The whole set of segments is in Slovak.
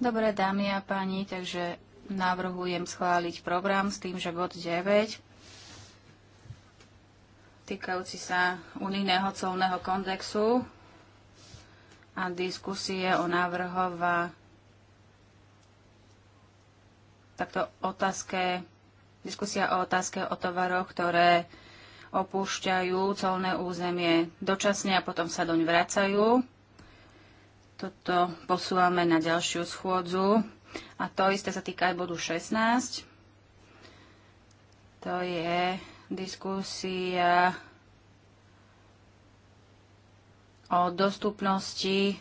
Dobre, dámy a páni, takže navrhujem schváliť program s tým, že bod 9 týkajúci sa unijného colného kondexu a diskusie o návrhova takto otázke, diskusia o otázke o tovaroch, ktoré opúšťajú colné územie dočasne a potom sa doň vracajú. Toto posúvame na ďalšiu schôdzu. A to isté sa týka aj bodu 16. To je diskusia o dostupnosti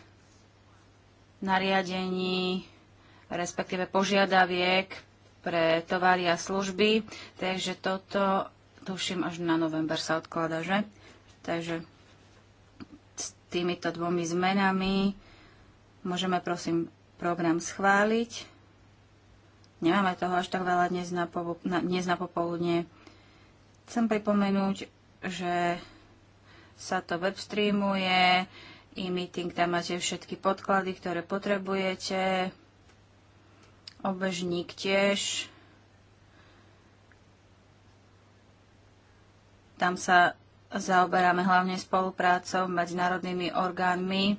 nariadení, respektíve požiadaviek pre tovary a služby. Takže toto tuším až na november sa odklada, že? Takže s týmito dvomi zmenami Môžeme prosím program schváliť. Nemáme toho až tak veľa dnes na, po, na, dnes na popoludne. Chcem pripomenúť, že sa to webstreamuje, e-meeting, tam máte všetky podklady, ktoré potrebujete, obežník tiež. Tam sa zaoberáme hlavne spoluprácou medzi národnými orgánmi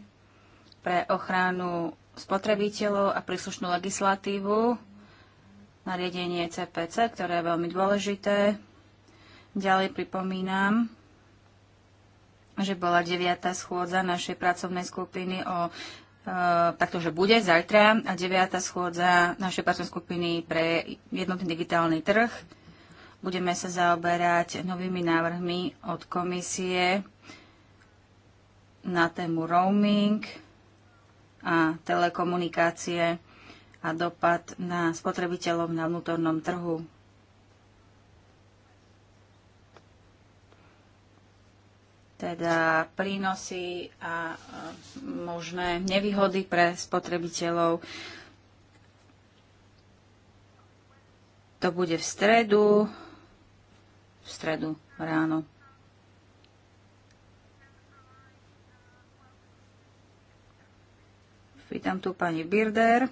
pre ochranu spotrebiteľov a príslušnú legislatívu, nariadenie CPC, ktoré je veľmi dôležité. Ďalej pripomínam, že bola 9. schôdza našej pracovnej skupiny o Uh, takto, že bude zajtra a 9. schôdza našej pracovnej skupiny pre jednotný digitálny trh. Budeme sa zaoberať novými návrhmi od komisie na tému roaming, a telekomunikácie a dopad na spotrebiteľov na vnútornom trhu. Teda prínosy a možné nevýhody pre spotrebiteľov. To bude v stredu, v stredu ráno. Vítam tu pani Birder,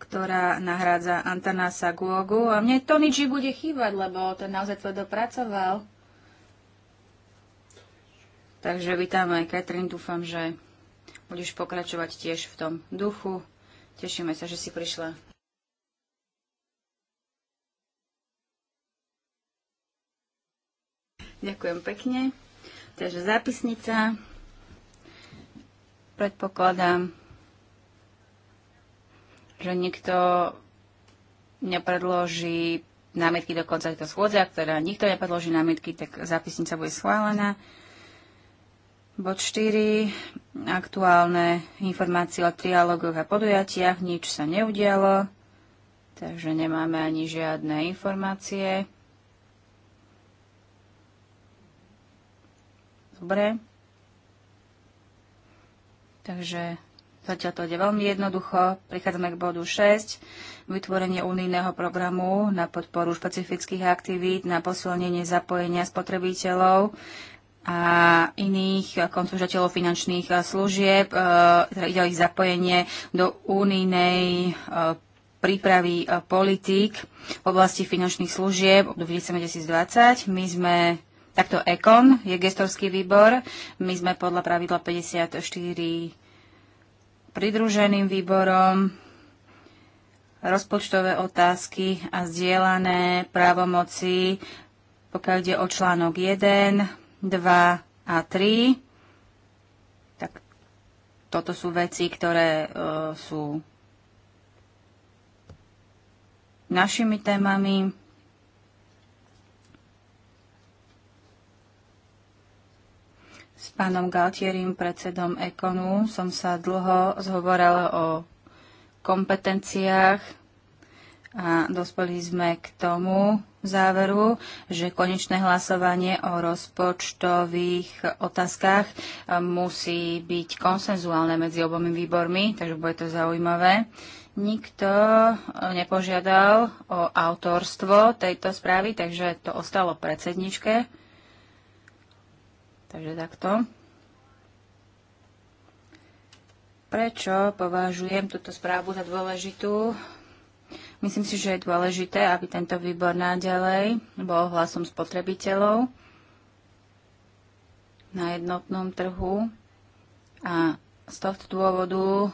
ktorá nahrádza Antanasa Guogu. A mne to nič bude chýbať, lebo ten naozaj tvrdo pracoval. Takže vítame, Katrin, dúfam, že budeš pokračovať tiež v tom duchu. Tešíme sa, že si prišla. Ďakujem pekne. Takže zápisnica. Predpokladám, že nikto nepredloží námietky do konca tejto schôdze, ak teda nikto nepredloží námietky, tak zápisnica bude schválená. Bod 4. Aktuálne informácie o trialogoch a podujatiach. Nič sa neudialo, takže nemáme ani žiadne informácie. Dobre. Takže zatiaľ to ide veľmi jednoducho. Prichádzame k bodu 6. Vytvorenie unijného programu na podporu špecifických aktivít, na posilnenie zapojenia spotrebiteľov a iných koncužateľov finančných eh, služieb. Eh, teda ide o ich zapojenie do unijnej eh, prípravy politík v oblasti finančných služieb od 2020. My sme Takto EKON je gestorský výbor. My sme podľa pravidla 54 pridruženým výborom. Rozpočtové otázky a zdieľané právomoci, pokiaľ ide o článok 1, 2 a 3. Tak toto sú veci, ktoré e, sú našimi témami. pánom Galtierim, predsedom Ekonu, som sa dlho zhovorala o kompetenciách a dospeli sme k tomu záveru, že konečné hlasovanie o rozpočtových otázkach e, musí byť konsenzuálne medzi obomi výbormi, takže bude to zaujímavé. Nikto e, nepožiadal o autorstvo tejto správy, takže to ostalo predsedničke. Takže takto. Prečo považujem túto správu za dôležitú? Myslím si, že je dôležité, aby tento výbor naďalej bol hlasom spotrebiteľov na jednotnom trhu a z tohto dôvodu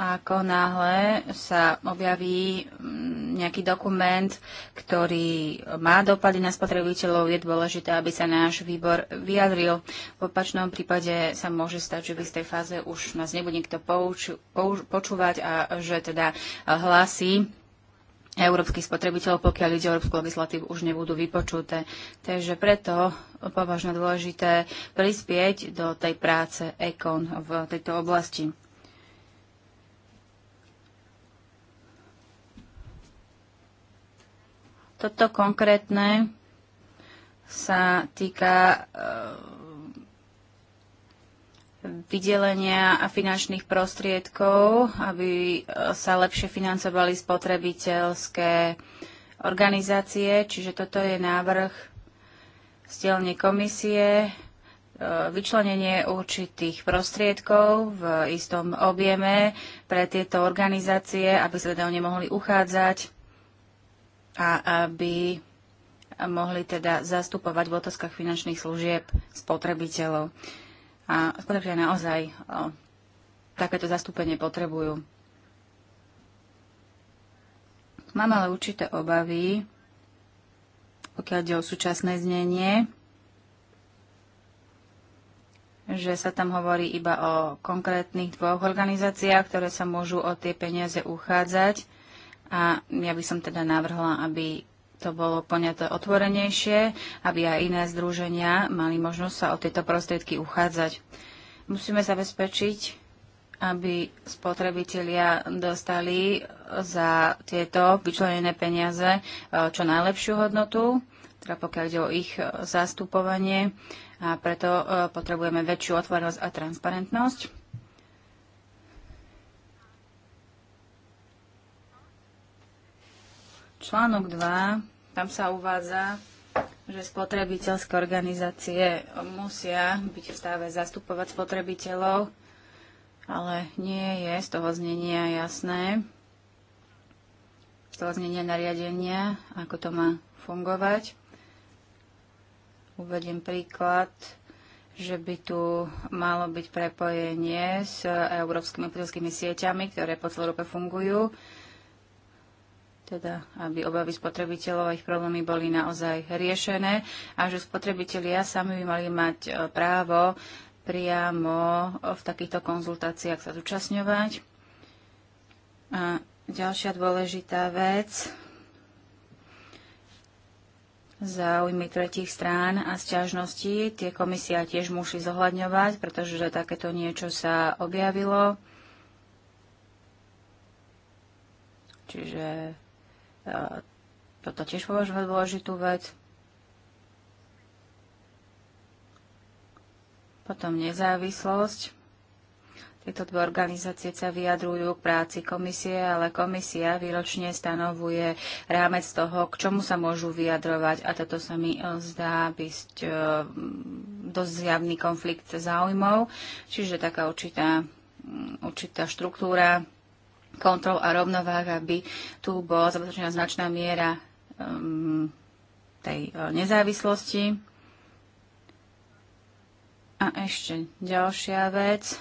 ako náhle sa objaví mm, nejaký dokument, ktorý má dopady na spotrebiteľov, je dôležité, aby sa náš výbor vyjadril. V opačnom prípade sa môže stať, že v istej fáze už nás nebude nikto počúvať a že teda hlasy európskych spotrebiteľov, pokiaľ ide o európsku legislatívu, už nebudú vypočuté. Takže preto považujem dôležité prispieť do tej práce EKON v tejto oblasti. Toto konkrétne sa týka eh, vydelenia finančných prostriedkov, aby eh, sa lepšie financovali spotrebiteľské organizácie. Čiže toto je návrh dielne komisie, eh, vyčlenenie určitých prostriedkov v istom objeme pre tieto organizácie, aby sa teda nemohli ne mohli uchádzať a aby mohli teda zastupovať v otázkach finančných služieb spotrebiteľov. A spotrebiteľe naozaj o, takéto zastúpenie potrebujú. Mám ale určité obavy, pokiaľ ide o súčasné znenie, že sa tam hovorí iba o konkrétnych dvoch organizáciách, ktoré sa môžu o tie peniaze uchádzať a ja by som teda navrhla, aby to bolo poňaté otvorenejšie, aby aj iné združenia mali možnosť sa o tieto prostriedky uchádzať. Musíme zabezpečiť, aby spotrebitelia dostali za tieto vyčlenené peniaze e, čo najlepšiu hodnotu, teda pokiaľ ide o ich zastupovanie a preto e, potrebujeme väčšiu otvorenosť a transparentnosť. Článok 2, tam sa uvádza, že spotrebiteľské organizácie musia byť v stave zastupovať spotrebiteľov, ale nie je z toho znenia jasné, z toho znenia nariadenia, ako to má fungovať. Uvediem príklad, že by tu malo byť prepojenie s európskymi obchodovskými sieťami, ktoré po celej Európe fungujú teda aby obavy spotrebiteľov a ich problémy boli naozaj riešené a že spotrebitelia sami by mali mať e, právo priamo e, v takýchto konzultáciách sa zúčastňovať. A ďalšia dôležitá vec, záujmy tretich strán a sťažnosti. Tie komisia tiež musí zohľadňovať, pretože takéto niečo sa objavilo. Čiže toto tiež považujem dôležitú vec. Potom nezávislosť. Tieto dve organizácie sa vyjadrujú k práci komisie, ale komisia výročne stanovuje rámec toho, k čomu sa môžu vyjadrovať a toto sa mi eh, zdá byť eh, dosť zjavný konflikt záujmov, čiže taká určitá, mm, určitá štruktúra kontrol a rovnováh, aby tu bola zabezpečená značná miera um, tej uh, nezávislosti. A ešte ďalšia vec,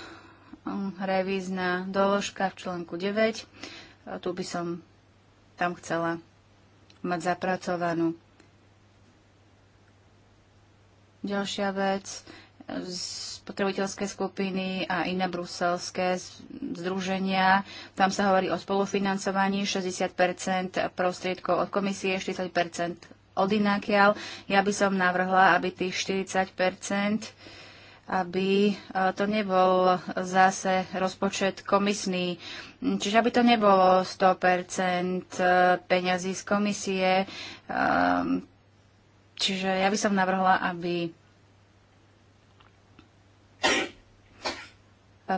um, revízna doložka v článku 9. Uh, tu by som tam chcela mať zapracovanú. Ďalšia vec, spotrebiteľské skupiny a iné bruselské združenia. Tam sa hovorí o spolufinancovaní 60 prostriedkov od komisie, 40 od inakiaľ. Ja by som navrhla, aby tých 40 aby e, to nebol zase rozpočet komisný. Čiže aby to nebolo 100% e, peňazí z komisie. Ehm, čiže ja by som navrhla, aby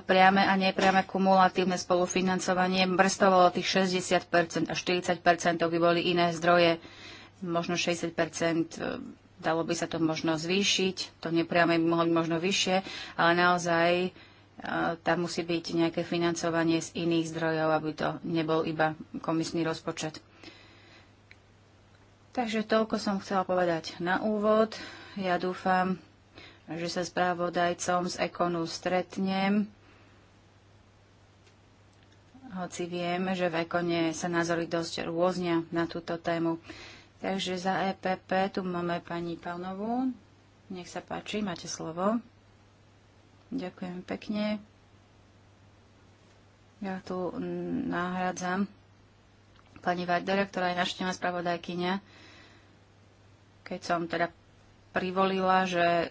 priame a nepriame kumulatívne spolufinancovanie brstovalo tých 60% a 40% by boli iné zdroje, možno 60% e, dalo by sa to možno zvýšiť, to nepriame by mohlo byť možno vyššie, ale naozaj e, tam musí byť nejaké financovanie z iných zdrojov, aby to nebol iba komisný rozpočet. Takže toľko som chcela povedať na úvod. Ja dúfam, že sa správodajcom z Ekonu stretnem, hoci viem, že v Ekone sa názory dosť rôznia na túto tému. Takže za EPP tu máme pani pánovú. Nech sa páči, máte slovo. Ďakujem pekne. Ja tu nahradzam pani Vardera, ktorá je naštevná spravodajkynia. Keď som teda privolila, že e,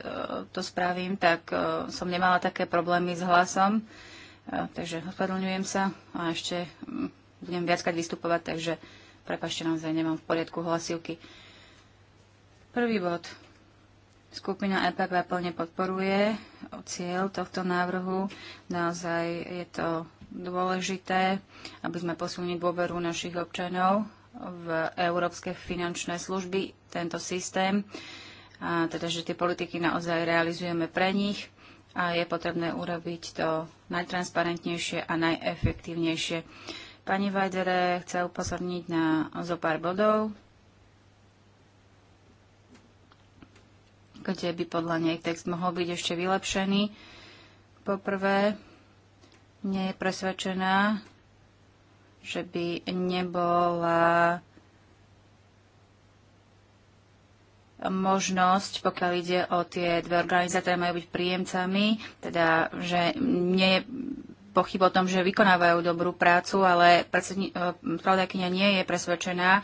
to spravím, tak e, som nemala také problémy s hlasom. E, takže ospravedlňujem sa a ešte mm, budem viackrát vystupovať, takže prepašte, naozaj nemám v poriadku hlasivky. Prvý bod. Skupina EPP plne podporuje cieľ tohto návrhu. Naozaj je to dôležité, aby sme posunili dôveru našich občanov v európske finančné služby, tento systém a teda, že tie politiky naozaj realizujeme pre nich a je potrebné urobiť to najtransparentnejšie a najefektívnejšie. Pani Vajdere chce upozorniť na zo pár bodov, kde by podľa nej text mohol byť ešte vylepšený. Poprvé, nie je presvedčená, že by nebola možnosť, pokiaľ ide o tie dve organizátory, majú byť príjemcami, teda že nie je pochyb o tom, že vykonávajú dobrú prácu, ale e, spravodajkynia nie je presvedčená, e,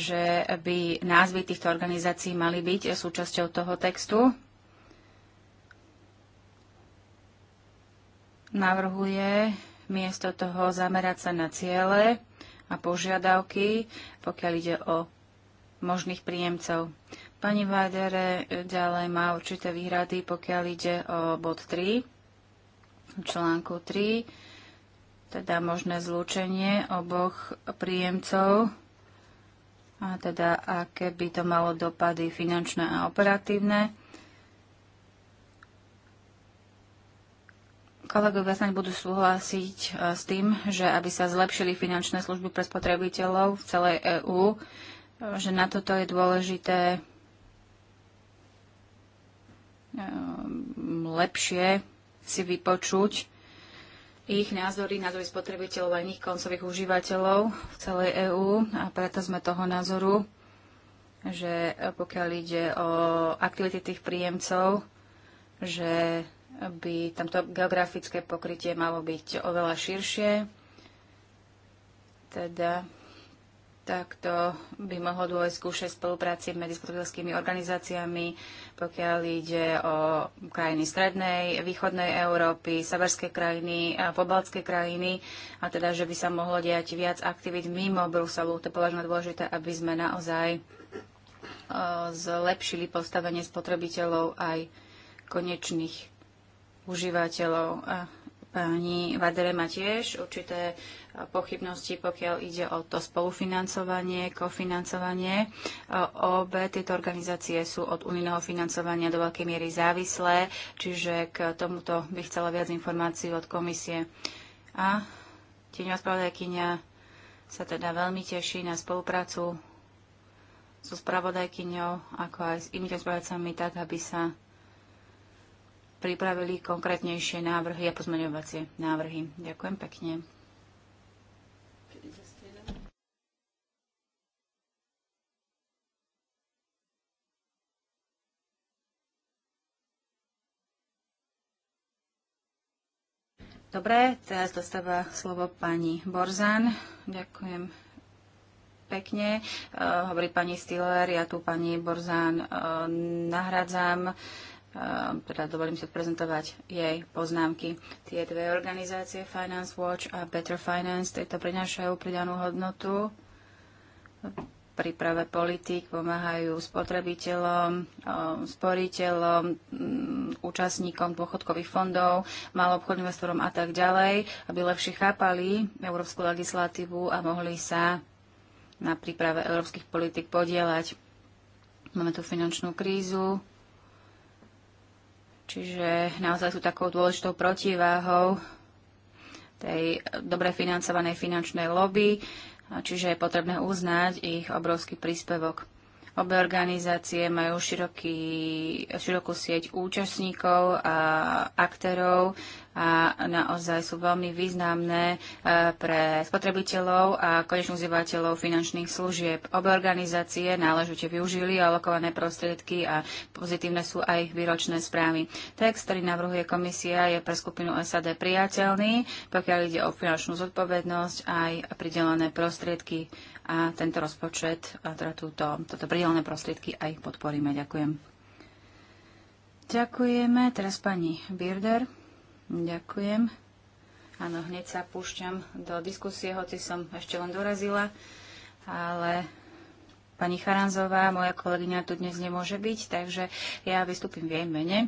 že by názvy týchto organizácií mali byť súčasťou toho textu. Navrhuje miesto toho zamerať sa na ciele a požiadavky, pokiaľ ide o možných príjemcov. Pani Vádere ďalej má určité výhrady, pokiaľ ide o bod 3, článku 3, teda možné zlúčenie oboch príjemcov, a teda aké by to malo dopady finančné a operatívne. Kolegovia sa budú súhlasiť e, s tým, že aby sa zlepšili finančné služby pre spotrebiteľov v celej EÚ, e, že na toto je dôležité Ehm, lepšie si vypočuť ich názory, názory spotrebiteľov a iných koncových užívateľov v celej EÚ a preto sme toho názoru, že pokiaľ ide o aktivity tých príjemcov, že by tamto geografické pokrytie malo byť oveľa širšie. Teda takto by mohlo dôjsť k spolupráci medzi spotrebiteľskými organizáciami, pokiaľ ide o krajiny strednej, východnej Európy, severské krajiny, pobaltské krajiny, a teda, že by sa mohlo diať viac aktivít mimo Bruselu. To považujem dôležité, aby sme naozaj e, zlepšili postavenie spotrebiteľov aj konečných užívateľov. A Pani Vadere má tiež určité e, pochybnosti, pokiaľ ide o to spolufinancovanie, kofinancovanie. E, obe tieto organizácie sú od unijného financovania do veľkej miery závislé, čiže k tomuto by chcela viac informácií od komisie. A tieňová spravodajkynia sa teda veľmi teší na spoluprácu so spravodajkyňou, ako aj s inými spravodajcami, tak aby sa pripravili konkrétnejšie návrhy a pozmeňovacie návrhy. Ďakujem pekne. Dobre, teraz dostáva slovo pani Borzan. Ďakujem pekne. Uh, hovorí pani Stiller, ja tu pani Borzán uh, eh, nahradzam. Uh, Ehm, teda dovolím si prezentovať jej poznámky. Tie dve organizácie, Finance Watch a Better Finance, tieto prinášajú pridanú hodnotu príprave politik, pomáhajú spotrebiteľom, ehm, sporiteľom, mm, účastníkom dôchodkových fondov, maloobchodným investorom a tak ďalej, aby lepšie chápali európsku legislatívu a mohli sa na príprave európskych politik podielať. Máme tu finančnú krízu, Čiže naozaj sú takou dôležitou protiváhou tej dobre financovanej finančnej lobby, čiže je potrebné uznať ich obrovský príspevok. Obe organizácie majú široký, širokú sieť účastníkov a aktérov a naozaj sú veľmi významné e, pre spotrebiteľov a konečných užívateľov finančných služieb. Obe organizácie náležite využili alokované prostriedky a pozitívne sú aj ich výročné správy. Text, ktorý navrhuje komisia, je pre skupinu SAD priateľný, pokiaľ ide o finančnú zodpovednosť aj pridelené prostriedky a tento rozpočet, a teda túto, toto pridelné prostriedky aj podporíme. Ďakujem. Ďakujeme. Teraz pani Birder. Ďakujem. Áno, hneď sa púšťam do diskusie, hoci som ešte len dorazila, ale pani Charanzová, moja kolegyňa tu dnes nemôže byť, takže ja vystúpim v jej mene.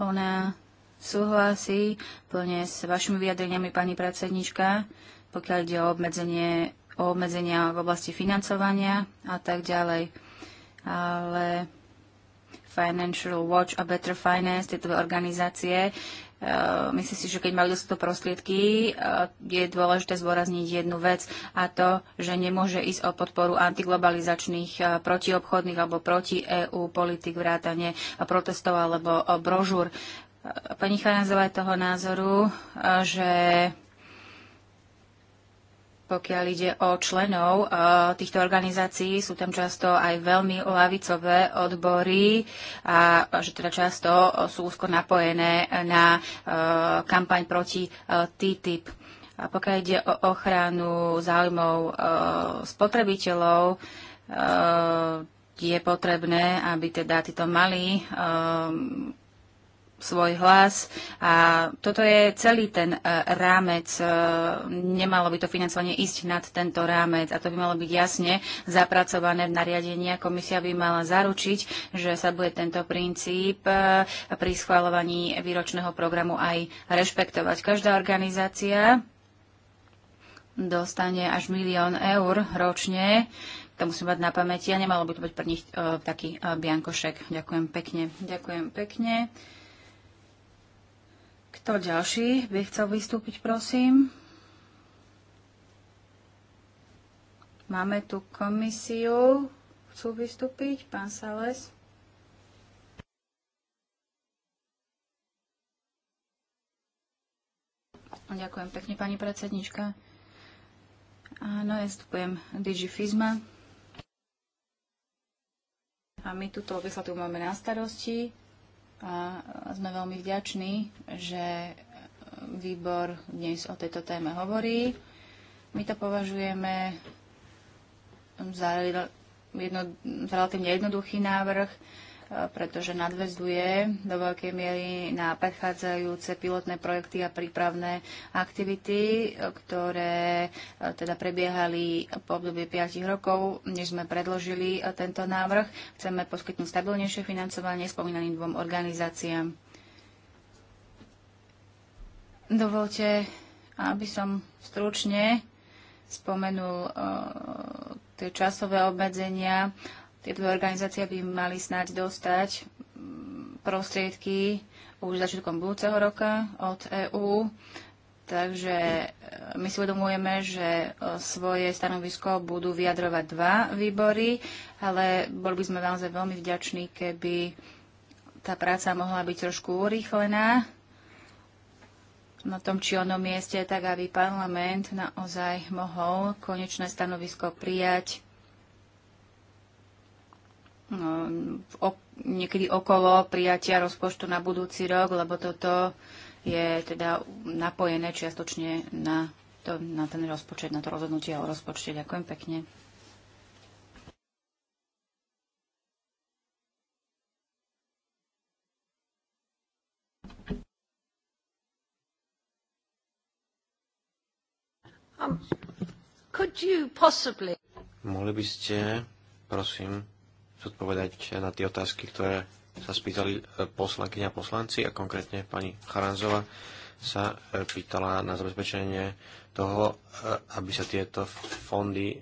Ona súhlasí plne s vašimi vyjadreniami, pani predsednička, pokiaľ ide o, obmedzenie, o obmedzenia v oblasti financovania a tak ďalej. Ale Financial Watch a Better Finance, tieto organizácie, e, myslím si, že keď majú to prostriedky, e, je dôležité zvorazniť jednu vec a to, že nemôže ísť o podporu antiglobalizačných e, protiobchodných alebo proti EU politik vrátane protestov alebo brožúr. Pani Charanzová je toho názoru, že pokiaľ ide o členov e, týchto organizácií, sú tam často aj veľmi lavicové odbory a že teda často sú úzko napojené na e, kampaň proti e, TTIP. A pokiaľ ide o ochranu záujmov spotrebiteľov, je potrebné, aby teda títo malí svoj hlas. A toto je celý ten e, rámec. E, nemalo by to financovanie ísť nad tento rámec a to by malo byť jasne zapracované v nariadení a komisia by mala zaručiť, že sa bude tento princíp e, pri schváľovaní výročného programu aj rešpektovať. Každá organizácia dostane až milión eur ročne to musím mať na pamäti a nemalo by to byť pre nich taký biankošek. Ďakujem pekne. Ďakujem pekne. Kto ďalší by chcel vystúpiť, prosím? Máme tu komisiu. Chcú vystúpiť? Pán Sales. Ďakujem pekne, pani predsednička. Áno, ja vstupujem Fizma. A my túto legislatívu máme na starosti. A sme veľmi vďační, že výbor dnes o tejto téme hovorí. My to považujeme za, jedno, za relatívne jednoduchý návrh, pretože nadvezuje do veľkej miery na predchádzajúce pilotné projekty a prípravné aktivity, ktoré e, teda prebiehali po období 5 rokov, než sme predložili e, tento návrh. Chceme poskytnúť stabilnejšie financovanie spomínaným dvom organizáciám. Dovolte, aby som stručne spomenul e, tie časové obmedzenia tieto dve organizácie by mali snáď dostať mm, prostriedky už začiatkom budúceho roka od EÚ. Takže e, my si uvedomujeme, že e, svoje stanovisko budú vyjadrovať dva výbory, ale boli by sme naozaj veľmi vďační, keby tá práca mohla byť trošku urýchlená na tom či onom mieste, tak aby parlament naozaj mohol konečné stanovisko prijať No, niekedy okolo prijatia rozpočtu na budúci rok, lebo toto je teda napojené čiastočne na, to, na ten rozpočet, na to rozhodnutie o rozpočte. Ďakujem pekne. Um, could you possibly... Mohli by ste, prosím, zodpovedať na tie otázky, ktoré sa spýtali e, poslankyňa a poslanci a konkrétne pani Charanzova sa e, pýtala na zabezpečenie toho, e, aby sa tieto fondy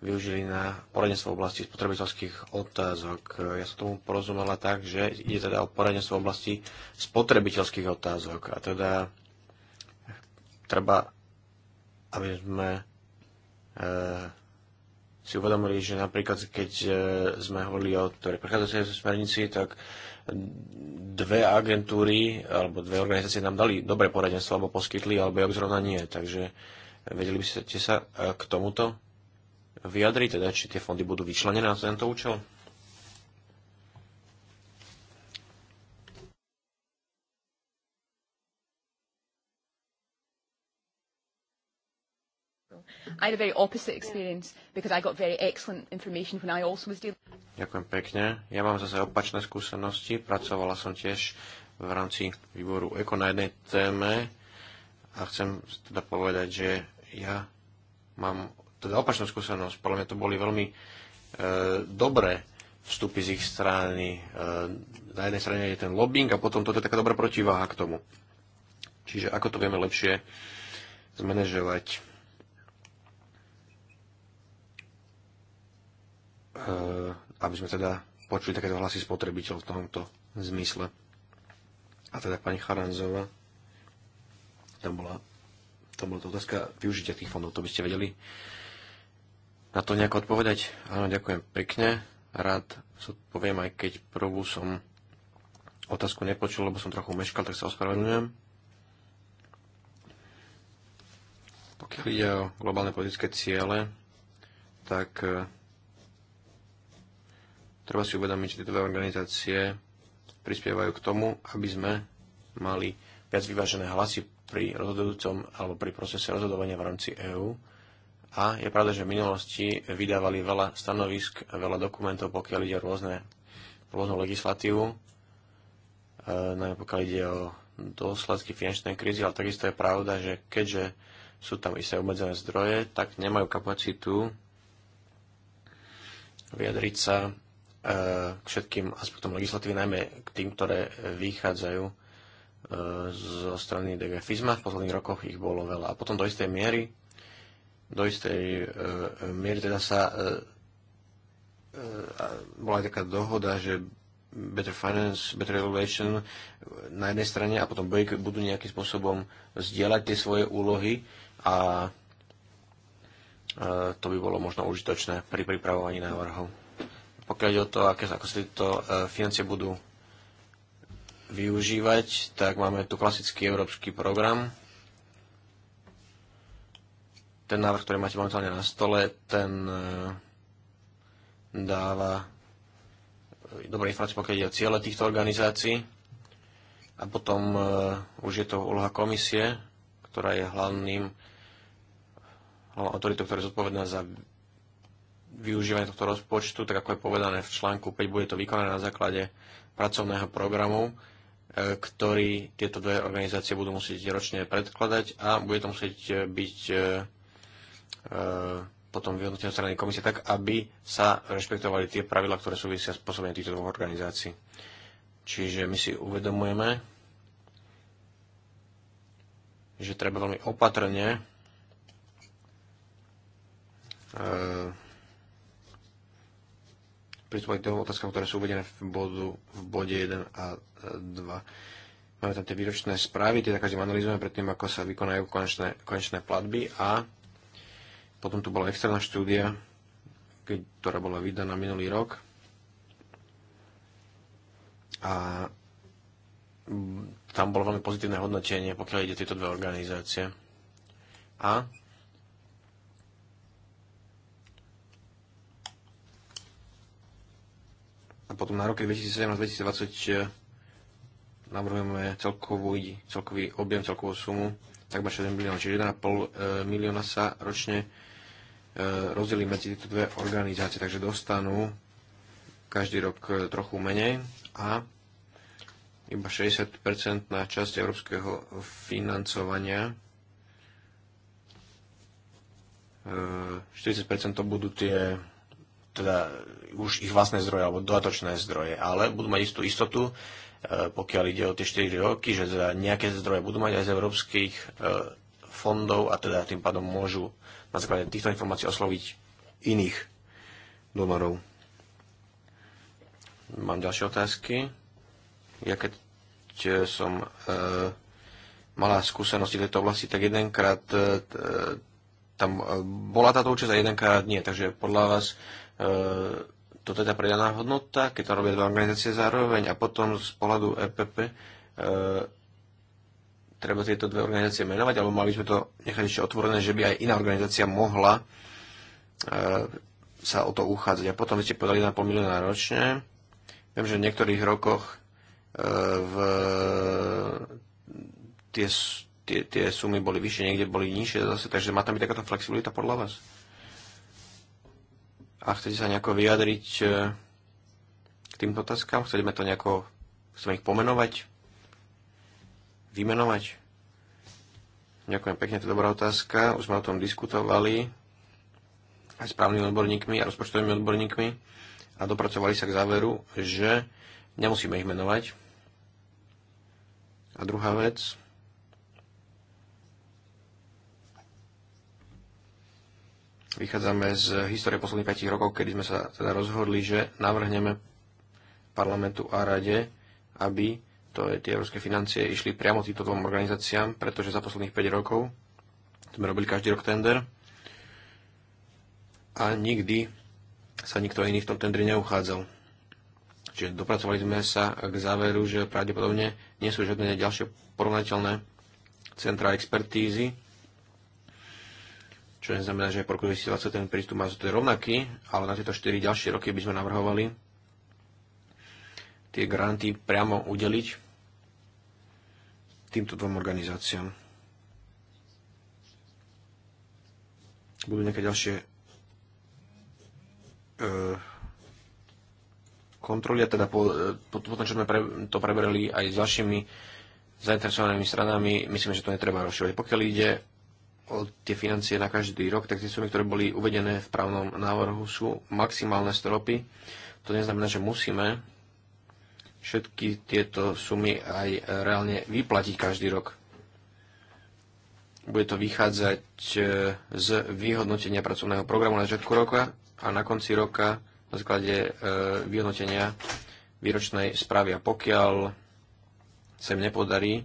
využili na poradenstvo v oblasti spotrebiteľských otázok. Ja som tomu porozumela tak, že ide teda o poradenstvo v oblasti spotrebiteľských otázok. A teda treba, aby sme si uvedomili, že napríklad keď e, sme hovorili o ktorej prechádzajúcej smernici, tak dve agentúry alebo dve organizácie nám dali dobré poradenstvo alebo poskytli, alebo jak zrovna nie. Takže vedeli by ste sa k tomuto vyjadriť, teda či tie fondy budú vyčlenené na tento účel? I had a very opposite experience because I got very excellent information when I also was dealing. Ďakujem pekne. Ja mám zase opačné skúsenosti. Pracovala som tiež v rámci výboru Eko na jednej téme a chcem teda povedať, že ja mám teda opačnú skúsenosť. Podľa mňa to boli veľmi e, dobré vstupy z ich strany. E, na jednej strane je ten lobbying a potom toto je taká dobrá protiváha k tomu. Čiže ako to vieme lepšie zmanéžovať. Eh, aby sme teda počuli takéto hlasy spotrebiteľov v tomto zmysle. A teda pani Charanzová, tam bola, tam bola to otázka využitia tých fondov, to by ste vedeli na to nejako odpovedať? Áno, ďakujem pekne. Rád poviem, aj keď prvú som otázku nepočul, lebo som trochu meškal, tak sa ospravedlňujem. Pokiaľ ide o globálne politické ciele, tak eh, Treba si uvedomiť, že tieto dve organizácie prispievajú k tomu, aby sme mali viac vyvážené hlasy pri rozhodujúcom alebo pri procese rozhodovania v rámci EÚ. A je pravda, že v minulosti vydávali veľa stanovisk, veľa dokumentov, pokiaľ ide o rôzne, rôznu legislatívu, e, najmä pokiaľ ide o dôsledky finančnej krízy, ale takisto je pravda, že keďže sú tam isté obmedzené zdroje, tak nemajú kapacitu vyjadriť sa E, k všetkým aspektom legislatívy, najmä k tým, ktoré vychádzajú e, zo strany DG FISMA. V posledných rokoch ich bolo veľa. A potom do istej miery, do istej e, miery teda sa bola aj taká dohoda, že Better Finance, Better Regulation na jednej strane a potom budú nejakým spôsobom zdieľať tie svoje úlohy a to by bolo možno užitočné pri pripravovaní návrhov pokiaľ ide o to, aké, ako sa tieto e, financie budú využívať, tak máme tu klasický európsky program. Ten návrh, ktorý máte momentálne na stole, ten e, dáva e, dobré informácie, pokiaľ ide o ciele týchto organizácií. A potom už je to úloha komisie, ktorá je hlavným autoritou, ktorá je zodpovedná za využívanie tohto rozpočtu, tak ako je povedané v článku 5, bude to vykonané na základe pracovného programu, e, ktorý tieto dve organizácie budú musieť ročne predkladať a bude to musieť e, byť e, potom vyhodnotené strany komisie tak, aby sa rešpektovali tie pravidla, ktoré súvisia s pôsobením týchto dvoch organizácií. Čiže my si uvedomujeme, že treba veľmi opatrne prispôsobiť tým otázkam, ktoré sú uvedené v, bodu, v bode 1 a 2. E, Máme tam tie výročné správy, tie každým analýzujeme predtým, ako sa vykonajú konečné, konečné platby a potom tu bola externá štúdia, ktorá bola vydaná minulý rok a tam bolo veľmi pozitívne hodnotenie, pokiaľ ide tieto dve organizácie. A a potom na roky 2017-2020 eh, navrhujeme celkový, celkový objem, celkovú sumu takmer 7 miliónov, čiže 1,5 eh, milióna sa ročne eh, rozdelí medzi tieto dve organizácie, takže dostanú každý rok trochu menej a iba 60% na časť európskeho financovania 40% to budú tie teda už ich vlastné zdroje alebo dodatočné zdroje, ale budú mať istú istotu, e, pokiaľ ide o tie 4 roky, že teda nejaké zdroje budú mať aj z európskych e, fondov a teda tým pádom môžu na základe týchto informácií osloviť iných donorov. Mám ďalšie otázky. Ja keď e, som e, mala skúsenosti v tejto oblasti, tak jedenkrát e, tam bola táto účasť a jedenkrát nie. Takže podľa vás E, to teda predaná hodnota, keď to robia dve organizácie zároveň a potom z pohľadu EPP e, treba tieto dve organizácie menovať, alebo mali sme to nechať ešte otvorené, že by aj iná organizácia mohla e, sa o to uchádzať. A potom ste podali na pol milióna ročne. Viem, že v niektorých rokoch e, v, tie, tie, tie sumy boli vyššie, niekde boli nižšie zase, takže má tam byť takáto flexibilita podľa vás? A chcete sa nejako vyjadriť e, k týmto otázkam? Chceme to nejako, chceme ich pomenovať? Vymenovať? Ďakujem pekne, to je dobrá otázka. Už sme o tom diskutovali aj s právnymi odborníkmi a rozpočtovými odborníkmi a dopracovali sa k záveru, že nemusíme ich menovať. A druhá vec, Vychádzame z histórie posledných 5 rokov, kedy sme sa teda rozhodli, že navrhneme parlamentu a rade, aby to, tie európske financie išli priamo týmto dvom organizáciám, pretože za posledných 5 rokov sme robili každý rok tender a nikdy sa nikto iný v tom tendri neuchádzal. Čiže dopracovali sme sa k záveru, že pravdepodobne nie sú žiadne ďalšie porovnateľné centra expertízy čo neznamená, že po roku 2020 ten prístup má zostať rovnaký, ale na tieto 4 ďalšie roky by sme navrhovali tie granty priamo udeliť týmto dvom organizáciám. Budú nejaké ďalšie e, kontroly, a teda po, po, po tom, čo sme pre, to preberali aj s ďalšími zainteresovanými stranami, myslím, že to netreba rozširovať. Pokiaľ ide o tie financie na každý rok, tak tie sumy, ktoré boli uvedené v právnom návrhu, sú maximálne stropy. To neznamená, že musíme všetky tieto sumy aj reálne vyplatiť každý rok. Bude to vychádzať e, z vyhodnotenia pracovného programu na začiatku roka a na konci roka na základe e, vyhodnotenia výročnej správy. A pokiaľ sa im nepodarí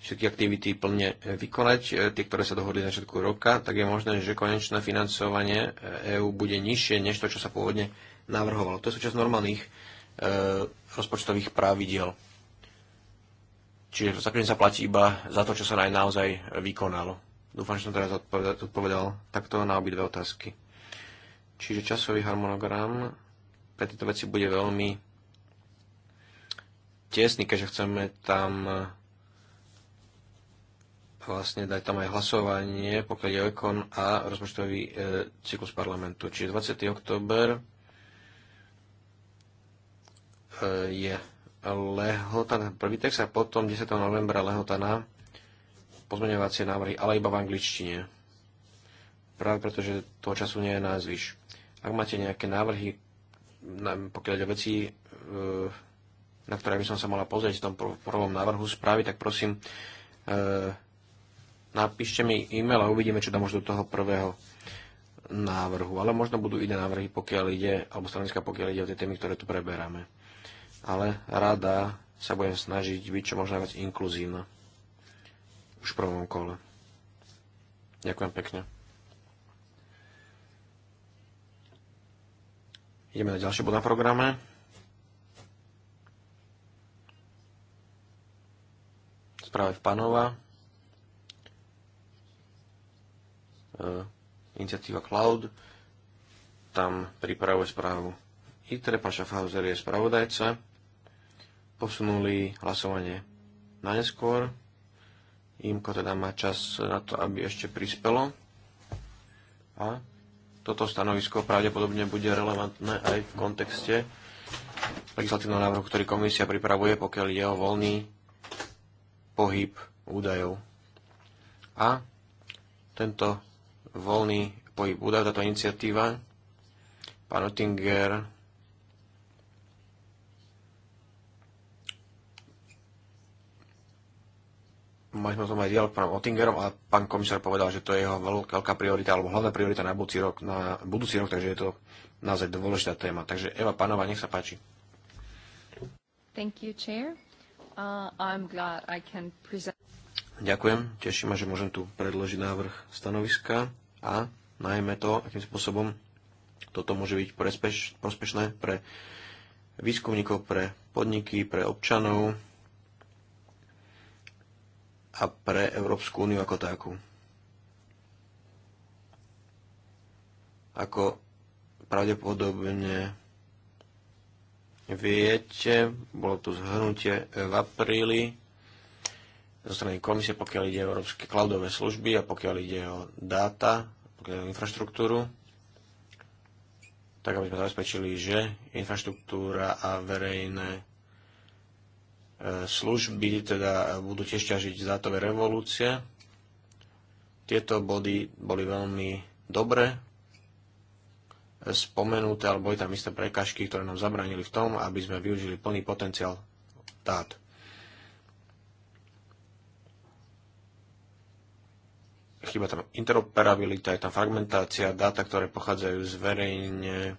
všetky aktivity plne e, vykonať, e, tie, ktoré sa dohodli na začiatku roka, tak je možné, že konečné financovanie EÚ e bude nižšie než to, čo sa pôvodne navrhovalo. To je súčasť normálnych e, rozpočtových pravidiel. Čiže zakrým sa platí iba za to, čo sa aj naozaj vykonalo. Dúfam, že som teraz odpovedal, odpovedal takto na obidve otázky. Čiže časový harmonogram pre tieto veci bude veľmi tesný, keďže chceme tam vlastne dať tam aj hlasovanie, pokiaľ je ekon a rozpočtový e, cyklus parlamentu. Čiže 20. október e, je lehota na prvý text a potom 10. novembra lehota na pozmeňovacie návrhy, ale iba v angličtine. Práve preto, že toho času nie je názvyš. Ak máte nejaké návrhy, pokiaľ je veci, e, na ktoré by som sa mala pozrieť v tom prvom návrhu správy, tak prosím, e, napíšte mi e-mail a uvidíme, čo tam už do toho prvého návrhu. Ale možno budú iné návrhy, pokiaľ ide, alebo stranická, pokiaľ ide o tie témy, ktoré tu preberáme. Ale rada sa budem snažiť byť čo možno viac inkluzívna. Už v prvom kole. Ďakujem pekne. Ideme na ďalší bod na programe. Správe v Panova. Eh, iniciatíva Cloud, tam pripravuje správu ITRE, pán Schaffhauser je spravodajca, posunuli hlasovanie na neskôr, IMKO teda má čas na to, aby ešte prispelo a toto stanovisko pravdepodobne bude relevantné aj v kontexte legislatívneho návrhu, ktorý komisia pripravuje, pokiaľ ide o voľný pohyb údajov. A tento voľný pohyb údajov, táto iniciatíva. Pán Oettinger mali sme o aj dialog pánom Otingerom a pán komisár povedal, že to je jeho veľká priorita alebo hlavná priorita na budúci rok, na budúci rok takže je to naozaj dôležitá téma. Takže Eva Panova, nech sa páči. Thank you, chair. Uh, I'm glad I can present... Ďakujem, teším ma, že môžem tu predložiť návrh stanoviska a najmä to, akým spôsobom toto môže byť prospeš, prospešné pre výskumníkov, pre podniky, pre občanov a pre Európsku úniu ako takú. Ako pravdepodobne viete, bolo tu zhrnutie v apríli zo strany komisie, pokiaľ ide o európske cloudové služby a pokiaľ ide o dáta, pokiaľ ide o infraštruktúru, tak aby sme zabezpečili, že infraštruktúra a verejné e, služby teda budú tiež ťažiť z dátové revolúcie. Tieto body boli veľmi dobre e, spomenuté, alebo boli tam isté prekažky, ktoré nám zabránili v tom, aby sme využili plný potenciál dát. Chyba tam interoperabilita, je tam fragmentácia, dáta, ktoré pochádzajú z verejne e,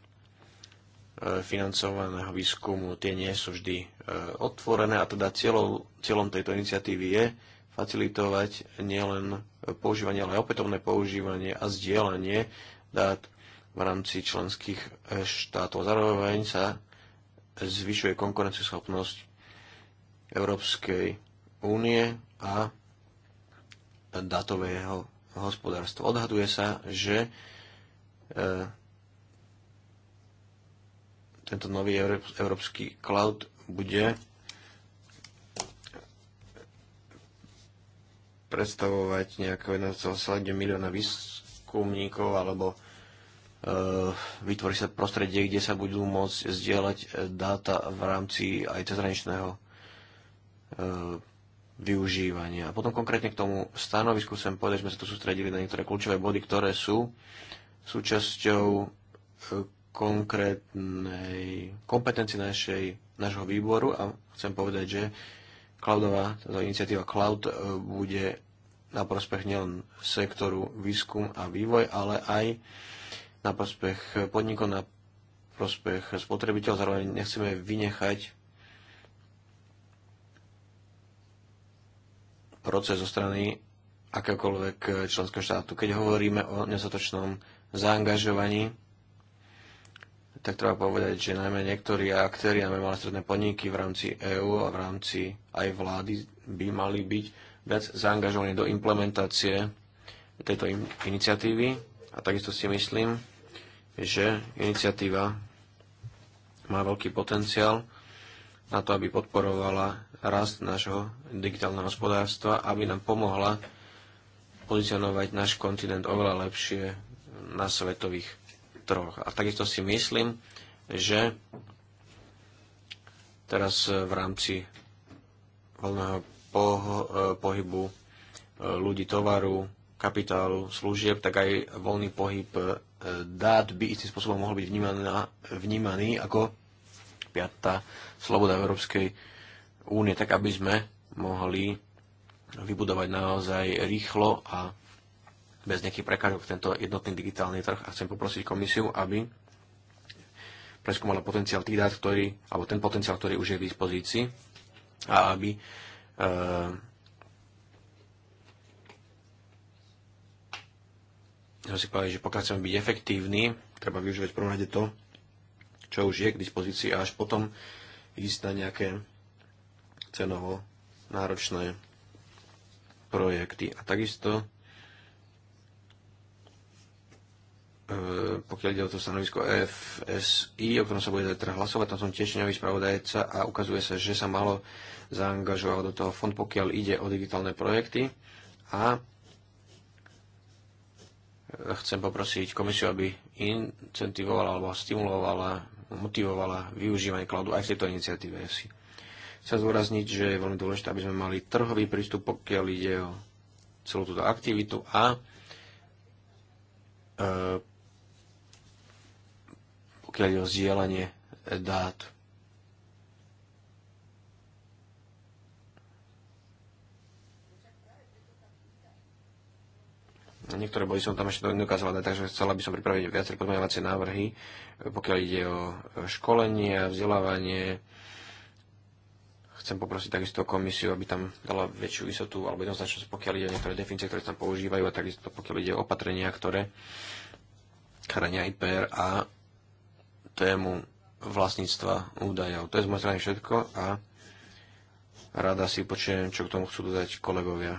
financovaného výskumu, tie nie sú vždy e, otvorené a teda cieľom, cieľom tejto iniciatívy je facilitovať nielen používanie, ale aj opätovné používanie a zdieľanie dát v rámci členských e, štátov. Zároveň sa zvyšuje konkurenceschopnosť Európskej únie a dátového hospodárstvo. Odhaduje sa, že e, tento nový európsky cloud bude predstavovať nejaké 1,7 milióna výskumníkov alebo e, vytvorí sa prostredie, kde sa budú môcť zdieľať e, dáta v rámci aj cezhraničného e, využívania. A potom konkrétne k tomu stanovisku sem povedať, že sme sa tu sústredili na niektoré kľúčové body, ktoré sú súčasťou e, konkrétnej kompetencie našej, našho výboru a chcem povedať, že cloudová, teda iniciatíva Cloud e, bude na prospech nielen sektoru výskum a vývoj, ale aj na prospech podnikov, na prospech spotrebiteľov. Zároveň nechceme vynechať proces zo strany akékoľvek eh, členského štátu. Keď hovoríme o nesatočnom zaangažovaní, tak treba povedať, že najmä niektorí aktéri, najmä malé stredné podniky v rámci EÚ a v rámci aj vlády by mali byť viac zaangažovaní do implementácie tejto in- iniciatívy. A takisto si myslím, že iniciatíva má veľký potenciál na to, aby podporovala rast nášho digitálneho hospodárstva, aby nám pomohla pozicionovať náš kontinent oveľa lepšie na svetových troch. A takisto si myslím, že teraz v rámci voľného pohybu e, ľudí, tovaru, kapitálu, služieb, tak aj voľný pohyb e, dát by istým spôsobom mohol byť vnímaný, vnímaný ako piatá sloboda Európskej únie, tak aby sme mohli vybudovať naozaj rýchlo a bez nejakých prekážok tento jednotný digitálny trh a chcem poprosiť komisiu, aby preskúmala potenciál tých dát, ktorý, alebo ten potenciál, ktorý už je k dispozícii a aby eh, e, Ja si povedal, že pokiaľ chceme byť efektívni, treba využívať prvom rade to, čo už je k dispozícii a až potom ísť na nejaké cenovo náročné projekty. A takisto, e, pokiaľ ide o to stanovisko FSI, o ktorom sa bude teda hlasovať, tam som tiež nový spravodajca a ukazuje sa, že sa malo zaangažovať do toho fond, pokiaľ ide o digitálne projekty. A e, chcem poprosiť komisiu, aby incentivovala alebo stimulovala motivovala využívanie cloudu aj v tejto iniciatíve EFSI. Chcem zdôrazniť, že je veľmi dôležité, aby sme mali trhový prístup, pokiaľ ide o celú túto aktivitu a e, pokiaľ ide o zdieľanie dát. Niektoré body som tam ešte dokázala dať, takže chcela by som pripraviť viaceré pozmeňovacie návrhy, eh, pokiaľ ide o eh, školenie, vzdelávanie. Chcem poprosiť takisto komisiu, aby tam dala väčšiu istotu alebo jednoznačnosť, pokiaľ ide o niektoré definície, ktoré tam používajú a takisto pokiaľ ide o opatrenia, ktoré chránia IPR a tému vlastníctva údajov. To je z mojej strany všetko a rada si počujem, čo k tomu chcú dodať kolegovia.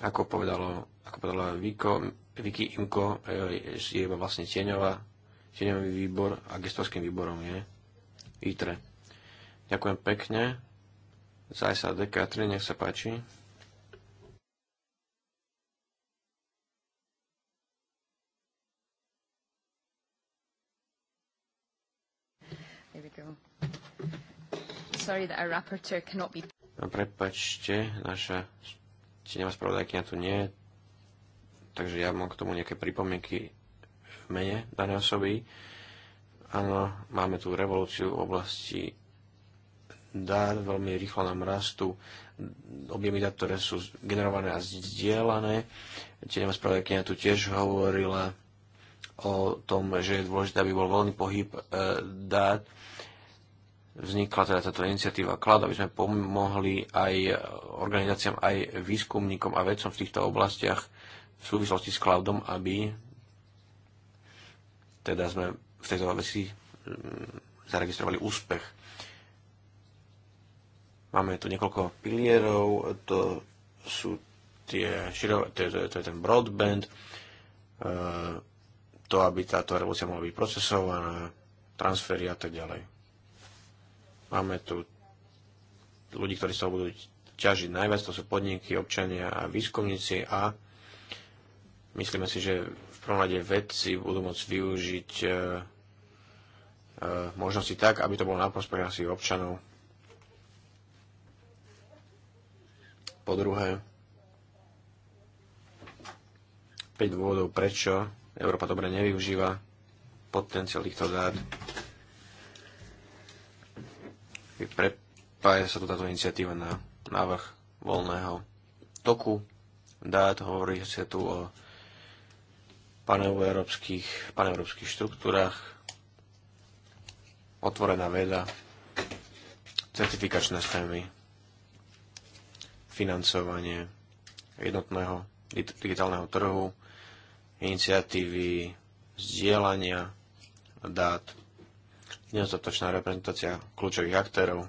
Ako, povedalo, ako povedalo Viko, Viki Imko e, je iba vlastne tieňová, tieňový výbor a gestorským výborom je ITRE. Ďakujem pekne. Zaj sa SAD Katrin, nech sa páči. No, prepačte, naša Tieňová spravodajkynia tu nie, takže ja mám k tomu nejaké pripomienky v mene danej osoby. Áno, máme tu revolúciu v oblasti dát, veľmi rýchlo nám rastú objemy dát, ktoré sú generované a zdieľané. Tieňová spravodajkynia tu tiež hovorila o tom, že je dôležité, aby bol voľný pohyb e, dát vznikla teda táto iniciatíva KLAD, aby sme pomohli aj organizáciám, aj výskumníkom a vedcom v týchto oblastiach v súvislosti s cloudom, aby teda sme v tejto veci mm, zaregistrovali úspech. Máme tu niekoľko pilierov, to sú tie širo, to, je, to, je, to je ten broadband, e, to, aby táto revolúcia mohla byť procesovaná, transfery a tak ďalej. Máme tu ľudí, ktorí sa budú ťažiť najviac, to sú podniky, občania a výskumníci a myslíme si, že v prvom rade vedci budú môcť využiť e, e, možnosti tak, aby to bolo na prospech našich občanov. Po druhé, 5 dôvodov, prečo Európa dobre nevyužíva potenciál týchto dát prepája sa tu táto iniciatíva na návrh voľného toku dát, hovorí sa tu o paneurópskych, paneurópskych štruktúrach, otvorená veda, certifikačné schémy, financovanie jednotného digitálneho trhu, iniciatívy zdieľania dát, nedostatočná reprezentácia kľúčových aktérov,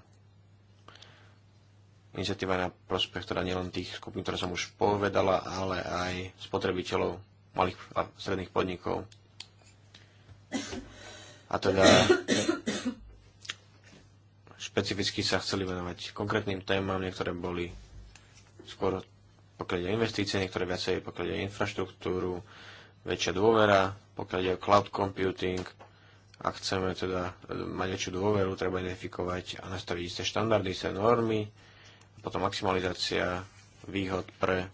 iniciatíva na prospech teda nielen tých skupín, ktoré som už povedala, ale aj spotrebiteľov malých a stredných podnikov. A teda špecificky sa chceli venovať konkrétnym témam, niektoré boli skôr pokiaľ ide investície, niektoré viacej pokiaľ ide infraštruktúru, väčšia dôvera, pokiaľ ide o cloud computing, ak chceme teda e, mať väčšiu dôveru, treba identifikovať a nastaviť isté štandardy, isté normy, potom maximalizácia výhod pre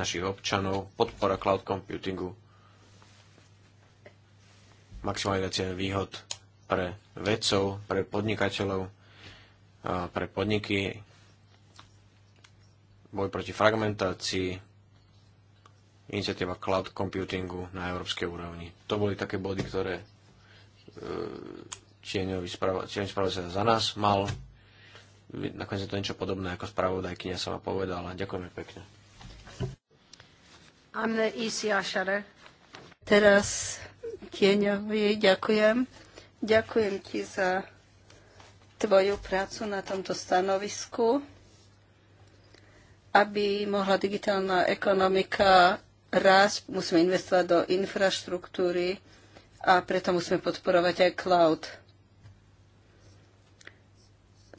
našich občanov, podpora cloud computingu, maximalizácia výhod pre vedcov, pre podnikateľov, pre podniky, boj proti fragmentácii, iniciatíva cloud computingu na európskej úrovni. To boli také body, ktoré E, tieňový spravodaj spravo sa za nás mal. Nakoniec je to niečo podobné, ako spravodajkynia sama povedala. Ďakujeme pekne. I'm the ECR Teraz tieňovi ďakujem. Ďakujem ti za tvoju prácu na tomto stanovisku, aby mohla digitálna ekonomika rásť, musíme investovať do infraštruktúry, a preto musíme podporovať aj cloud.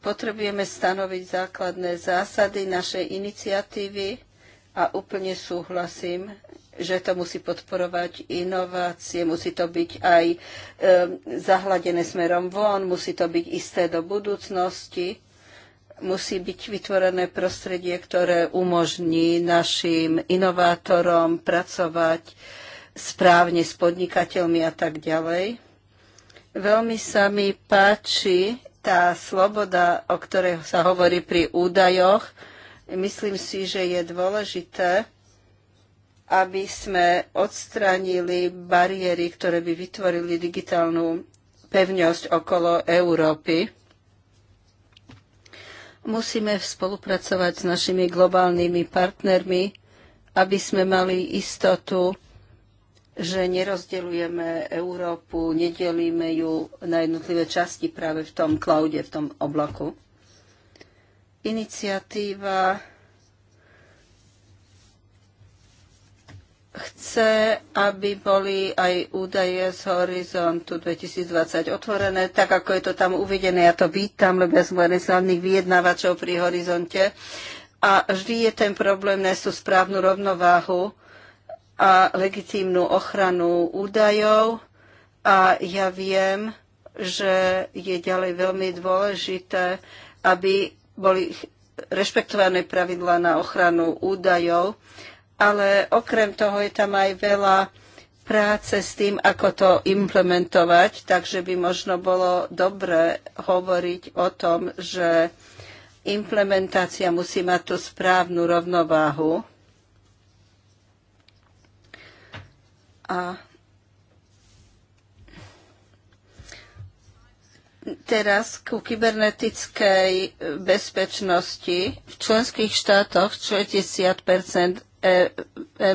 Potrebujeme stanoviť základné zásady našej iniciatívy a úplne súhlasím, že to musí podporovať inovácie, musí to byť aj e, zahladené smerom von, musí to byť isté do budúcnosti, musí byť vytvorené prostredie, ktoré umožní našim inovátorom pracovať správne s podnikateľmi a tak ďalej. Veľmi sa mi páči tá sloboda, o ktorej sa hovorí pri údajoch. Myslím si, že je dôležité, aby sme odstránili bariéry, ktoré by vytvorili digitálnu pevnosť okolo Európy. Musíme spolupracovať s našimi globálnymi partnermi, aby sme mali istotu, že nerozdeľujeme Európu, nedelíme ju na jednotlivé časti práve v tom klaude, v tom oblaku. Iniciatíva chce, aby boli aj údaje z horizontu 2020 otvorené, tak ako je to tam uvedené. Ja to vítam, lebo ja som jeden hlavných vyjednávačov pri horizonte. A vždy je ten problém nájsť tú správnu rovnováhu a legitímnu ochranu údajov a ja viem, že je ďalej veľmi dôležité, aby boli rešpektované pravidla na ochranu údajov, ale okrem toho je tam aj veľa práce s tým, ako to implementovať, takže by možno bolo dobre hovoriť o tom, že implementácia musí mať tú správnu rovnováhu a teraz ku kybernetickej bezpečnosti. V členských štátoch 60 e-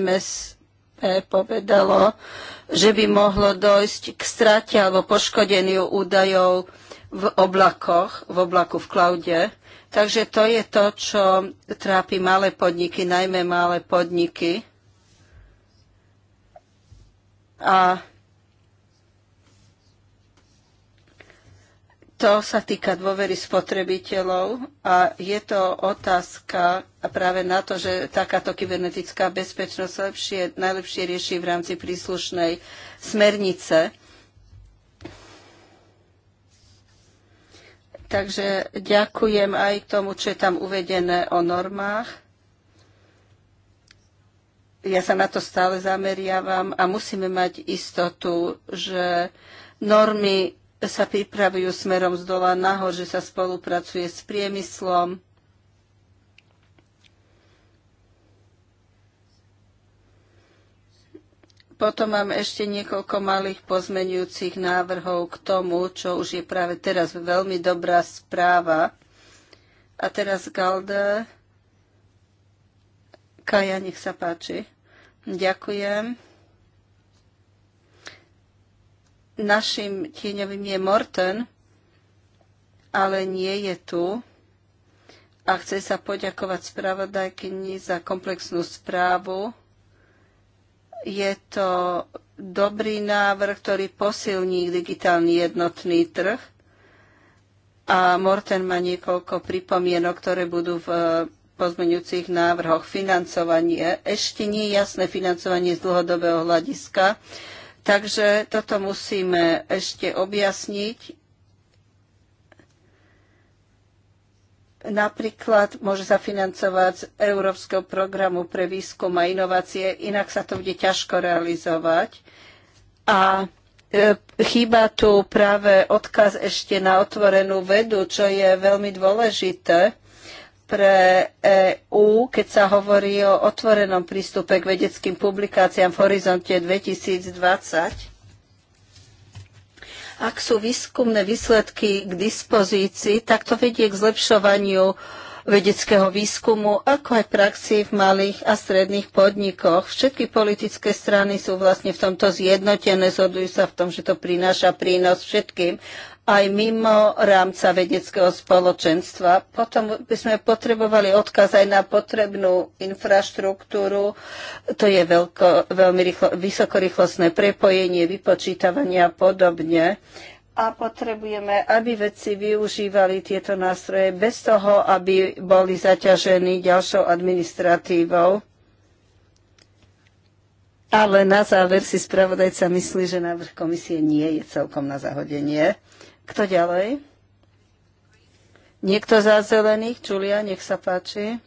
MSP povedalo, že by mohlo dojsť k strate alebo poškodeniu údajov v oblakoch, v oblaku v klaude. Takže to je to, čo trápi malé podniky, najmä malé podniky a to sa týka dôvery spotrebiteľov a je to otázka práve na to, že takáto kybernetická bezpečnosť lepšie, najlepšie rieši v rámci príslušnej smernice. Takže ďakujem aj tomu, čo je tam uvedené o normách ja sa na to stále zameriavam a musíme mať istotu, že normy sa pripravujú smerom z dola nahor, že sa spolupracuje s priemyslom. Potom mám ešte niekoľko malých pozmenujúcich návrhov k tomu, čo už je práve teraz veľmi dobrá správa. A teraz Galde. Kaja, nech sa páči. Ďakujem. Našim tieňovým je Morten, ale nie je tu a chce sa poďakovať spravodajkyni za komplexnú správu. Je to dobrý návrh, ktorý posilní digitálny jednotný trh a Morten má niekoľko pripomienok, ktoré budú v pozmeňujúcich návrhoch financovanie. Ešte nie je jasné financovanie z dlhodobého hľadiska, takže toto musíme ešte objasniť. Napríklad môže sa financovať z Európskeho programu pre výskum a inovácie, inak sa to bude ťažko realizovať. A e, chýba tu práve odkaz ešte na otvorenú vedu, čo je veľmi dôležité pre EÚ, keď sa hovorí o otvorenom prístupe k vedeckým publikáciám v horizonte 2020. Ak sú výskumné výsledky k dispozícii, tak to vedie k zlepšovaniu vedeckého výskumu, ako aj praxi v malých a stredných podnikoch. Všetky politické strany sú vlastne v tomto zjednotené, zhodujú sa v tom, že to prináša prínos všetkým aj mimo rámca vedeckého spoločenstva. Potom by sme potrebovali odkaz aj na potrebnú infraštruktúru. To je veľko, veľmi rýchlo, vysokorýchlostné prepojenie, vypočítavanie a podobne. A potrebujeme, aby vedci využívali tieto nástroje bez toho, aby boli zaťažení ďalšou administratívou. Ale na záver si spravodajca myslí, že návrh komisie nie je celkom na zahodenie. Kto ďalej? Niekto za zelených? Julia, nech sa páči.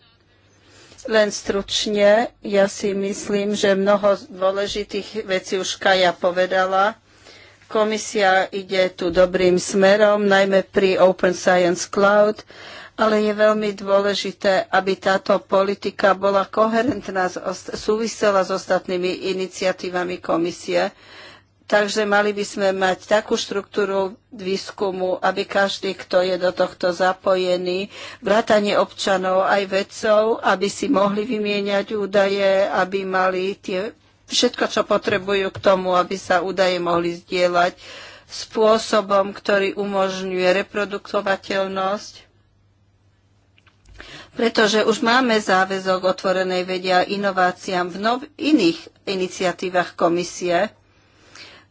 Len stručne, ja si myslím, že mnoho dôležitých vecí už Kaja povedala. Komisia ide tu dobrým smerom, najmä pri Open Science Cloud, ale je veľmi dôležité, aby táto politika bola koherentná, súvisela s ostatnými iniciatívami komisie. Takže mali by sme mať takú štruktúru výskumu, aby každý, kto je do tohto zapojený, vrátanie občanov aj vedcov, aby si mohli vymieňať údaje, aby mali tie, všetko, čo potrebujú k tomu, aby sa údaje mohli zdieľať spôsobom, ktorý umožňuje reproduktovateľnosť. Pretože už máme záväzok otvorenej vedia inováciám v nov- iných iniciatívach komisie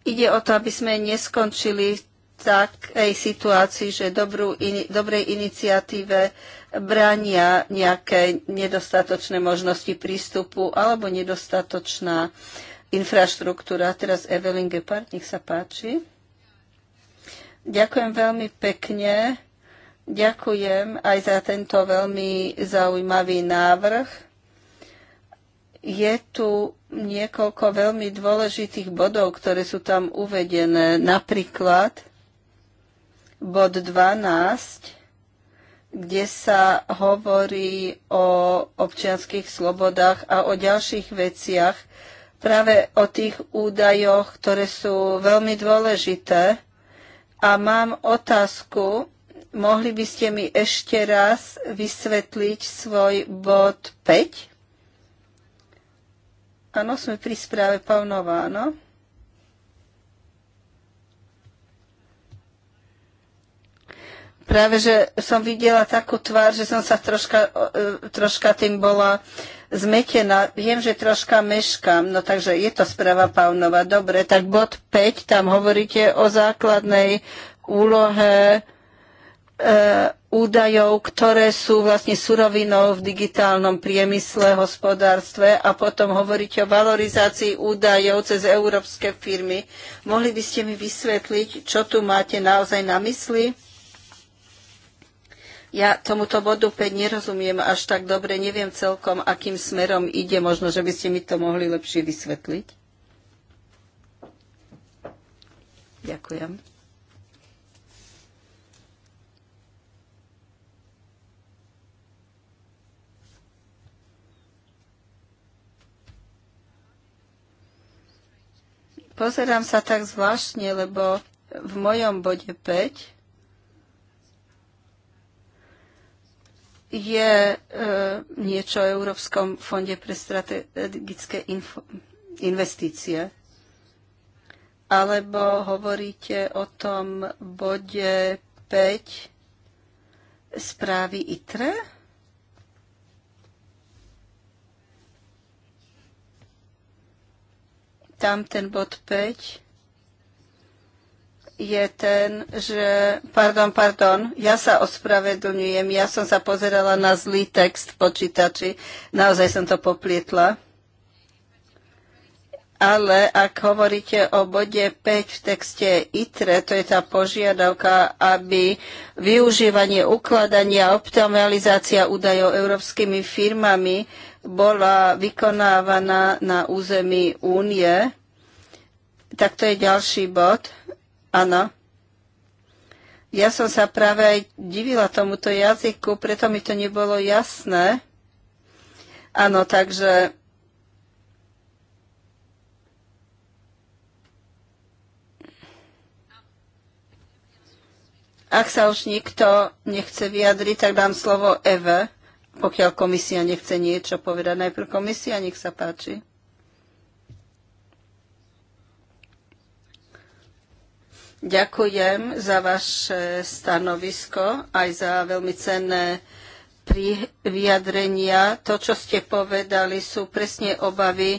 Ide o to, aby sme neskončili v takej situácii, že dobrú, in, dobrej iniciatíve brania nejaké nedostatočné možnosti prístupu alebo nedostatočná infraštruktúra. Teraz Evelyn Gepard, nech sa páči. Ďakujem veľmi pekne. Ďakujem aj za tento veľmi zaujímavý návrh. Je tu niekoľko veľmi dôležitých bodov, ktoré sú tam uvedené. Napríklad bod 12 kde sa hovorí o občianských slobodách a o ďalších veciach, práve o tých údajoch, ktoré sú veľmi dôležité. A mám otázku, mohli by ste mi ešte raz vysvetliť svoj bod 5? Áno, sme pri správe Pavnová, áno. Práve, že som videla takú tvár, že som sa troška, e, troška tým bola zmetená. Viem, že troška meškám, no takže je to správa Pavnova. Dobre, tak bod 5, tam hovoríte o základnej úlohe e, údajov, ktoré sú vlastne surovinou v digitálnom priemysle, hospodárstve a potom hovoríte o valorizácii údajov cez európske firmy. Mohli by ste mi vysvetliť, čo tu máte naozaj na mysli? Ja tomuto bodu 5 nerozumiem až tak dobre, neviem celkom, akým smerom ide, možno, že by ste mi to mohli lepšie vysvetliť. Ďakujem. Pozerám sa tak zvláštne, lebo v mojom bode 5 je e, niečo o Európskom fonde pre strategické info, investície. Alebo hovoríte o tom bode 5 správy ITRE? tam ten bod 5 je ten, že... Pardon, pardon, ja sa ospravedlňujem, ja som sa pozerala na zlý text v počítači, naozaj som to poplietla. Ale ak hovoríte o bode 5 v texte ITRE, to je tá požiadavka, aby využívanie, ukladanie a optimalizácia údajov európskymi firmami bola vykonávaná na území únie, tak to je ďalší bod. Áno. Ja som sa práve aj divila tomuto jazyku, preto mi to nebolo jasné. Áno, takže Ak sa už nikto nechce vyjadriť, tak dám slovo Eve pokiaľ komisia nechce niečo povedať. Najprv komisia, nech sa páči. Ďakujem za vaše stanovisko, aj za veľmi cenné vyjadrenia. To, čo ste povedali, sú presne obavy,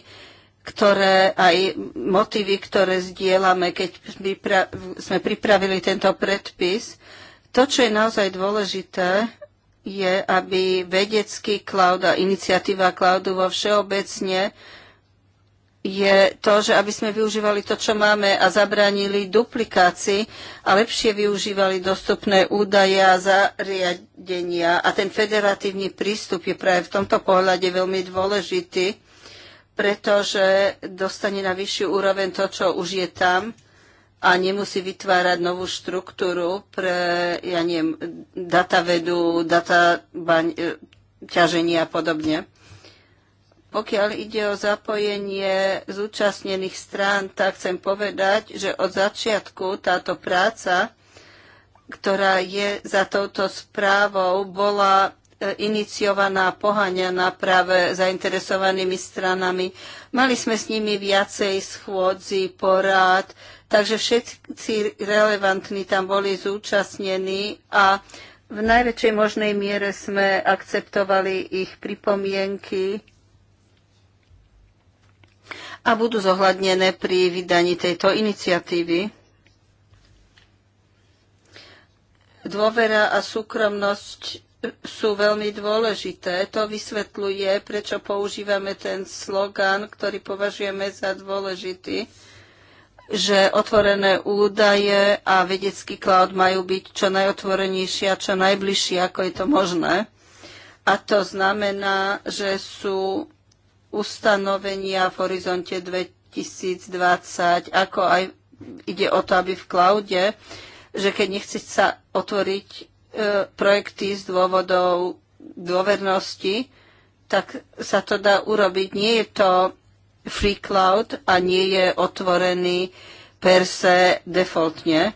ktoré aj motivy, ktoré zdieľame, keď sme pripravili tento predpis. To, čo je naozaj dôležité, je, aby vedecký cloud a iniciatíva cloudu vo všeobecne je to, že aby sme využívali to, čo máme a zabránili duplikácii a lepšie využívali dostupné údaje a zariadenia. A ten federatívny prístup je práve v tomto pohľade veľmi dôležitý, pretože dostane na vyššiu úroveň to, čo už je tam a nemusí vytvárať novú štruktúru pre, ja neviem, datavedu, data baň, e, ťaženie a podobne. Pokiaľ ide o zapojenie zúčastnených strán, tak chcem povedať, že od začiatku táto práca, ktorá je za touto správou, bola e, iniciovaná, poháňaná práve zainteresovanými stranami. Mali sme s nimi viacej schôdzi, porád, Takže všetci relevantní tam boli zúčastnení a v najväčšej možnej miere sme akceptovali ich pripomienky a budú zohľadnené pri vydaní tejto iniciatívy. Dôvera a súkromnosť sú veľmi dôležité. To vysvetľuje, prečo používame ten slogan, ktorý považujeme za dôležitý že otvorené údaje a vedecký cloud majú byť čo najotvorenejšie a čo najbližšie, ako je to možné. A to znamená, že sú ustanovenia v horizonte 2020, ako aj ide o to, aby v cloude, že keď nechce sa otvoriť e, projekty z dôvodov dôvernosti, tak sa to dá urobiť. Nie je to free cloud a nie je otvorený per se defaultne.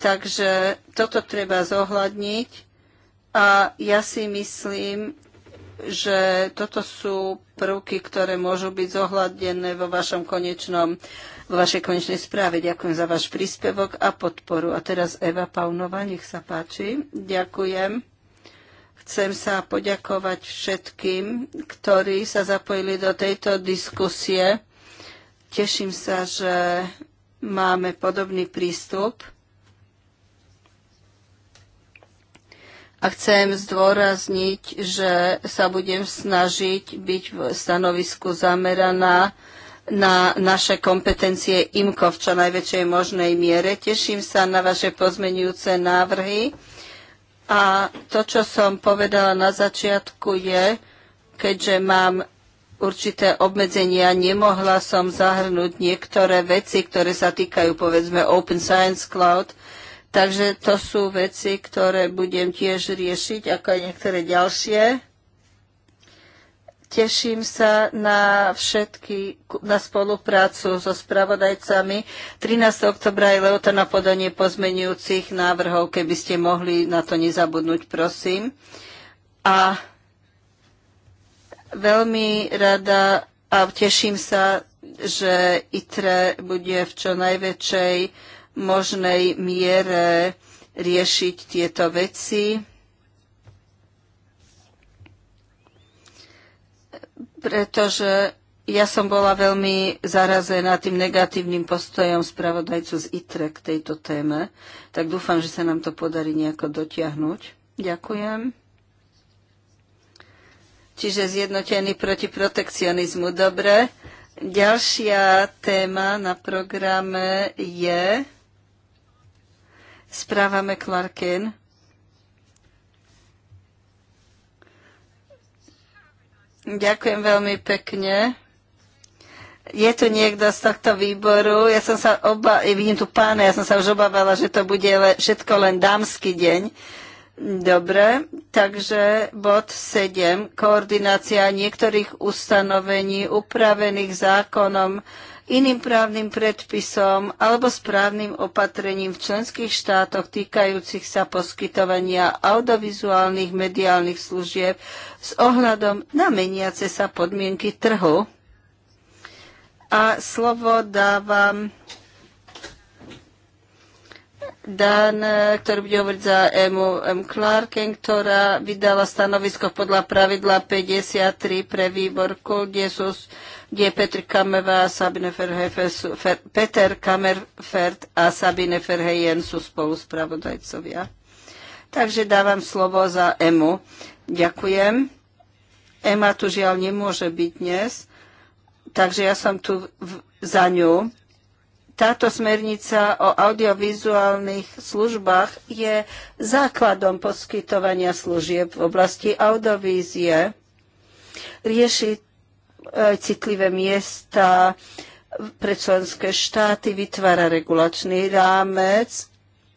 Takže toto treba zohľadniť a ja si myslím, že toto sú prvky, ktoré môžu byť zohľadené vo vašom konečnom, vo vašej konečnej správe. Ďakujem za váš príspevok a podporu. A teraz Eva Paunova, nech sa páči. Ďakujem. Chcem sa poďakovať všetkým, ktorí sa zapojili do tejto diskusie. Teším sa, že máme podobný prístup. A chcem zdôrazniť, že sa budem snažiť byť v stanovisku zameraná na naše kompetencie IMCO v čo najväčšej možnej miere. Teším sa na vaše pozmenujúce návrhy a to, čo som povedala na začiatku, je, keďže mám určité obmedzenia, nemohla som zahrnúť niektoré veci, ktoré sa týkajú povedzme Open Science Cloud. Takže to sú veci, ktoré budem tiež riešiť, ako aj niektoré ďalšie. Teším sa na všetky, na spoluprácu so spravodajcami. 13. oktobra je leota na podanie pozmenujúcich návrhov, keby ste mohli na to nezabudnúť, prosím. A veľmi rada a teším sa, že ITRE bude v čo najväčšej možnej miere riešiť tieto veci pretože ja som bola veľmi zarazená tým negatívnym postojom spravodajcu z ITRE k tejto téme, tak dúfam, že sa nám to podarí nejako dotiahnuť. Ďakujem. Čiže zjednotený proti protekcionizmu. Dobre. Ďalšia téma na programe je správa Clarken. Ďakujem veľmi pekne. Je tu niekto z tohto výboru? Ja som sa oba, vidím tu pána, ja som sa už obávala, že to bude le, všetko len dámsky deň. Dobre, takže bod 7. Koordinácia niektorých ustanovení upravených zákonom iným právnym predpisom alebo správnym opatrením v členských štátoch týkajúcich sa poskytovania audiovizuálnych mediálnych služieb s ohľadom na meniace sa podmienky trhu. A slovo dávam Dan, ktorý bude hovoriť za Emu M. Clarken, ktorá vydala stanovisko podľa pravidla 53 pre výbor kde sú kde Peter Kameva a Sabine Ferhefer sú, Fer, Peter Kamerfert a Sabine Ferhejen sú spravodajcovia. Takže dávam slovo za Emu. Ďakujem. Ema tu žiaľ nemôže byť dnes, takže ja som tu v, za ňu. Táto smernica o audiovizuálnych službách je základom poskytovania služieb v oblasti audiovízie. Rieši E, citlivé miesta pre členské štáty, vytvára regulačný rámec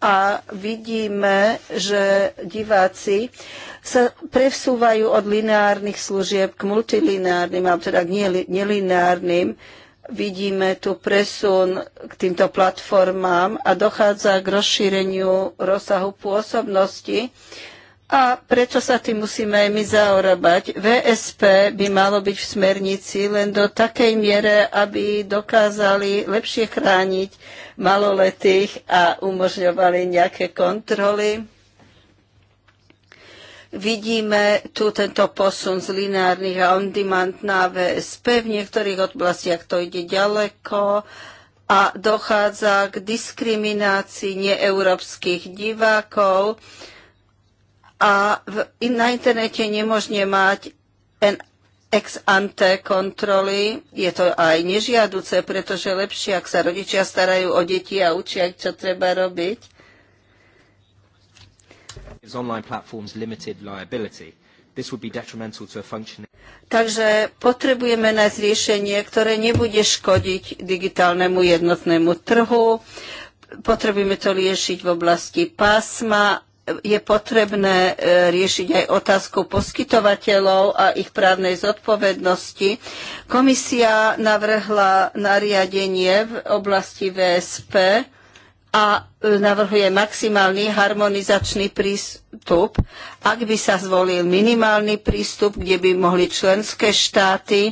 a vidíme, že diváci sa presúvajú od lineárnych služieb k multilineárnym, alebo teda k nelineárnym. Vidíme tu presun k týmto platformám a dochádza k rozšíreniu rozsahu pôsobnosti. A prečo sa tým musíme aj my zaorabať? VSP by malo byť v smernici len do takej miere, aby dokázali lepšie chrániť maloletých a umožňovali nejaké kontroly. Vidíme tu tento posun z lineárnych a on-demand na VSP. V niektorých oblastiach to ide ďaleko a dochádza k diskriminácii neeurópskych divákov a v, na internete nemôžne mať en, ex ante kontroly. Je to aj nežiaduce, pretože lepšie, ak sa rodičia starajú o deti a učia, čo treba robiť. Takže potrebujeme nájsť riešenie, ktoré nebude škodiť digitálnemu jednotnému trhu. Potrebujeme to riešiť v oblasti pásma je potrebné e, riešiť aj otázku poskytovateľov a ich právnej zodpovednosti. Komisia navrhla nariadenie v oblasti VSP a e, navrhuje maximálny harmonizačný prístup. Ak by sa zvolil minimálny prístup, kde by mohli členské štáty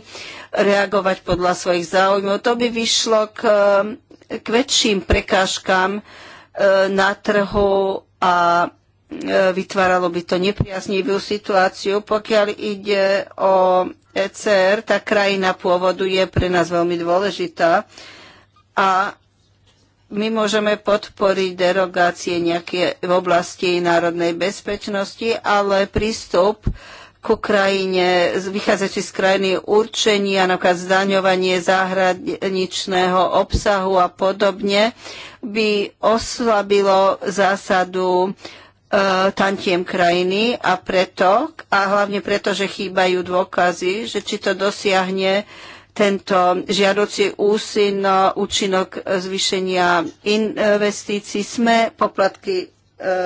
reagovať podľa svojich záujmov, to by vyšlo k, e, k väčším prekážkam na trhu a E, vytváralo by to nepriaznivú situáciu. Pokiaľ ide o ECR, tá krajina pôvodu je pre nás veľmi dôležitá a my môžeme podporiť derogácie nejaké v oblasti národnej bezpečnosti, ale prístup ku krajine, vychádzajúci z krajiny určenia, napríklad zdaňovanie zahraničného obsahu a podobne, by oslabilo zásadu E, tantiem krajiny a preto, a hlavne preto, že chýbajú dôkazy, že či to dosiahne tento žiadoci úsin e, účinok zvýšenia investícií, sme poplatky e,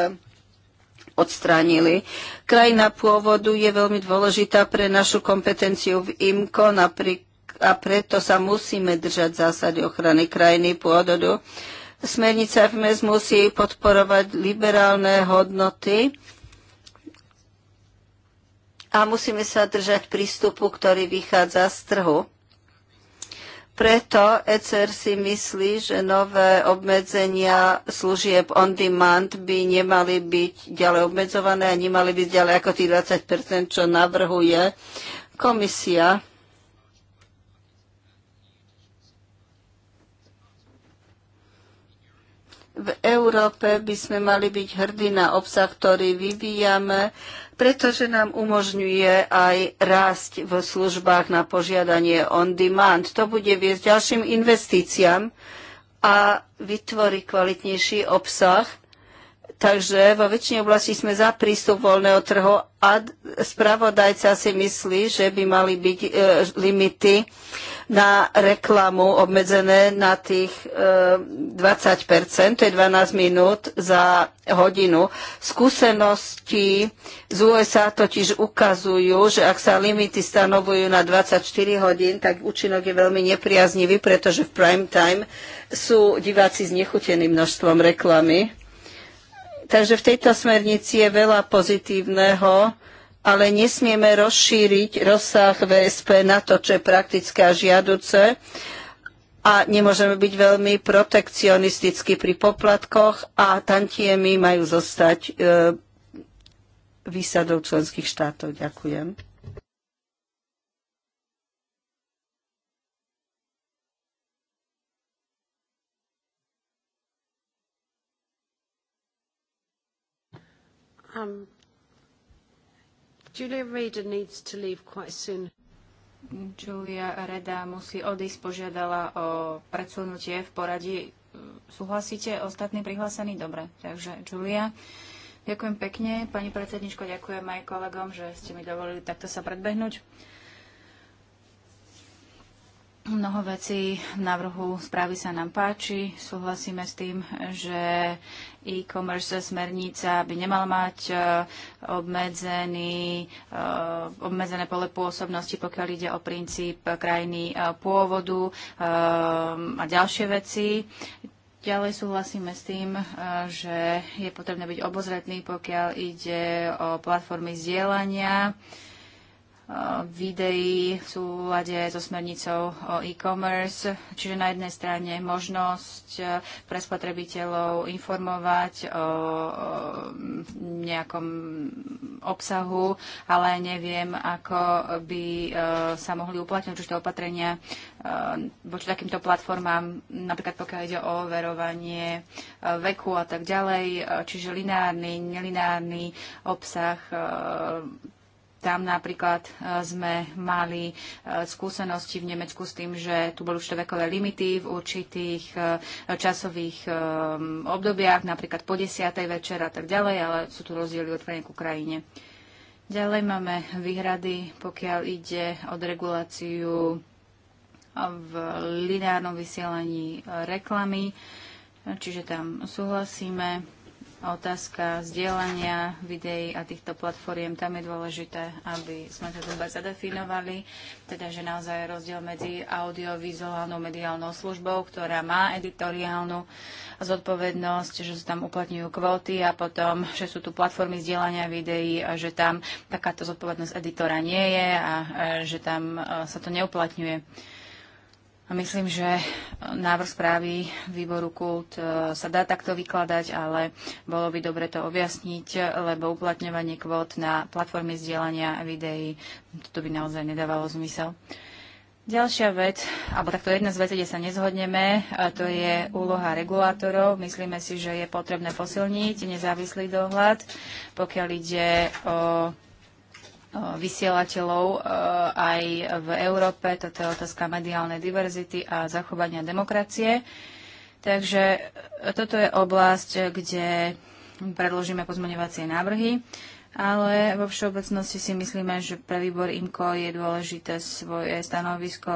odstránili. Krajina pôvodu je veľmi dôležitá pre našu kompetenciu v IMCO napríklad a preto sa musíme držať zásady ochrany krajiny pôvodu. Smernica FMS musí podporovať liberálne hodnoty a musíme sa držať prístupu, ktorý vychádza z trhu. Preto ECR si myslí, že nové obmedzenia služieb on demand by nemali byť ďalej obmedzované a nemali byť ďalej ako tých 20%, čo navrhuje komisia. v Európe by sme mali byť hrdí na obsah, ktorý vyvíjame, pretože nám umožňuje aj rásť v službách na požiadanie on demand. To bude viesť ďalším investíciám a vytvorí kvalitnejší obsah. Takže vo väčšine oblasti sme za prístup voľného trhu a spravodajca si myslí, že by mali byť e, limity na reklamu obmedzené na tých 20%, e, to je 12 minút za hodinu. Skúsenosti z USA totiž ukazujú, že ak sa limity stanovujú na 24 hodín, tak účinok je veľmi nepriaznivý, pretože v prime time sú diváci znechutení množstvom reklamy. Takže v tejto smernici je veľa pozitívneho ale nesmieme rozšíriť rozsah VSP na to, čo je praktické a žiaduce a nemôžeme byť veľmi protekcionisticky pri poplatkoch a tantiemi majú zostať e, výsadou členských štátov. Ďakujem. Um, Julia Reda needs to leave quite soon. Julia Reda musí odísť, požiadala o predsunutie v poradí. Súhlasíte ostatní prihlásení? Dobre, takže Julia. Ďakujem pekne. Pani predsedničko, ďakujem aj kolegom, že ste mi dovolili takto sa predbehnúť. Mnoho vecí v návrhu správy sa nám páči. Súhlasíme s tým, že e-commerce smernica by nemala mať e, obmedzený, e, obmedzené pole pôsobnosti, pokiaľ ide o princíp krajiny e, pôvodu a ďalšie veci. Ďalej súhlasíme s tým, že je potrebné byť obozretný, pokiaľ ide o platformy zdieľania videí v súlade so smernicou o e-commerce, čiže na jednej strane možnosť e, pre spotrebiteľov informovať o nejakom obsahu, ale neviem, ako by e, sa mohli uplatniť určité opatrenia e, voči takýmto platformám, napríklad pokiaľ ide o verovanie veku a tak ďalej, čiže lineárny, nelineárny obsah tam napríklad e, sme mali e, skúsenosti v Nemecku s tým, že tu boli určité vekové limity v určitých e, časových obdobiach, napríklad po desiatej večer a tak ďalej, ale sú tu rozdiely od krajiny ku krajine. Ďalej máme výhrady, pokiaľ ide od reguláciu v lineárnom vysielaní reklamy, čiže tam súhlasíme otázka zdieľania videí a týchto platformiem, tam je dôležité, aby sme to teda zadefinovali, teda že naozaj rozdiel medzi audiovizuálnou mediálnou službou, ktorá má editoriálnu zodpovednosť, že sa tam uplatňujú kvóty a potom, že sú tu platformy zdieľania videí a že tam takáto zodpovednosť editora nie je a že tam e, sa to neuplatňuje. Myslím, že návrh správy výboru kult e, sa dá takto vykladať, ale bolo by dobre to objasniť, lebo uplatňovanie kvót na platformy zdieľania videí, toto by naozaj nedávalo zmysel. Ďalšia vec, alebo takto jedna z vecí, kde sa nezhodneme, a e, to je úloha regulátorov. Myslíme si, že je potrebné posilniť nezávislý dohľad, pokiaľ ide o vysielateľov aj v Európe. Toto je otázka mediálnej diverzity a zachovania demokracie. Takže e, toto je oblasť, kde predložíme pozmeňovacie návrhy, ale vo všeobecnosti si myslíme, že pre výbor IMKO je dôležité svoje stanovisko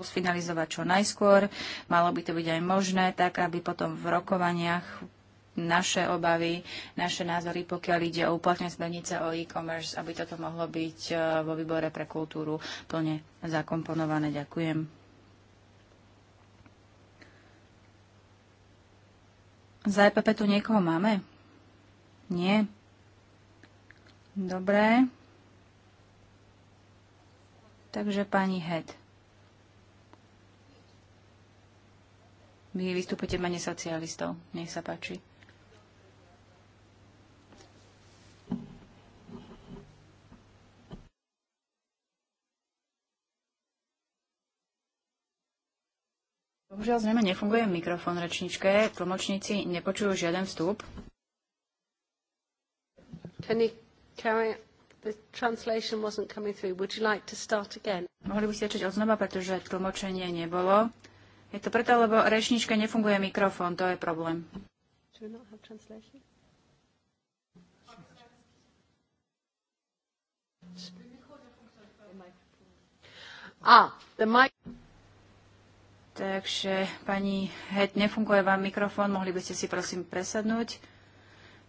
sfinalizovať čo najskôr. Malo by to byť aj možné, tak aby potom v rokovaniach naše obavy, naše názory, pokiaľ ide o uplatňovanie smernice o e-commerce, aby toto mohlo byť e, vo výbore pre kultúru plne zakomponované. Ďakujem. Za EPP tu niekoho máme? Nie. Dobre. Takže pani Head. Vy vystupujete mene socialistov. Nech sa páči. Bohužiaľ zrejme nefunguje mikrofón rečničke. Tlmočníci nepočujú žiaden vstup. Mohli by ste začať odznova, pretože tlmočenie nebolo. Je to preto, lebo rečničke nefunguje mikrofón. To je problém. Do Ah, the mic... Takže pani Het, nefunguje vám mikrofón, mohli by ste si prosím presadnúť.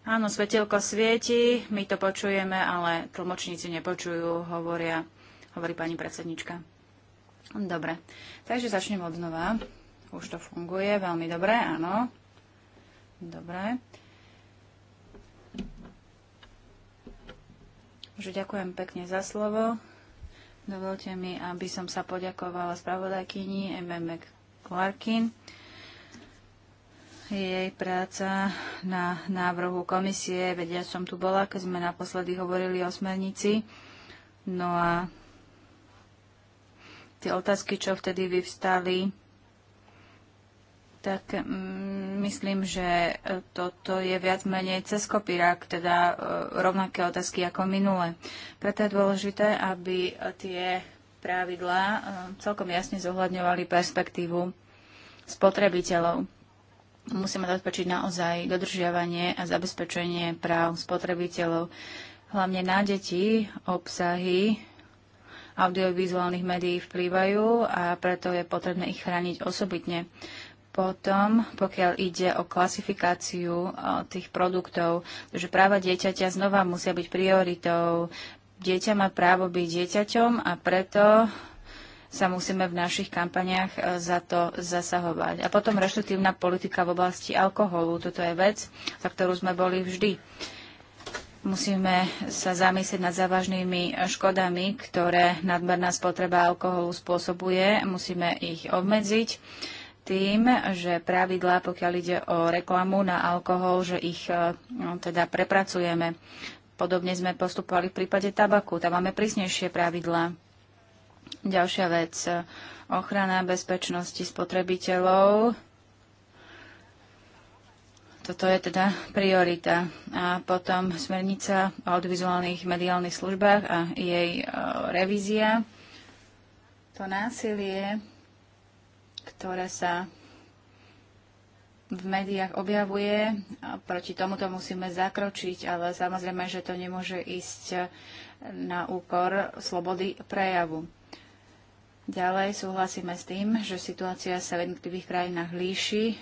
Áno, svetielko svieti, my to počujeme, ale tlmočníci nepočujú, hovoria, hovorí pani predsednička. Dobre, takže začnem od znova. Už to funguje veľmi dobre, áno. Dobre. Už ďakujem pekne za slovo. Dovolte mi, aby som sa poďakovala spravodajkyni MM Clarkin. Jej práca na návrhu komisie, vedia, som tu bola, keď sme naposledy hovorili o smernici. No a tie otázky, čo vtedy vyvstali, tak mm, myslím, že e, toto je viac menej cez kopírak, teda e, rovnaké otázky ako minule. Preto je dôležité, aby e, tie pravidlá celkom jasne zohľadňovali perspektívu spotrebiteľov. Musíme zabezpečiť naozaj dodržiavanie a zabezpečenie práv spotrebiteľov, hlavne na deti, obsahy audiovizuálnych médií vplývajú a preto je potrebné ich chrániť osobitne. Potom, pokiaľ ide o klasifikáciu tých produktov, že práva dieťaťa znova musia byť prioritou. Dieťa má právo byť dieťaťom a preto sa musíme v našich kampaniách e, za to zasahovať. A potom reštruktívna politika v oblasti alkoholu. Toto je vec, za ktorú sme boli vždy. Musíme sa zamyslieť nad závažnými škodami, ktoré nadmerná spotreba alkoholu spôsobuje. Musíme ich obmedziť tým, že pravidlá, pokiaľ ide o reklamu na alkohol, že ich e, no, teda prepracujeme. Podobne sme postupovali v prípade tabaku. Tam máme prísnejšie pravidlá. Ďalšia vec, ochrana bezpečnosti spotrebiteľov. Toto je teda priorita. A potom smernica o audiovizuálnych mediálnych službách a jej e, revízia. To násilie ktoré sa v médiách objavuje. A proti tomuto musíme zakročiť, ale samozrejme, že to nemôže ísť na úkor slobody prejavu. Ďalej súhlasíme s tým, že situácia sa v jednotlivých krajinách líši,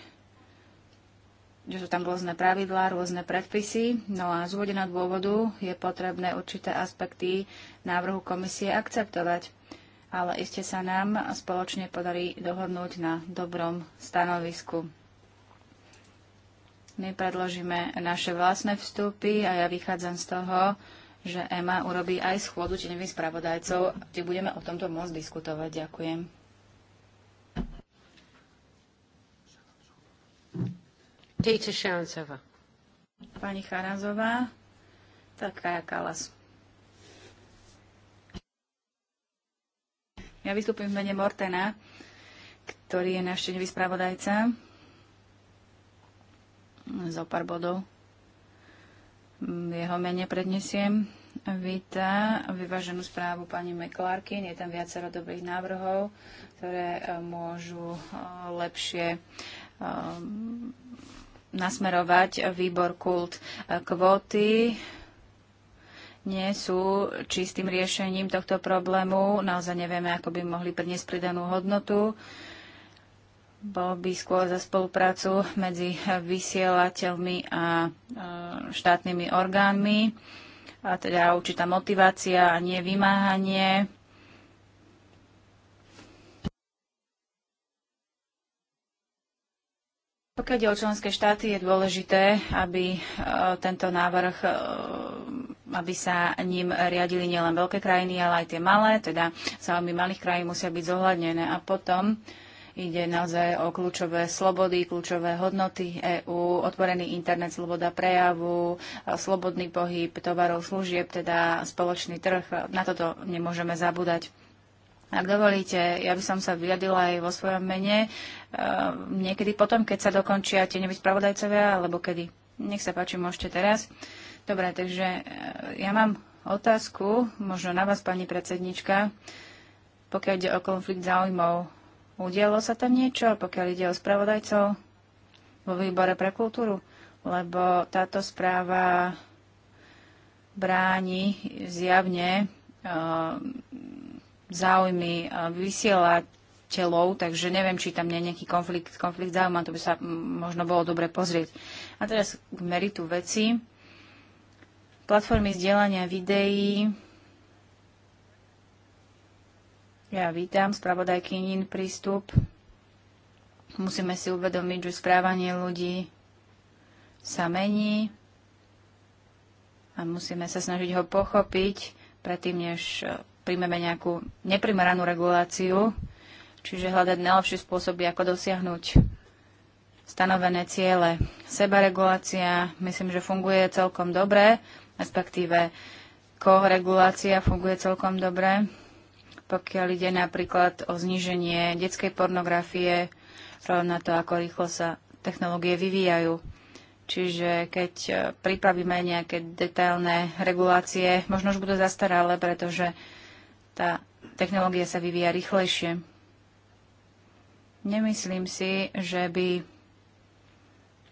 že sú tam rôzne pravidlá, rôzne predpisy. No a z úvodeného dôvodu je potrebné určité aspekty návrhu komisie akceptovať ale iste sa nám spoločne podarí dohodnúť na dobrom stanovisku. My predložíme naše vlastné vstupy a ja vychádzam z toho, že EMA urobí aj schôdu tenových spravodajcov, kde budeme o tomto môcť diskutovať. Ďakujem. Pani Charanzová. Taká Kalas. Ja vystúpim v mene Mortena, ktorý je návštevný spravodajca. Zo pár bodov jeho mene prednesiem. Víta vyváženú správu pani Meklárky. Je tam viacero dobrých návrhov, ktoré eh, môžu eh, lepšie eh, nasmerovať výbor kult kvóty nie sú čistým riešením tohto problému. Naozaj nevieme, ako by mohli priniesť pridanú hodnotu. Bol by skôr za spoluprácu medzi vysielateľmi a štátnymi orgánmi, a teda určitá motivácia a nie vymáhanie. Pokiaľ je o členské štáty, je dôležité, aby e, tento návrh e, aby sa ním riadili nielen veľké krajiny, ale aj tie malé, teda záujmy malých krajín musia byť zohľadnené. A potom ide naozaj o kľúčové slobody, kľúčové hodnoty EÚ, otvorený internet, sloboda prejavu, slobodný pohyb tovarov, služieb, teda spoločný trh. Na toto nemôžeme zabúdať. Ak dovolíte, ja by som sa vyjadila aj vo svojom mene. E, niekedy potom, keď sa dokončia tie spravodajcovia, alebo kedy? Nech sa páči, môžete teraz. Dobre, takže e, ja mám otázku, možno na vás, pani predsednička, pokiaľ ide o konflikt záujmov. Udialo sa tam niečo, pokiaľ ide o spravodajcov vo výbore pre kultúru? Lebo táto správa bráni zjavne e, záujmy e, vysielateľov, takže neviem, či tam nie je nejaký konflikt, konflikt záujma, to by sa možno bolo dobre pozrieť. A teraz k meritu veci platformy zdieľania videí. Ja vítam spravodajkynin prístup. Musíme si uvedomiť, že správanie ľudí sa mení a musíme sa snažiť ho pochopiť predtým, než eh, príjmeme nejakú neprimeranú reguláciu, čiže hľadať najlepšie spôsoby, ako dosiahnuť stanovené ciele. Sebaregulácia myslím, že funguje celkom dobre respektíve koregulácia funguje celkom dobre, pokiaľ ide napríklad o zníženie detskej pornografie, vzhľadom na to, ako rýchlo sa technológie vyvíjajú. Čiže keď e, pripravíme nejaké detailné regulácie, možno už budú zastaralé, pretože tá technológia sa vyvíja rýchlejšie. Nemyslím si, že by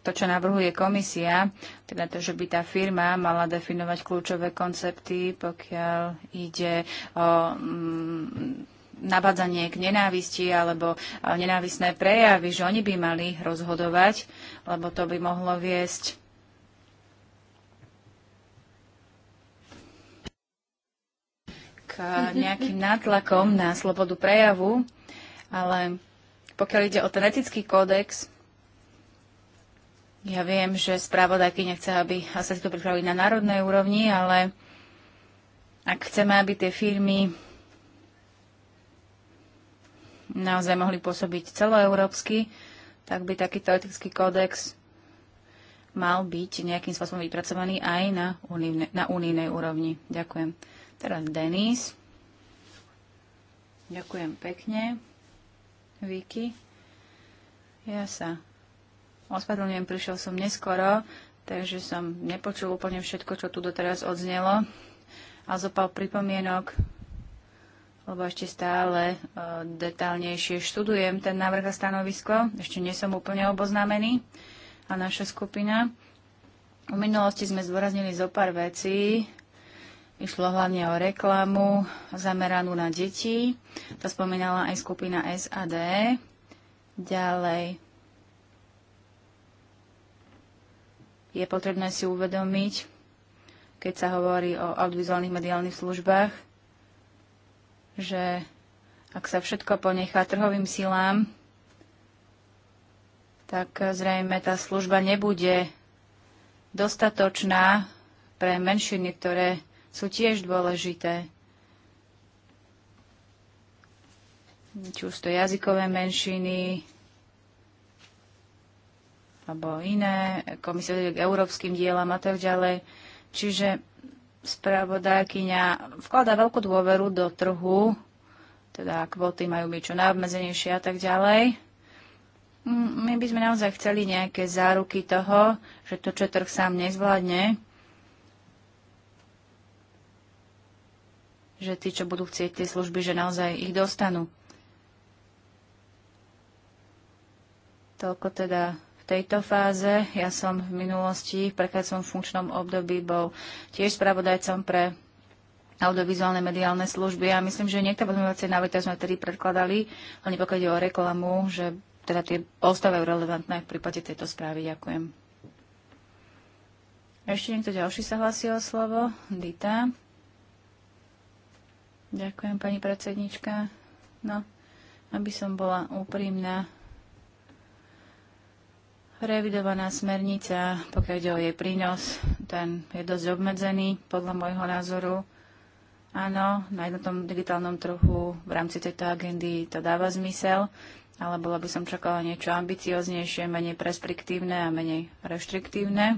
to, čo navrhuje komisia, teda to, že by tá firma mala definovať kľúčové koncepty, pokiaľ ide o mm, nabádzanie k nenávisti alebo nenávisné prejavy, že oni by mali rozhodovať, lebo to by mohlo viesť k mhm. nejakým nátlakom na slobodu prejavu, ale pokiaľ ide o ten etický kódex, ja viem, že spravodajky nechce, aby sa to pripravili na národnej úrovni, ale ak chceme, aby tie firmy naozaj mohli pôsobiť celoeurópsky, tak by takýto etický kódex mal byť nejakým spôsobom vypracovaný aj na, unívne, na unijnej úrovni. Ďakujem. Teraz Denis. Ďakujem pekne. Viki. Ja sa Ospadlňujem, prišiel som neskoro, takže som nepočul úplne všetko, čo tu doteraz odznelo. A zopal pripomienok, lebo ešte stále e, detálnejšie študujem ten návrh a stanovisko. Ešte nie som úplne oboznámený a naša skupina. V minulosti sme zdôraznili zo pár vecí. Išlo hlavne o reklamu zameranú na deti. To spomínala aj skupina SAD. Ďalej je potrebné si uvedomiť, keď sa hovorí o audiovizuálnych mediálnych službách, že ak sa všetko ponechá trhovým silám, tak zrejme tá služba nebude dostatočná pre menšiny, ktoré sú tiež dôležité. Či už to jazykové menšiny, alebo iné, komisia k európskym dielam a tak ďalej. Čiže spravodajkyňa vkladá veľkú dôveru do trhu, teda kvóty majú byť čo najobmedzenejšie a tak ďalej. Mm, my by sme naozaj chceli nejaké záruky toho, že to, čo trh sám nezvládne, že tí, čo budú chcieť tie služby, že naozaj ich dostanú. Toľko teda tejto fáze. Ja som v minulosti, v prekrácom funkčnom období, bol tiež spravodajcom pre audiovizuálne mediálne služby a ja myslím, že niektoré pozmeňovacie návrhy, ktoré sme tedy predkladali, hlavne pokiaľ ide o reklamu, že teda tie ostávajú relevantné v prípade tejto správy. Ďakujem. Ešte niekto ďalší sa hlasí o slovo? Dita. Ďakujem, pani predsednička. No, aby som bola úprimná, Revidovaná smernica, pokiaľ ide o jej prínos, ten je dosť obmedzený podľa môjho názoru. Áno, na jednotnom digitálnom trhu v rámci tejto agendy to dáva zmysel, ale bola by som čakala niečo ambicioznejšie, menej prespriktívne a menej reštriktívne.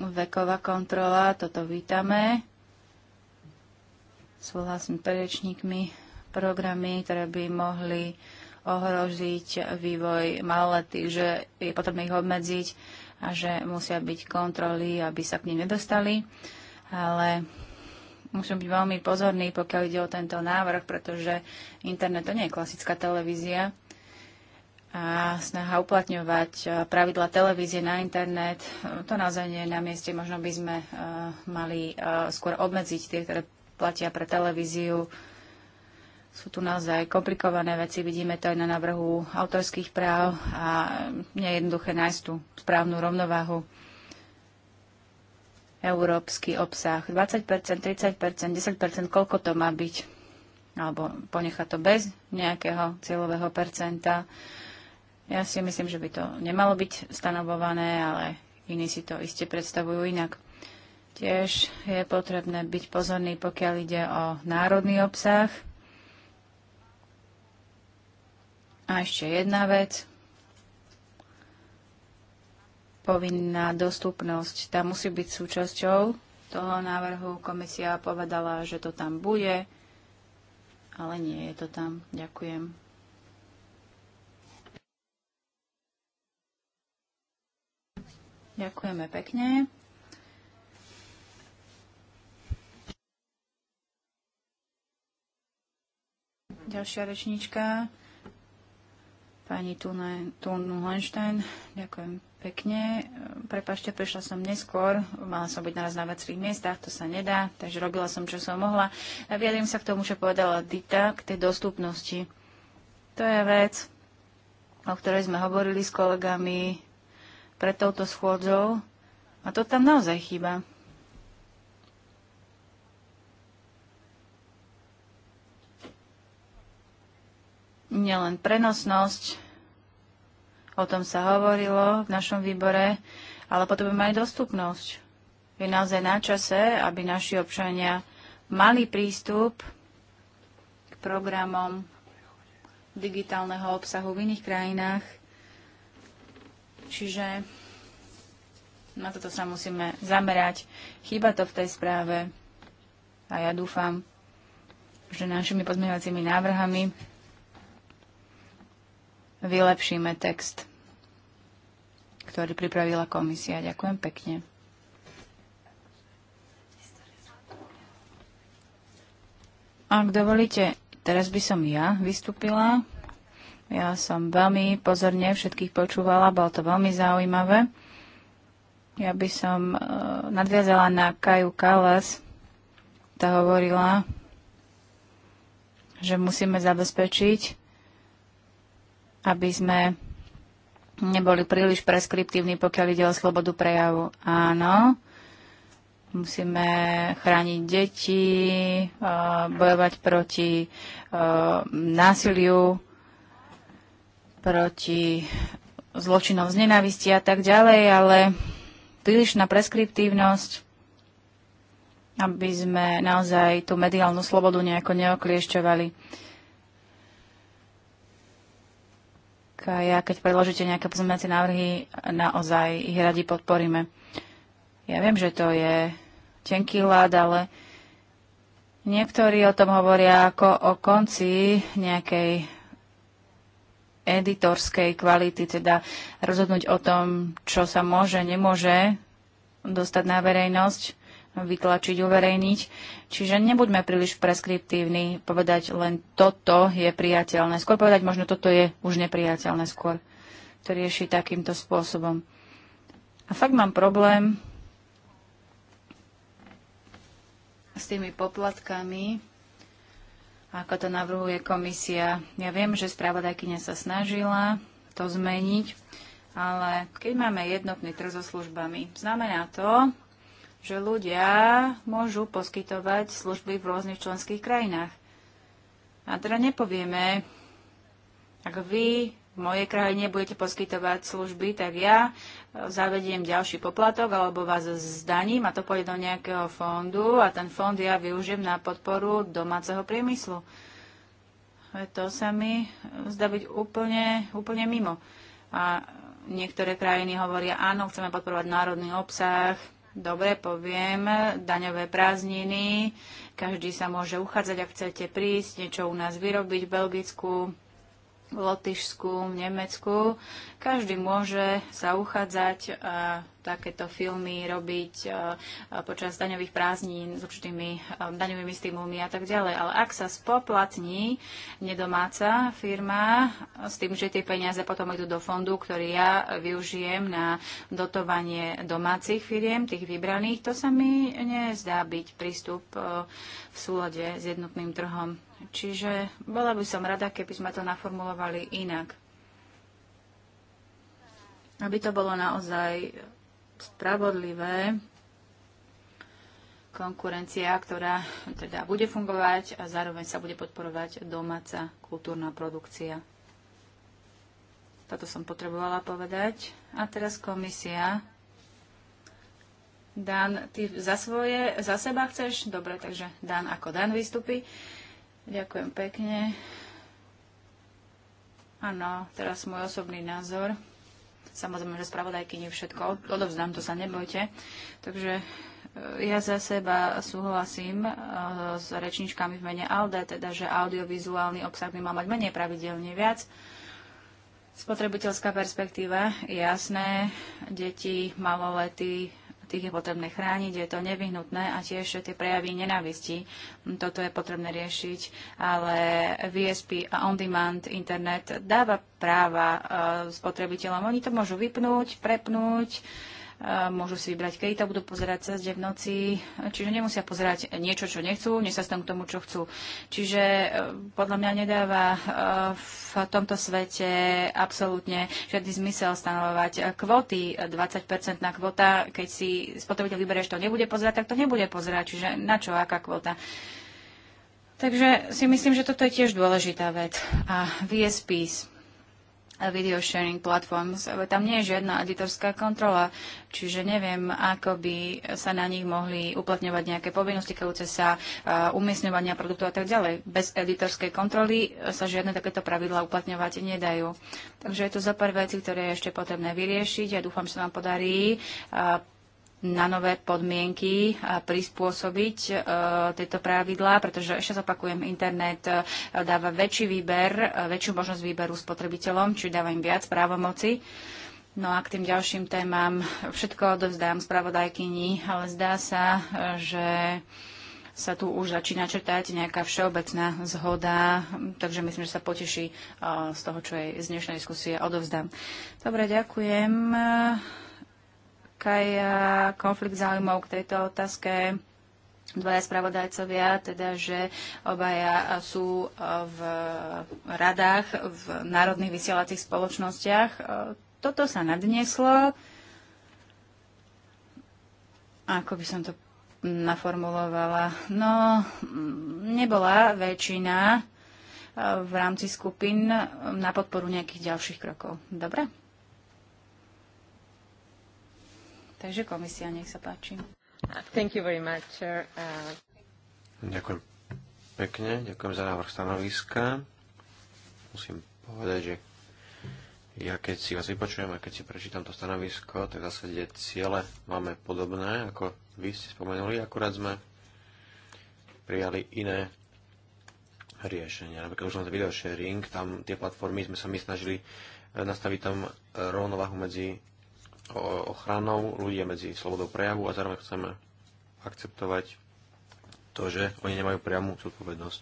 Veková kontrola, toto vítame. Súhlasím s programy, ktoré by mohli ohroziť vývoj maloletých, že je potrebné ich obmedziť a že musia byť kontroly, aby sa k nim nedostali. Ale musím byť veľmi pozorný, pokiaľ ide o tento návrh, pretože internet to nie je klasická televízia a snaha uplatňovať eh, pravidla televízie na internet, eh, to naozaj nie je na mieste. Možno by sme eh, mali skôr obmedziť tie, ktoré platia pre televíziu, sú tu naozaj komplikované veci, vidíme to aj na návrhu autorských práv a nie je jednoduché nájsť tú správnu rovnováhu. Európsky obsah 20%, 30%, 10%, koľko to má byť? Alebo ponechať to bez nejakého cieľového percenta. Ja si myslím, že by to nemalo byť stanovované, ale iní si to iste predstavujú inak. Tiež je potrebné byť pozorný, pokiaľ ide o národný obsah – A ešte jedna vec. Povinná dostupnosť. Tá musí byť súčasťou toho návrhu. Komisia povedala, že to tam bude, ale nie je to tam. Ďakujem. Ďakujeme pekne. Ďalšia rečníčka. Pani tunu Hohenstein, ďakujem pekne. Prepašte, prišla som neskôr. Mala som byť naraz na viacerých miestach, to sa nedá, takže robila som, čo som mohla. A vyjadrím sa k tomu, čo povedala Dita, k tej dostupnosti. To je vec, o ktorej sme hovorili s kolegami pred touto schôdzou. A to tam naozaj chýba. nielen prenosnosť, o tom sa hovorilo v našom výbore, ale potrebujeme aj dostupnosť. Je naozaj na čase, aby naši občania mali prístup k programom digitálneho obsahu v iných krajinách. Čiže na toto sa musíme zamerať. Chýba to v tej správe a ja dúfam, že našimi pozmeňovacími návrhami vylepšíme text, ktorý pripravila komisia. Ďakujem pekne. Ak dovolíte, teraz by som ja vystúpila. Ja som veľmi pozorne všetkých počúvala, bolo to veľmi zaujímavé. Ja by som e, nadviazala na Kaju Kalas. Tá hovorila, že musíme zabezpečiť, aby sme neboli príliš preskriptívni, pokiaľ ide o slobodu prejavu. Áno, musíme chrániť deti, bojovať proti násiliu, proti zločinom z nenávisti a tak ďalej, ale prílišná preskriptívnosť, aby sme naozaj tú mediálnu slobodu nejako neokliešťovali. ja, keď predložíte nejaké pozmeňovacie návrhy, naozaj ich radi podporíme. Ja viem, že to je tenký ľad, ale niektorí o tom hovoria ako o konci nejakej editorskej kvality, teda rozhodnúť o tom, čo sa môže, nemôže dostať na verejnosť vytlačiť, uverejniť. Čiže nebuďme príliš preskriptívni, povedať len toto je priateľné. Skôr povedať možno toto je už nepriateľné skôr. To rieši takýmto spôsobom. A fakt mám problém s tými poplatkami, ako to navrhuje komisia. Ja viem, že spravodajkyňa sa snažila to zmeniť, ale keď máme jednotný trh so službami, znamená to, že ľudia môžu poskytovať služby v rôznych členských krajinách. A teda nepovieme, ak vy v mojej krajine budete poskytovať služby, tak ja e, zavediem ďalší poplatok alebo vás zdaním a to pôjde do nejakého fondu a ten fond ja využijem na podporu domáceho priemyslu. E, to sa mi zdá byť úplne, úplne mimo. A niektoré krajiny hovoria, áno, chceme podporovať národný obsah, dobre poviem, daňové prázdniny, každý sa môže uchádzať, ak chcete prísť, niečo u nás vyrobiť v Belgicku, v Lotyšsku, v Nemecku. Každý môže sa uchádzať a takéto filmy robiť počas daňových prázdnin s určitými daňovými stimulmi a tak ďalej. Ale ak sa spoplatní nedomáca firma s tým, že tie peniaze potom idú do fondu, ktorý ja využijem na dotovanie domácich firiem, tých vybraných, to sa mi nezdá byť prístup v súlade s jednotným trhom. Čiže bola by som rada, keby sme to naformulovali inak. Aby to bolo naozaj spravodlivé, konkurencia, ktorá teda bude fungovať a zároveň sa bude podporovať domáca kultúrna produkcia. Toto som potrebovala povedať. A teraz komisia. Dan, ty za svoje, za seba chceš? Dobre, takže Dan ako Dan vystupí. Ďakujem pekne. Áno, teraz môj osobný názor. Samozrejme, že nie všetko odovzdám, to sa nebojte. Takže e, ja za seba súhlasím e, s rečničkami v mene ALDE, teda, že audiovizuálny obsah by mal mať menej pravidelne viac. Spotrebiteľská perspektíva, jasné, deti, maloletí, tých je potrebné chrániť, je to nevyhnutné a tiež tie prejavy nenávisti. Toto je potrebné riešiť, ale VSP a on-demand internet dáva práva e, spotrebiteľom. Oni to môžu vypnúť, prepnúť, môžu si vybrať, kedy to budú pozerať cez deň v noci, čiže nemusia pozerať niečo, čo nechcú, nech sa stanú k tomu, čo chcú. Čiže e, podľa mňa nedáva e, v tomto svete absolútne žiadny zmysel stanovovať e, kvóty, 20-percentná kvota, keď si spotrebiteľ vyberie, že to nebude pozerať, tak to nebude pozerať, čiže na čo, aká kvota. Takže si myslím, že toto je tiež dôležitá vec. A VSPs video sharing platforms. Tam nie je žiadna editorská kontrola, čiže neviem, ako by sa na nich mohli uplatňovať nejaké povinnosti týkajúce sa umiestňovania produktov a tak ďalej. Bez editorskej kontroly sa žiadne takéto pravidla uplatňovať nedajú. Takže je to za pár vecí, ktoré je ešte potrebné vyriešiť a ja dúfam, že sa nám podarí na nové podmienky a prispôsobiť e, tieto pravidlá, pretože ešte zopakujem, internet e, dáva väčší výber, e, väčšiu možnosť výberu spotrebiteľom, či dáva im viac právomoci. No a k tým ďalším témam všetko odovzdám spravodajkyni, ale zdá sa, e, že sa tu už začína čertať nejaká všeobecná zhoda, takže myslím, že sa poteší z toho, čo jej z dnešnej diskusie odovzdám. Dobre, ďakujem. Kaja, eh, konflikt záujmov k tejto otázke dvaja spravodajcovia, teda že obaja sú eh, v radách, v národných vysielacích spoločnostiach. Eh, toto sa nadneslo. Ako by som to naformulovala? No, mm, nebola väčšina v rámci skupín na podporu nejakých ďalších krokov. Dobre? Takže komisia, nech sa páči. Thank you very much, Uh... Ďakujem pekne, ďakujem za návrh stanoviska. Musím povedať, že ja keď si vás vypočujem a keď si prečítam to stanovisko, tak zase zásade ciele máme podobné, ako vy ste spomenuli, akurát sme prijali iné riešenia. Napríklad už na video sharing, tam tie platformy sme sa my snažili nastaviť tam rovnováhu medzi ochranou ľudia medzi slobodou prejavu a zároveň chceme akceptovať to, že oni nemajú priamu zodpovednosť.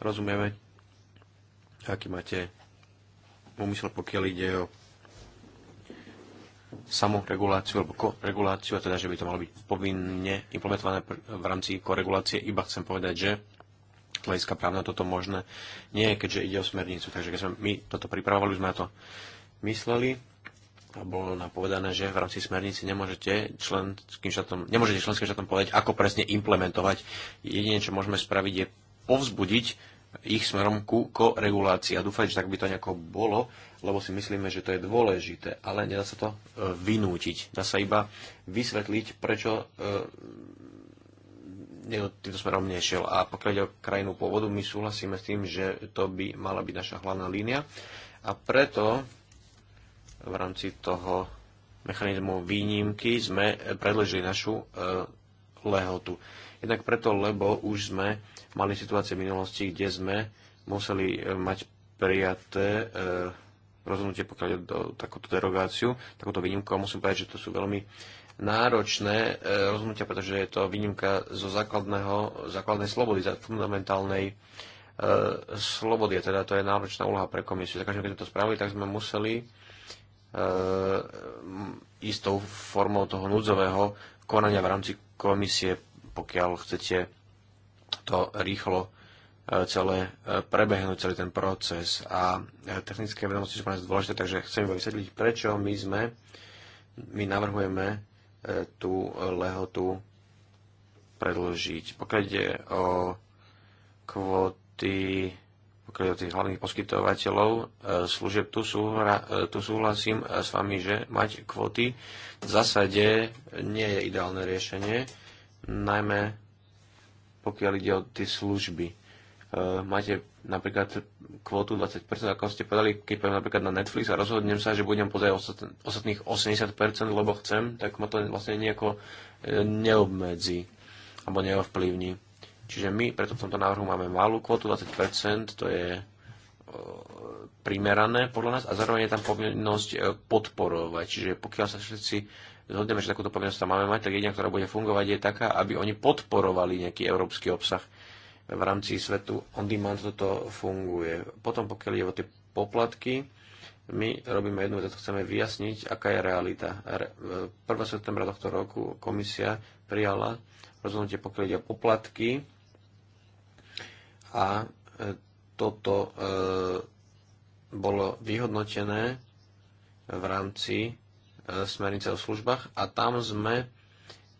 Rozumieme, aký máte úmysel, pokiaľ ide o samoreguláciu alebo koreguláciu, a teda, že by to malo byť povinne implementované v rámci koregulácie. Iba chcem povedať, že hľadiska právna toto možné nie je, keďže ide o smernicu. Takže keď sme my toto pripravovali, sme na to mysleli bolo napovedané, že v rámci smernice nemôžete, členským štátom, nemôžete členským štátom povedať, ako presne implementovať. Jediné, čo môžeme spraviť, je povzbudiť ich smerom ku koregulácii. A dúfať, že tak by to nejako bolo, lebo si myslíme, že to je dôležité, ale nedá sa to e, vynútiť. Dá sa iba vysvetliť, prečo e, týmto smerom nešiel. A pokiaľ ide o krajinu pôvodu, my súhlasíme s tým, že to by mala byť naša hlavná línia. A preto v rámci toho mechanizmu výnimky sme predložili našu e, lehotu. Jednak preto, lebo už sme mali situácie v minulosti, kde sme museli e, mať prijaté e, rozhodnutie, pokiaľ ide takúto derogáciu, takúto výnimku. A musím povedať, že to sú veľmi náročné rozhodnutia, pretože je to výnimka zo základného, základnej slobody, za fundamentálnej slobody. A teda to je náročná úloha pre komisiu. Za každým, keď sme to spravili, tak sme museli E, istou formou toho núdzového konania v rámci komisie, pokiaľ chcete to rýchlo e, celé e, prebehnúť, celý ten proces. A technické vedomosti sú pre nás dôležité, takže chcem iba vysvetliť, prečo my sme, my navrhujeme tú lehotu predložiť. Pokiaľ ide o kvóty pokiaľ je tých hlavných poskytovateľov e, služieb, tu, súhra, e, tu súhlasím e, s vami, že mať kvóty v zásade nie je ideálne riešenie, najmä pokiaľ ide o tie služby. Máte napríklad kvotu 20%, ako ste povedali, keď poviem napríklad na Netflix a rozhodnem sa, že budem pozerať ostatných 80%, lebo chcem, tak ma to vlastne nejako neobmedzi alebo neovplyvní. Čiže my preto v tomto návrhu máme malú kvotu, 20%, to je e, primerané podľa nás a zároveň je tam povinnosť e, podporovať. Čiže pokiaľ sa všetci zhodneme, že takúto povinnosť tam máme mať, tak jediná, ktorá bude fungovať, je taká, aby oni podporovali nejaký európsky obsah v rámci svetu on demand toto funguje. Potom pokiaľ je o tie poplatky, my robíme jednu vec, chceme vyjasniť, aká je realita. 1. E, septembra tohto roku komisia prijala rozhodnutie, pokiaľ ide o poplatky a e, toto e, bolo vyhodnotené v rámci e, smernice o službách a tam sme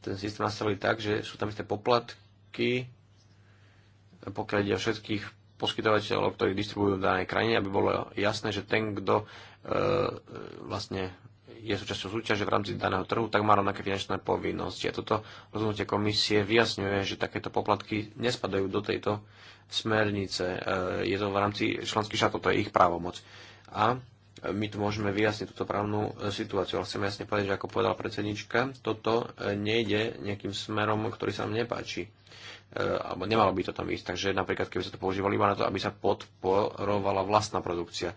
ten systém nastavili tak, že sú tam isté poplatky, pokiaľ ide o všetkých poskytovateľov, ktorí distribujú v danej krajine, aby bolo jasné, že ten, kto e, vlastne je súčasťou súťaže v rámci daného trhu, tak má rovnaké finančné povinnosti. A toto rozhodnutie komisie vyjasňuje, že takéto poplatky nespadajú do tejto smernice. E, je to v rámci členských štátov, to je ich právomoc. A my tu môžeme vyjasniť túto právnu e, situáciu, ale chcem jasne povedať, že ako povedala predsednička, toto e, nejde nejakým smerom, ktorý sa nám nepáči alebo nemalo by to tam ísť. Takže napríklad, keby sa to používalo iba na to, aby sa podporovala vlastná produkcia.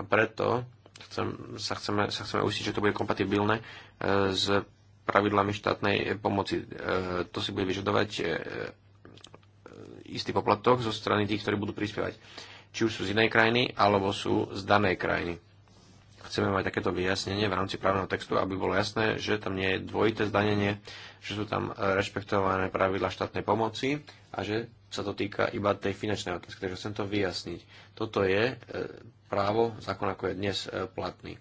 A preto Chcem, sa, chceme, sa chceme usiť, že to bude kompatibilné e, s pravidlami štátnej pomoci. E, to si bude vyžadovať e, istý poplatok zo strany tých, ktorí budú prispievať. Či už sú z inej krajiny, alebo sú z danej krajiny. Chceme mať takéto vyjasnenie v rámci právneho textu, aby bolo jasné, že tam nie je dvojité zdanenie, že sú tam rešpektované pravidla štátnej pomoci a že sa to týka iba tej finančnej otázky, takže chcem to vyjasniť. Toto je právo, zákon ako je dnes e, platný.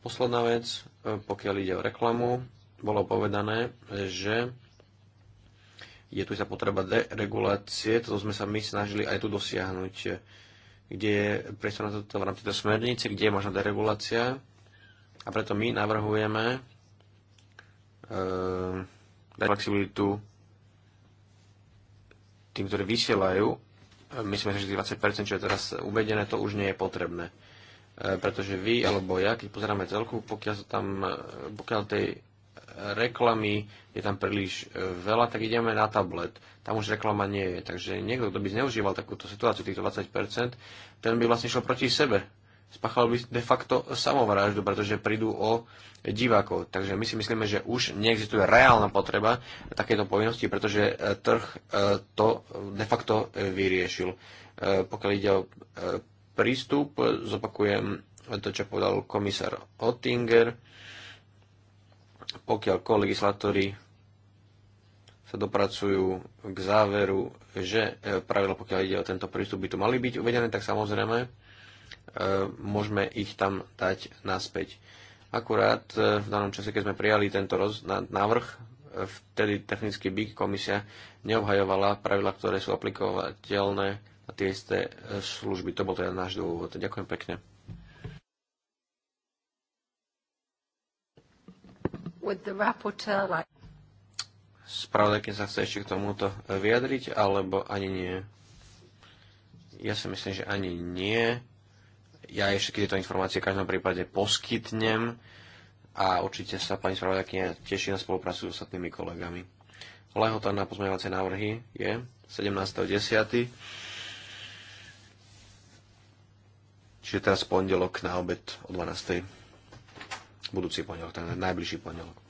Posledná vec, e, pokiaľ ide o reklamu, bolo povedané, že je tu sa potreba deregulácie, to sme sa my snažili aj tu dosiahnuť, kde je priestor na toto v rámci smernice, kde je možná deregulácia a preto my navrhujeme e, dať flexibilitu tým, ktorí vysielajú Myslím si, že 20%, čo je teraz uvedené, to už nie je potrebné. E, pretože vy alebo ja, keď pozeráme celku, pokiaľ, tam, e, pokiaľ tej reklamy je tam príliš e, veľa, tak ideme na tablet. Tam už reklama nie je. Takže niekto, kto by zneužíval takúto situáciu, týchto 20%, ten by vlastne šiel proti sebe spáchalo by de facto samovraždu, pretože prídu o divákov. Takže my si myslíme, že už neexistuje reálna potreba takéto povinnosti, pretože e, trh e, to de facto e, vyriešil. Pokiaľ ide o prístup, zopakujem to, čo povedal komisár Ottinger. Pokiaľ kolegislatóri sa dopracujú k záveru, že pravidla, pokiaľ ide o tento prístup, by tu mali byť uvedené, tak samozrejme E, môžeme ich tam dať naspäť. Akurát e, v danom čase, keď sme prijali tento roz, návrh, e, vtedy technicky by komisia neobhajovala pravidla, ktoré sú aplikovateľné na tie isté služby. To bol teda náš dôvod. Ďakujem pekne. Spravodajky sa chce ešte k tomuto vyjadriť, alebo ani nie? Ja si myslím, že ani nie. Ja ešte tieto informácie v každom prípade poskytnem a určite sa pani spravodajkyňa teší na spoluprácu s ostatnými kolegami. Lehota na pozmeňovacie návrhy je 17.10. Čiže teraz pondelok na obed o 12.00. Budúci pondelok, ten najbližší pondelok.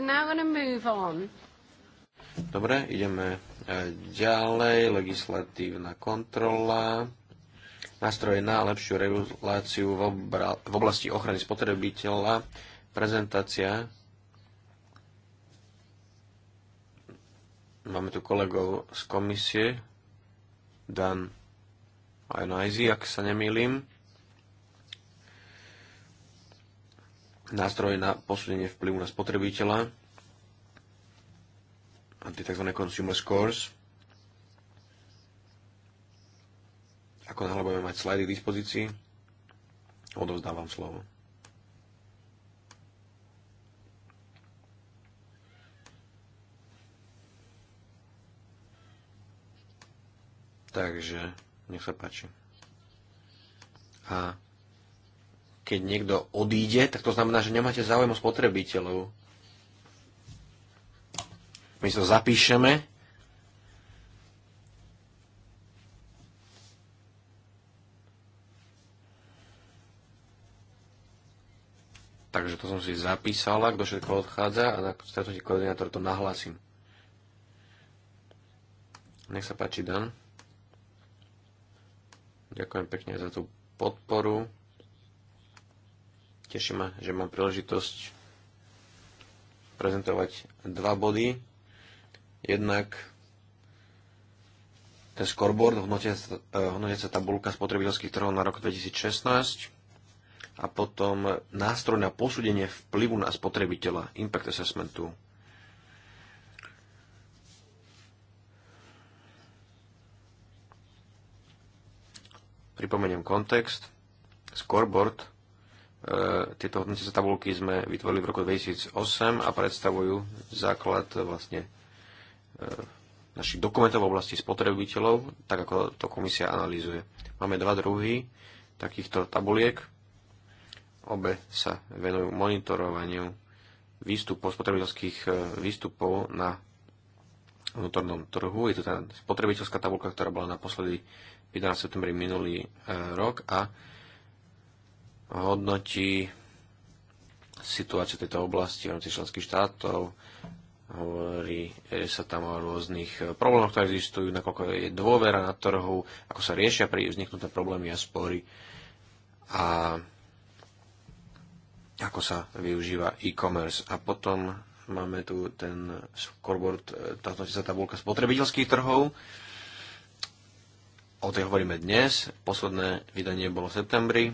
now going to move on. Dobre, ideme e, ďalej. Legislatívna kontrola. Nástroje na lepšiu reguláciu v, obra- v oblasti ochrany spotrebiteľa. Prezentácia. Máme tu kolegov z komisie. Dan Ajnajzi, ak sa nemýlim. nástroj na posúdenie vplyvu na spotrebiteľa a tie tzv. consumer scores. Ako náhle budeme mať slajdy k dispozícii, odovzdávam slovo. Takže, nech sa páči. A keď niekto odíde, tak to znamená, že nemáte záujem o spotrebiteľov. My to zapíšeme. Takže to som si zapísala, kto všetko odchádza a na stretnutí koordinátor to nahlásim. Nech sa páči, Dan. Ďakujem pekne za tú podporu. Teší ma, že mám príležitosť prezentovať dva body. Jednak ten scoreboard, hodnotiaca eh, tabulka spotrebiteľských trhov na rok 2016 a potom nástroj na posúdenie vplyvu na spotrebiteľa, impact assessmentu. Pripomeniem kontext. Scoreboard E, tieto hodnotice tabulky sme vytvorili v roku 2008 a predstavujú základ e, vlastne e, našich dokumentov v oblasti spotrebiteľov, tak ako to komisia analýzuje. Máme dva druhy takýchto tabuliek. Obe sa venujú monitorovaniu výstupov, spotrebiteľských výstupov na vnútornom trhu. Je to tá spotrebiteľská tabulka, ktorá bola naposledy 15. septembrí minulý rok a hodnotí situáciu tejto oblasti v rámci členských štátov. Hovorí sa tam o rôznych problémoch, ktoré existujú, nakoľko je dôvera na trhu, ako sa riešia pri vzniknuté problémy a spory a ako sa využíva e-commerce. A potom máme tu ten scoreboard, táto sa tabulka spotrebiteľských trhov. O tej hovoríme dnes. Posledné vydanie bolo v septembri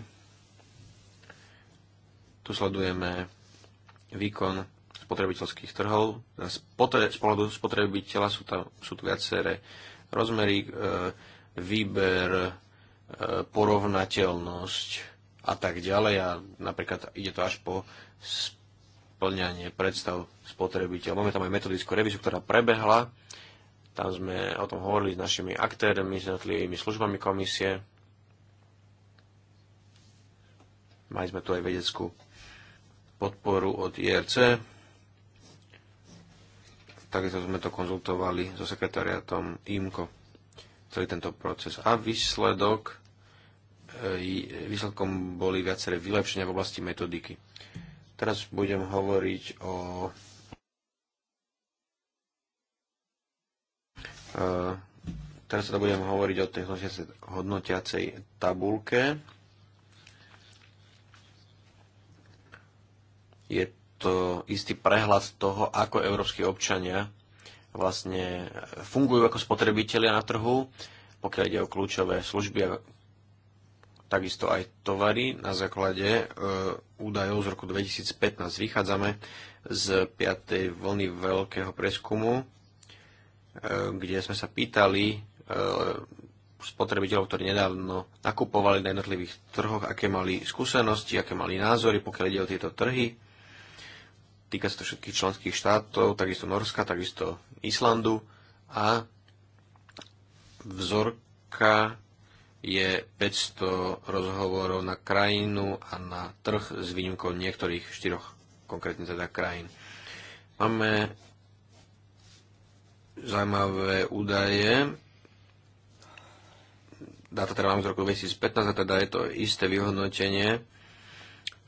tu sledujeme výkon spotrebiteľských trhov. z pohľadu spotrebiteľa sú, tam, sú tu viaceré rozmery, e, výber, e, porovnateľnosť a tak ďalej. A napríklad ide to až po splňanie predstav spotrebiteľa. Máme tam aj metodickú revizu, ktorá prebehla. Tam sme o tom hovorili s našimi aktérmi, s jednotlivými službami komisie. Mali sme tu aj vedeckú podporu od IRC. Takisto sme to konzultovali so sekretariatom IMCO, celý tento proces. A výsledok, e, výsledkom boli viaceré vylepšenia v oblasti metodiky. Teraz budem hovoriť o e, teraz sa teda budem hovoriť o tej hodnotiacej tabulke Je to istý prehľad toho, ako európsky občania vlastne fungujú ako spotrebitelia na trhu, pokiaľ ide o kľúčové služby a takisto aj tovary. Na základe e, údajov z roku 2015 vychádzame z 5. vlny veľkého preskumu, e, kde sme sa pýtali e, spotrebiteľov, ktorí nedávno nakupovali na jednotlivých trhoch, aké mali skúsenosti, aké mali názory, pokiaľ ide o tieto trhy týka sa to všetkých členských štátov, takisto Norska, takisto Islandu a vzorka je 500 rozhovorov na krajinu a na trh s výnimkou niektorých štyroch konkrétne teda krajín. Máme zaujímavé údaje. Dáta teda máme z roku 2015 a teda je to isté vyhodnotenie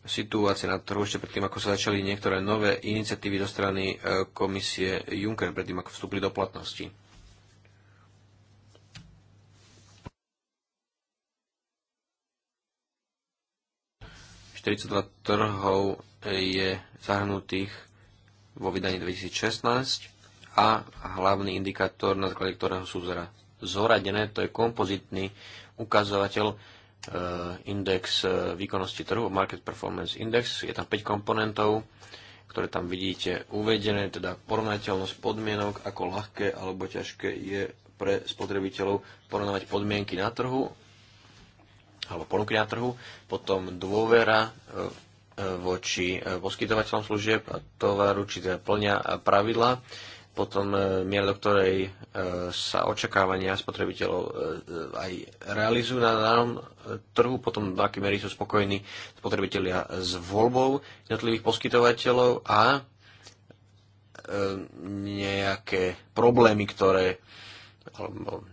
situácie na trhu ešte predtým, ako sa začali niektoré nové iniciatívy do strany e, komisie Juncker, predtým, ako vstúpili do platnosti. trhov je zahrnutých vo vydaní 2016 a hlavný indikátor, na základe ktorého sú zoradené, to je kompozitný ukazovateľ Eh, index eh, výkonnosti trhu, Market Performance Index. Je tam 5 komponentov, ktoré tam vidíte uvedené, teda porovnateľnosť podmienok, ako ľahké alebo ťažké je pre spotrebiteľov porovnávať podmienky na trhu alebo ponuky na trhu, potom dôvera eh, voči poskytovateľom služieb a tovaru, či teda plňa pravidla potom e, miera, do ktorej e, sa očakávania spotrebiteľov e, aj realizujú na danom trhu, potom do akej miery sú spokojní spotrebitelia s voľbou jednotlivých poskytovateľov a nejaké problémy, ktoré alebo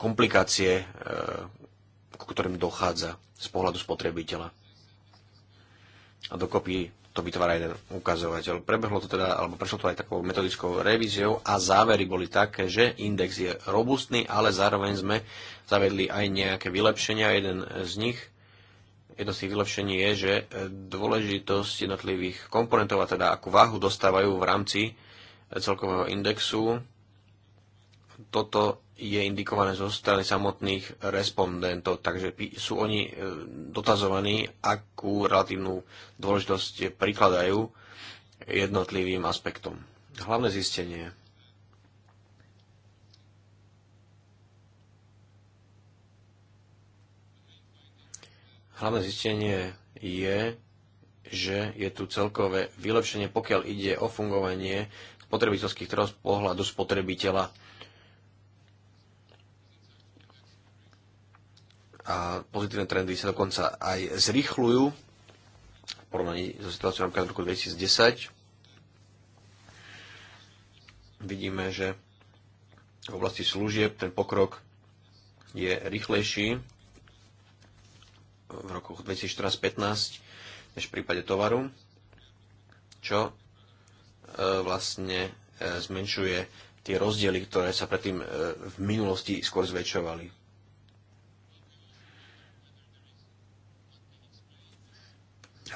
komplikácie, k ktorým dochádza z pohľadu spotrebiteľa. A dokopy to vytvára jeden ukazovateľ. Prebehlo to teda, alebo prešlo to aj takou metodickou revíziou a závery boli také, že index je robustný, ale zároveň sme zavedli aj nejaké vylepšenia. Jeden z nich, jedno z tých vylepšení je, že dôležitosť jednotlivých komponentov, a teda akú váhu dostávajú v rámci celkového indexu, toto je indikované zo strany samotných respondentov, takže sú oni e, dotazovaní, akú relatívnu dôležitosť prikladajú jednotlivým aspektom. Hlavné zistenie. Hlavné zistenie je, že je tu celkové vylepšenie, pokiaľ ide o fungovanie spotrebiteľských trhov z pohľadu spotrebiteľa a pozitívne trendy sa dokonca aj zrýchľujú v porovnaní so situáciou napríklad v roku 2010. Vidíme, že v oblasti služieb ten pokrok je rýchlejší v roku 2014-15 než v prípade tovaru, čo e, vlastne e, zmenšuje tie rozdiely, ktoré sa predtým e, v minulosti skôr zväčšovali.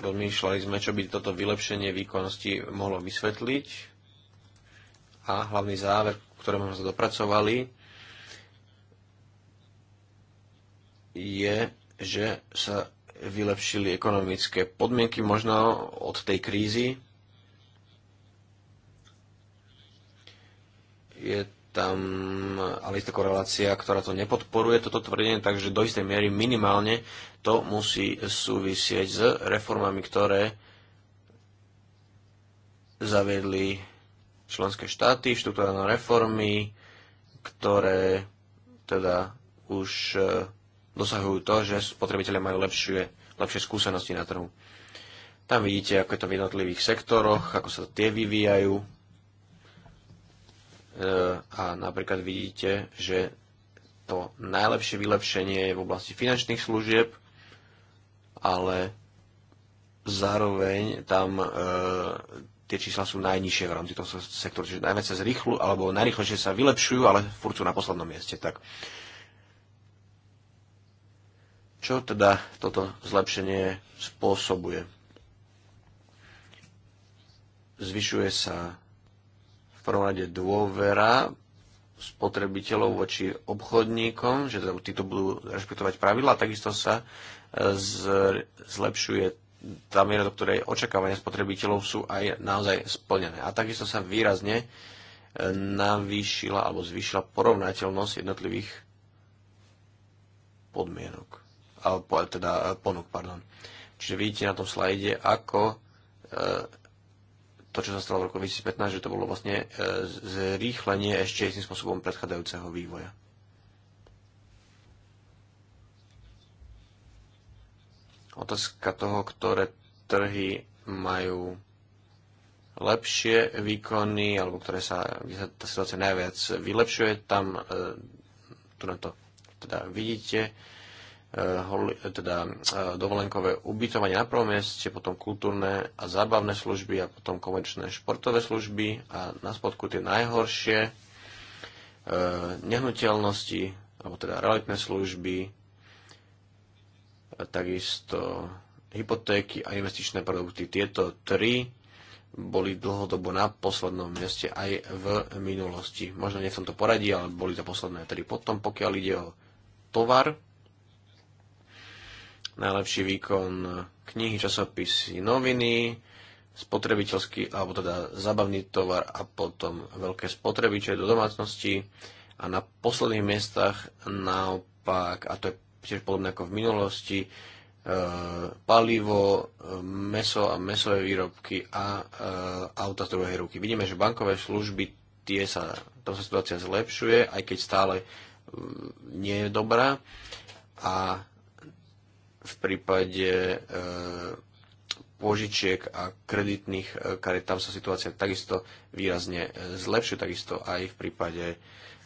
Rozmýšľali sme, čo by toto vylepšenie výkonnosti mohlo vysvetliť a hlavný záver, ktorému sme dopracovali, je, že sa vylepšili ekonomické podmienky možno od tej krízy. Je tam ale istá korelácia, ktorá to nepodporuje, toto tvrdenie, takže do istej miery minimálne to musí súvisieť s reformami, ktoré zaviedli členské štáty, štruktúrálne reformy, ktoré teda už e, dosahujú to, že spotrebitelia majú lepšie, lepšie skúsenosti na trhu. Tam vidíte, ako je to v jednotlivých sektoroch, ako sa tie vyvíjajú, E, a napríklad vidíte, že to najlepšie vylepšenie je v oblasti finančných služieb, ale zároveň tam e, tie čísla sú najnižšie v rámci toho sektoru, čiže najviac sa zrýchlu, alebo najrychlejšie sa vylepšujú, ale furt sú na poslednom mieste. Tak. Čo teda toto zlepšenie spôsobuje? Zvyšuje sa v prvom rade dôvera spotrebiteľov voči obchodníkom, že teda títo budú rešpektovať pravidla, takisto sa e, zlepšuje tá miera, do ktorej očakávania spotrebiteľov sú aj naozaj splnené. A takisto sa výrazne e, navýšila alebo zvýšila porovnateľnosť jednotlivých podmienok, alebo teda e, ponúk, pardon. Čiže vidíte na tom slajde, ako to, čo sa stalo v roku 2015, že to bolo vlastne e, zrýchlenie ešte istým spôsobom predchádzajúceho vývoja. Otázka toho, ktoré trhy majú lepšie výkony, alebo ktoré sa, kde sa tá situácia najviac vylepšuje, tam e, tu na to teda vidíte Eh, eh, teda eh, dovolenkové ubytovanie na prvom mieste, potom kultúrne a zábavné služby a potom komerčné športové služby a na spodku tie najhoršie nehnuteľnosti, alebo teda realitné služby, takisto hypotéky a investičné produkty. Tieto tri boli dlhodobo na poslednom mieste aj v minulosti. Možno nie v tomto poradí, ale boli to posledné tri. Potom, pokiaľ ide o tovar, najlepší výkon e, knihy, časopisy, noviny, spotrebiteľský, alebo teda zabavný tovar a potom veľké spotrebiče do domácnosti a na posledných miestach naopak, a to je tiež podobné ako v minulosti, e, palivo, e, meso a mesové výrobky a e, auta z druhej ruky. Vidíme, že bankové služby, tie sa, tam sa situácia zlepšuje, aj keď stále e, nie je dobrá. A v prípade e, pôžičiek požičiek a kreditných e, kariet, tam sa situácia takisto výrazne e, zlepšuje, takisto aj v prípade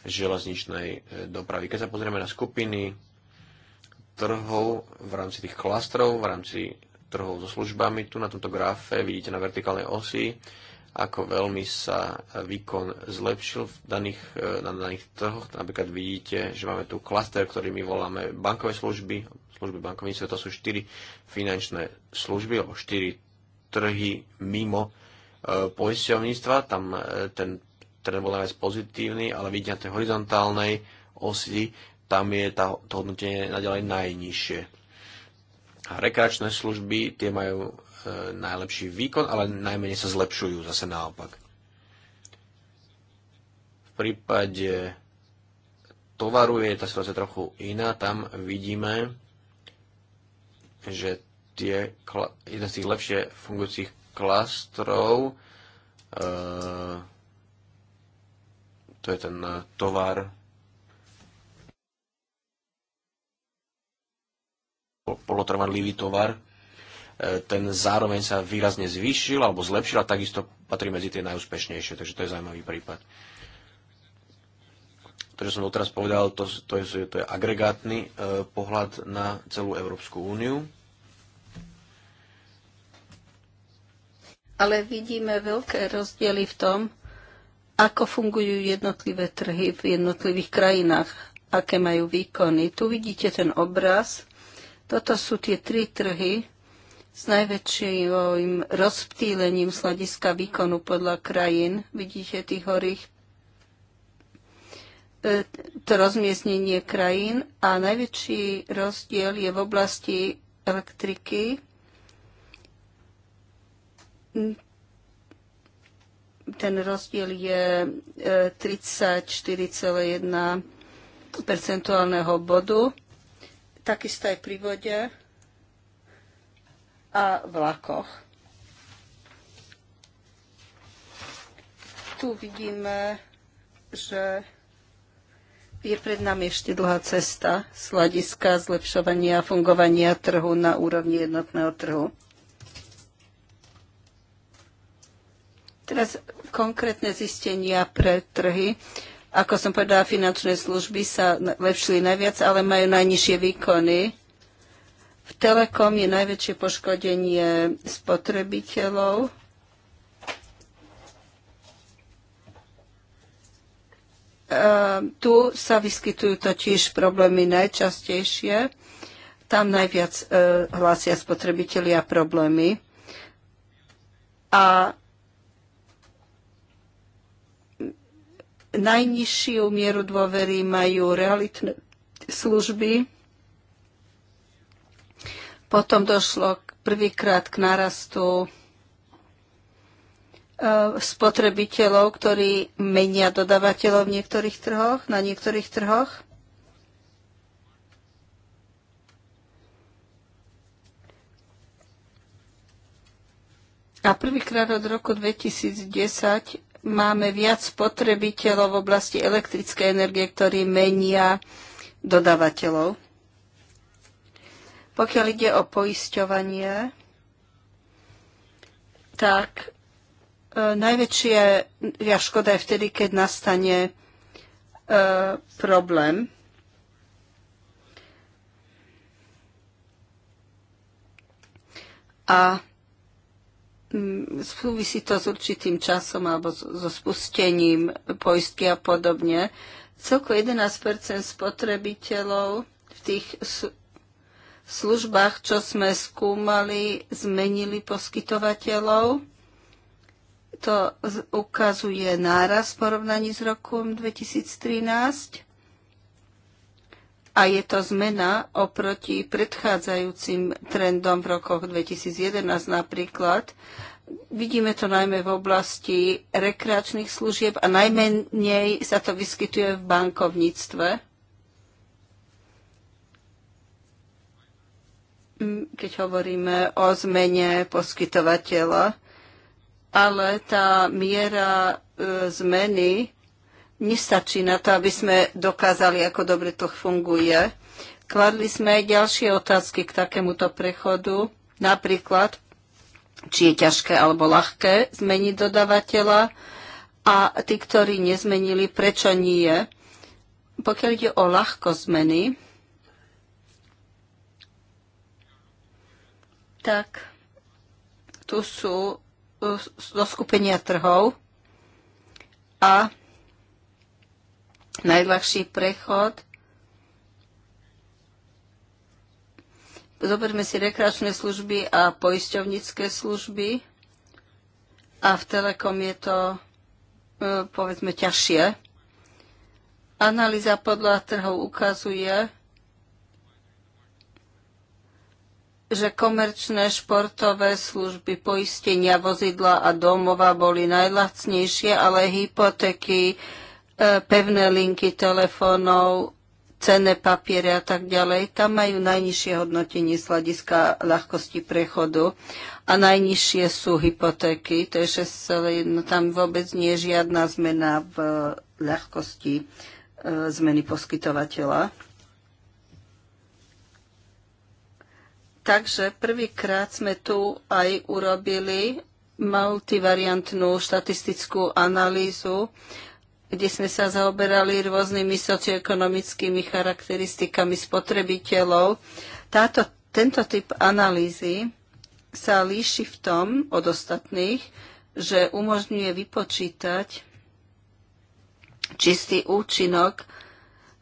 železničnej dopravy. Keď sa pozrieme na skupiny trhov v rámci tých klastrov, v rámci trhov so službami, tu na tomto grafe vidíte na vertikálnej osi, ako veľmi sa výkon zlepšil v daných, na daných trhoch. Napríklad vidíte, že máme tu klaster, ktorý my voláme bankové služby, služby bankovníctva, to sú štyri finančné služby, alebo štyri trhy mimo e, poisťovníctva. Tam e, ten trend bol najviac pozitívny, ale vidíte na tej horizontálnej osi, tam je tá, to hodnotenie naďalej najnižšie. A rekreačné služby, tie majú e, najlepší výkon, ale najmenej sa zlepšujú, zase naopak. V prípade tovaru je tá situácia trochu iná, tam vidíme, že tie, jeden z tých lepšie fungujúcich klastrov, uh, to je ten eh, tovar, polotrvanlivý tovar, eh, ten zároveň sa výrazne zvýšil alebo zlepšil a takisto patrí medzi tie najúspešnejšie, takže to je zaujímavý prípad. To, čo som doteraz povedal, to, to, je, to je agregátny e, pohľad na celú Európsku úniu. ale vidíme veľké rozdiely v tom, ako fungujú jednotlivé trhy v jednotlivých krajinách, aké majú výkony. Tu vidíte ten obraz. Toto sú tie tri trhy s najväčším rozptýlením z hľadiska výkonu podľa krajín. Vidíte tých horých e, to rozmiestnenie krajín a najväčší rozdiel je v oblasti elektriky, ten rozdiel je 34,1 e, percentuálneho bodu, takisto aj pri vode a vlakoch. Tu vidíme, že je pred nami ešte dlhá cesta z hľadiska zlepšovania a fungovania trhu na úrovni jednotného trhu. Teraz konkrétne zistenia pre trhy. Ako som povedala, finančné služby sa lepšili najviac, ale majú najnižšie výkony. V Telekom je najväčšie poškodenie spotrebiteľov. E, tu sa vyskytujú totiž problémy najčastejšie. Tam najviac e, hlásia spotrebitelia problémy. A Najnižšiu mieru dôvery majú realitné služby. Potom došlo prvýkrát k nárastu e, spotrebiteľov, ktorí menia dodávateľov v niektorých trhoch, na niektorých trhoch. A prvýkrát od roku 2010 máme viac spotrebiteľov v oblasti elektrickej energie, ktorí menia dodávateľov. Pokiaľ ide o poisťovanie, tak e, najväčšia ja škoda je vtedy, keď nastane e, problém. A Mm, súvisí to s určitým časom alebo so spustením poistky a podobne. Celko 11 spotrebiteľov v tých službách, čo sme skúmali, zmenili poskytovateľov. To ukazuje náraz v porovnaní s rokom 2013 a je to zmena oproti predchádzajúcim trendom v rokoch 2011 napríklad. Vidíme to najmä v oblasti rekreačných služieb a najmenej sa to vyskytuje v bankovníctve. Mm, keď hovoríme o zmene poskytovateľa, ale tá miera e, zmeny nestačí na to, aby sme dokázali, ako dobre to funguje. Kladli sme aj ďalšie otázky k takémuto prechodu, napríklad, či je ťažké alebo ľahké zmeniť dodávateľa a tí, ktorí nezmenili, prečo nie. Pokiaľ ide o ľahko zmeny, tak tu sú e, zo skupenia trhov a najľahší prechod. Zoberme si rekreačné služby a poisťovnícke služby. A v Telekom je to, e, povedzme, ťažšie. Analýza podľa trhov ukazuje, že komerčné športové služby poistenia vozidla a domova boli najlacnejšie, ale hypotéky E, pevné linky telefónov, cenné papiere a tak ďalej, tam majú najnižšie hodnotenie z hľadiska ľahkosti prechodu a najnižšie sú hypotéky, to je no tam vôbec nie je žiadna zmena v ľahkosti e, zmeny poskytovateľa. Takže prvýkrát sme tu aj urobili multivariantnú štatistickú analýzu, kde sme sa zaoberali rôznymi socioekonomickými charakteristikami spotrebiteľov. Táto, tento typ analýzy sa líši v tom od ostatných, že umožňuje vypočítať čistý účinok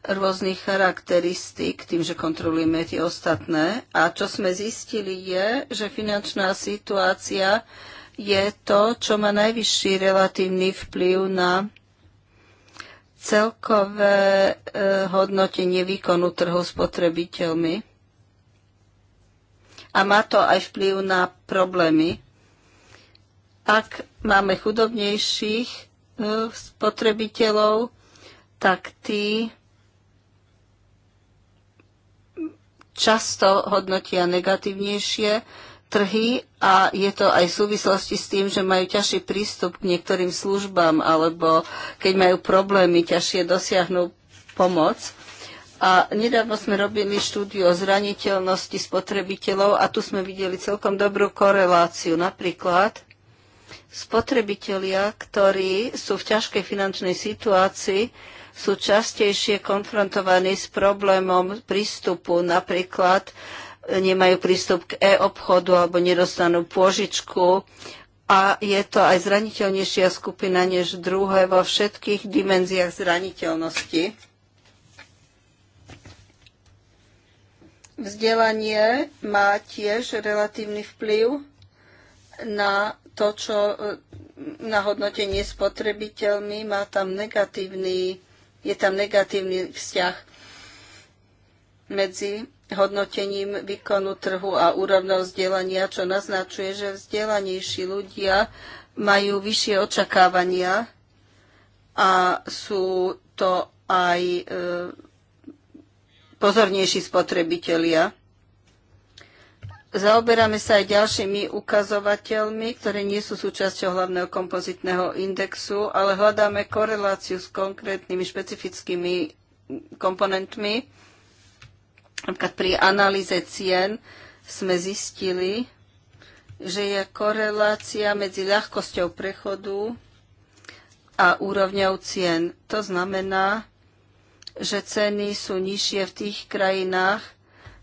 rôznych charakteristík, tým, že kontrolujeme tie ostatné. A čo sme zistili je, že finančná situácia je to, čo má najvyšší relatívny vplyv na celkové e, hodnotenie výkonu trhu spotrebiteľmi a má to aj vplyv na problémy. Ak máme chudobnejších e, spotrebiteľov, tak tí často hodnotia negatívnejšie trhy a je to aj v súvislosti s tým, že majú ťažší prístup k niektorým službám alebo keď majú problémy, ťažšie dosiahnu pomoc. A nedávno sme robili štúdiu o zraniteľnosti spotrebiteľov a tu sme videli celkom dobrú koreláciu. Napríklad spotrebitelia, ktorí sú v ťažkej finančnej situácii, sú častejšie konfrontovaní s problémom prístupu napríklad nemajú prístup k e-obchodu alebo nedostanú pôžičku. A je to aj zraniteľnejšia skupina než druhé vo všetkých dimenziách zraniteľnosti. Vzdelanie má tiež relatívny vplyv na to, čo na hodnotenie spotrebiteľmi má tam negatívny, je tam negatívny vzťah medzi hodnotením výkonu trhu a úrovnou vzdelania, čo naznačuje, že vzdelanejší ľudia majú vyššie očakávania a sú to aj e, pozornejší spotrebitelia. Zaoberáme sa aj ďalšími ukazovateľmi, ktoré nie sú súčasťou hlavného kompozitného indexu, ale hľadáme koreláciu s konkrétnymi špecifickými komponentmi Napríklad pri analýze cien sme zistili, že je korelácia medzi ľahkosťou prechodu a úrovňou cien. To znamená, že ceny sú nižšie v tých krajinách,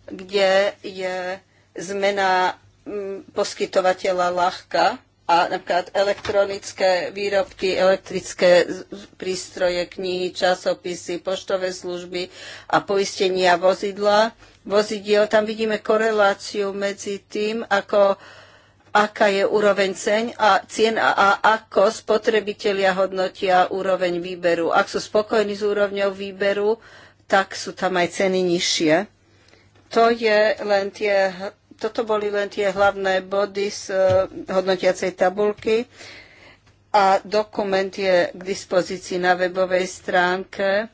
kde je zmena mm, poskytovateľa ľahká a napríklad elektronické výrobky, elektrické prístroje, knihy, časopisy, poštové služby a poistenia vozidla, vozidiel. Tam vidíme koreláciu medzi tým, ako aká je úroveň ceň a cien a, a ako spotrebitelia hodnotia úroveň výberu. Ak sú spokojní s úrovňou výberu, tak sú tam aj ceny nižšie. To je len tie toto boli len tie hlavné body z eh, hodnotiacej tabulky a dokument je k dispozícii na webovej stránke.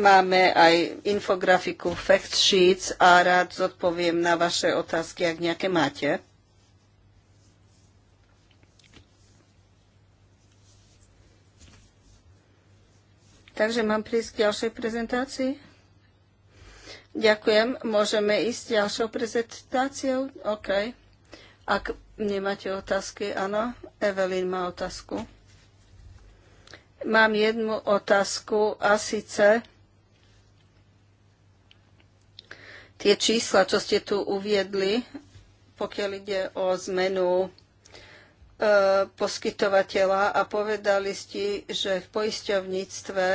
Máme aj infografiku fact sheets a rád zodpoviem na vaše otázky, ak nejaké máte. Takže mám prísť k ďalšej prezentácii? Ďakujem. Môžeme ísť ďalšou prezentáciou? OK. Ak nemáte otázky, áno. Evelyn má otázku. Mám jednu otázku a síce tie čísla, čo ste tu uviedli, pokiaľ ide o zmenu e, poskytovateľa a povedali ste, že v poisťovníctve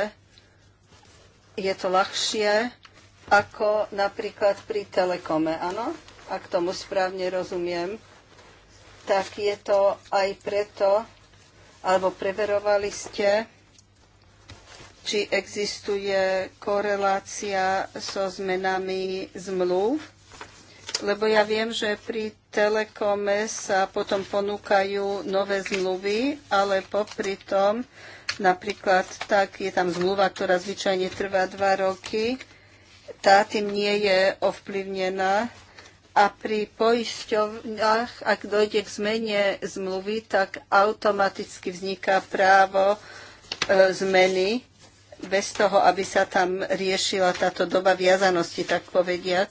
je to ľahšie, ako napríklad pri telekome, áno? Ak tomu správne rozumiem, tak je to aj preto, alebo preverovali ste, či existuje korelácia so zmenami zmluv, lebo ja viem, že pri Telekome sa potom ponúkajú nové zmluvy, ale popri tom napríklad tak je tam zmluva, ktorá zvyčajne trvá dva roky tá tým nie je ovplyvnená a pri poisťovniach, ak dojde k zmene zmluvy, tak automaticky vzniká právo e, zmeny bez toho, aby sa tam riešila táto doba viazanosti, tak povediac.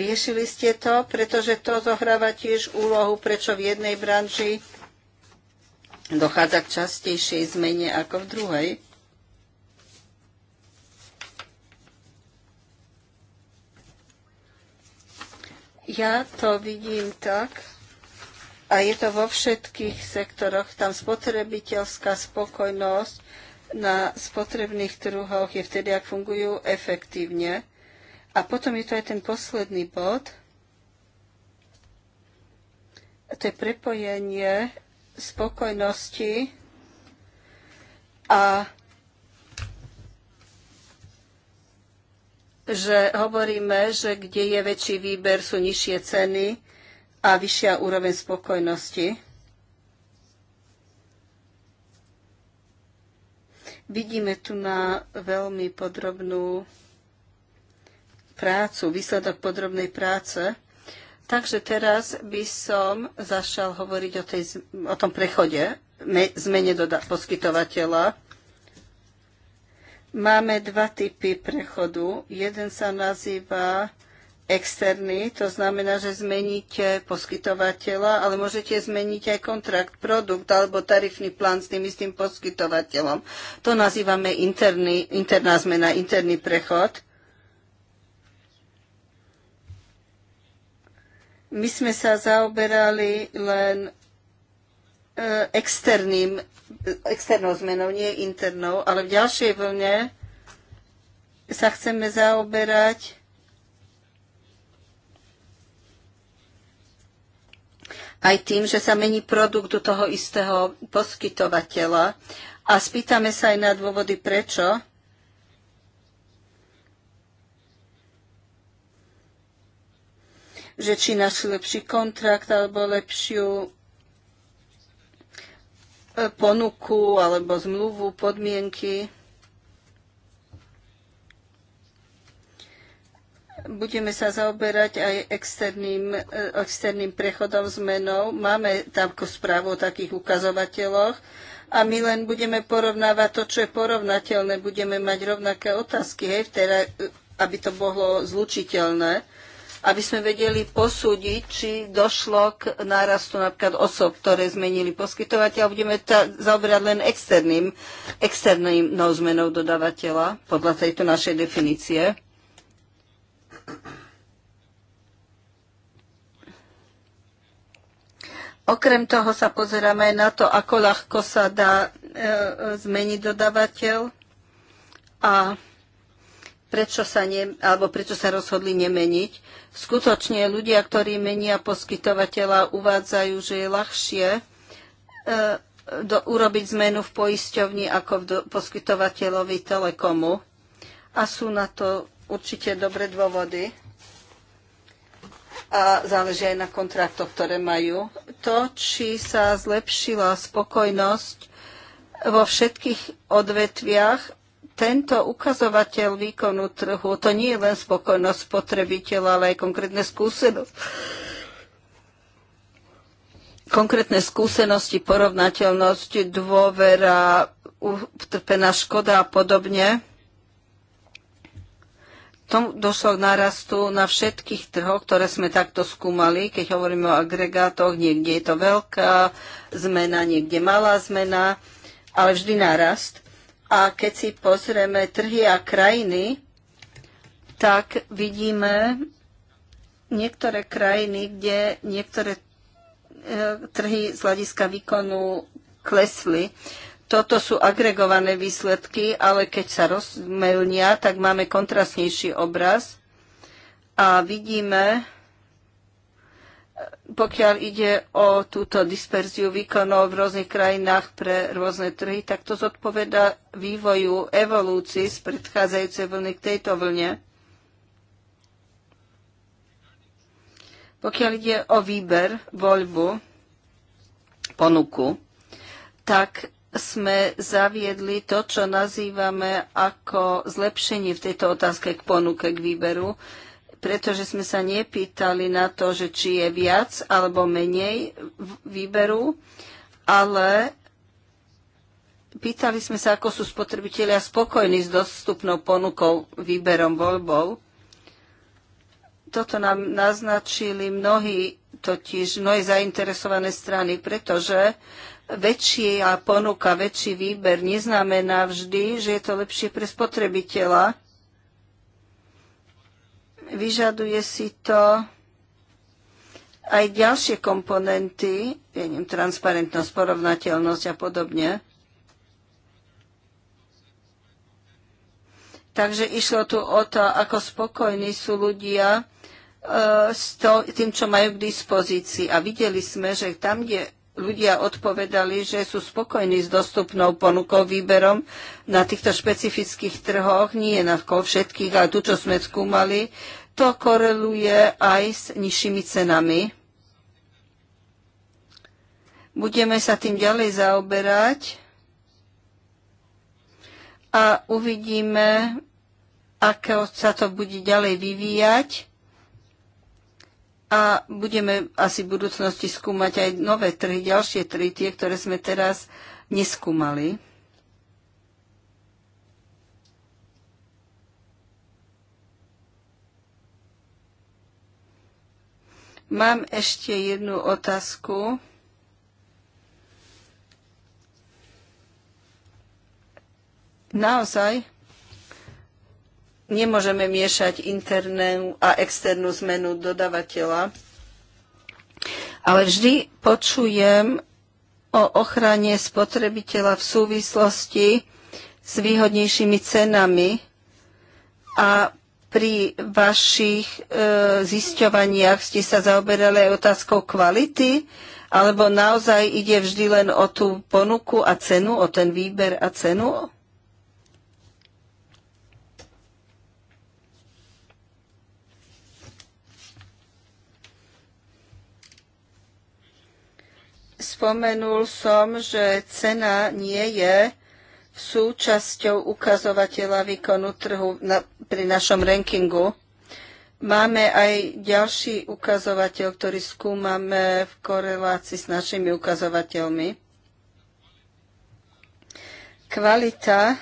Riešili ste to, pretože to zohráva tiež úlohu, prečo v jednej branži dochádza k častejšej zmene ako v druhej. Ja to vidím tak, a je to vo všetkých sektoroch, tam spotrebiteľská spokojnosť na spotrebných trhoch je vtedy, ak fungujú efektívne. A potom je to aj ten posledný bod, a to je prepojenie spokojnosti a že hovoríme, že kde je väčší výber, sú nižšie ceny a vyššia úroveň spokojnosti. Vidíme tu na veľmi podrobnú prácu, výsledok podrobnej práce. Takže teraz by som začal hovoriť o, tej, o tom prechode, zmene do poskytovateľa. Máme dva typy prechodu. Jeden sa nazýva externý, to znamená, že zmeníte poskytovateľa, ale môžete zmeniť aj kontrakt, produkt alebo tarifný plán s tým istým poskytovateľom. To nazývame interný, interná zmena, interný prechod. My sme sa zaoberali len E, externým, e, externou zmenou, nie internou, ale v ďalšej vlne sa chceme zaoberať aj tým, že sa mení produkt do toho istého poskytovateľa a spýtame sa aj na dôvody prečo. že či našli lepší kontrakt alebo lepšiu ponuku alebo zmluvu, podmienky. Budeme sa zaoberať aj externým, eh, externým prechodom zmenou. Máme tam správu o takých ukazovateľoch a my len budeme porovnávať to, čo je porovnateľné. Budeme mať rovnaké otázky, hej, vtedy, eh, aby to bolo zlučiteľné aby sme vedeli posúdiť, či došlo k nárastu napríklad osob, ktoré zmenili poskytovateľa. Budeme ta, zaoberať len externým, externým no zmenou dodavateľa podľa tejto našej definície. Okrem toho sa pozeráme na to, ako ľahko sa dá e, e zmeniť dodavateľ. a prečo sa, ne, alebo prečo sa rozhodli nemeniť. Skutočne ľudia, ktorí menia poskytovateľa, uvádzajú, že je ľahšie e, do, urobiť zmenu v poisťovni ako v do, poskytovateľovi telekomu. A sú na to určite dobré dôvody. A záleží aj na kontraktoch, ktoré majú. To, či sa zlepšila spokojnosť vo všetkých odvetviach tento ukazovateľ výkonu trhu, to nie je len spokojnosť spotrebiteľa, ale aj konkrétne skúsenosti konkrétne skúsenosti, porovnateľnosť, dôvera, utrpená škoda a podobne. Tomu došlo k nárastu na všetkých trhoch, ktoré sme takto skúmali. Keď hovoríme o agregátoch, niekde je to veľká zmena, niekde malá zmena, ale vždy nárast. A keď si pozrieme trhy a krajiny, tak vidíme niektoré krajiny, kde niektoré e, trhy z hľadiska výkonu klesli. Toto sú agregované výsledky, ale keď sa rozmelnia, tak máme kontrastnejší obraz a vidíme, pokiaľ ide o túto disperziu výkonov v rôznych krajinách pre rôzne trhy, tak to zodpoveda vývoju evolúcii z predchádzajúcej vlny k tejto vlne. Pokiaľ ide o výber, voľbu, ponuku, tak sme zaviedli to, čo nazývame ako zlepšenie v tejto otázke k ponuke, k výberu pretože sme sa nepýtali na to, že či je viac alebo menej výberu, ale pýtali sme sa, ako sú spotrebitelia spokojní s dostupnou ponukou, výberom, voľbou. Toto nám naznačili mnohí, totiž mnohé zainteresované strany, pretože väčšia ponuka, väčší výber neznamená vždy, že je to lepšie pre spotrebiteľa Vyžaduje si to aj ďalšie komponenty, ja neviem, transparentnosť, porovnateľnosť a podobne. Takže išlo tu o to, ako spokojní sú ľudia e, s to, tým, čo majú k dispozícii. A videli sme, že tam, kde ľudia odpovedali, že sú spokojní s dostupnou ponukou výberom na týchto špecifických trhoch, nie na všetkých, ale tu, čo sme skúmali, to koreluje aj s nižšími cenami. Budeme sa tým ďalej zaoberať a uvidíme, ako sa to bude ďalej vyvíjať a budeme asi v budúcnosti skúmať aj nové trhy, ďalšie trhy, tie, ktoré sme teraz neskúmali. Mám ešte jednu otázku. Naozaj nemôžeme miešať internú a externú zmenu dodavateľa. Ale vždy počujem o ochrane spotrebiteľa v súvislosti s výhodnejšími cenami a pri vašich e, zisťovaniach ste sa zaoberali aj otázkou kvality, alebo naozaj ide vždy len o tú ponuku a cenu, o ten výber a cenu? Spomenul som, že cena nie je súčasťou ukazovateľa výkonu trhu na, pri našom rankingu. Máme aj ďalší ukazovateľ, ktorý skúmame v korelácii s našimi ukazovateľmi. Kvalita.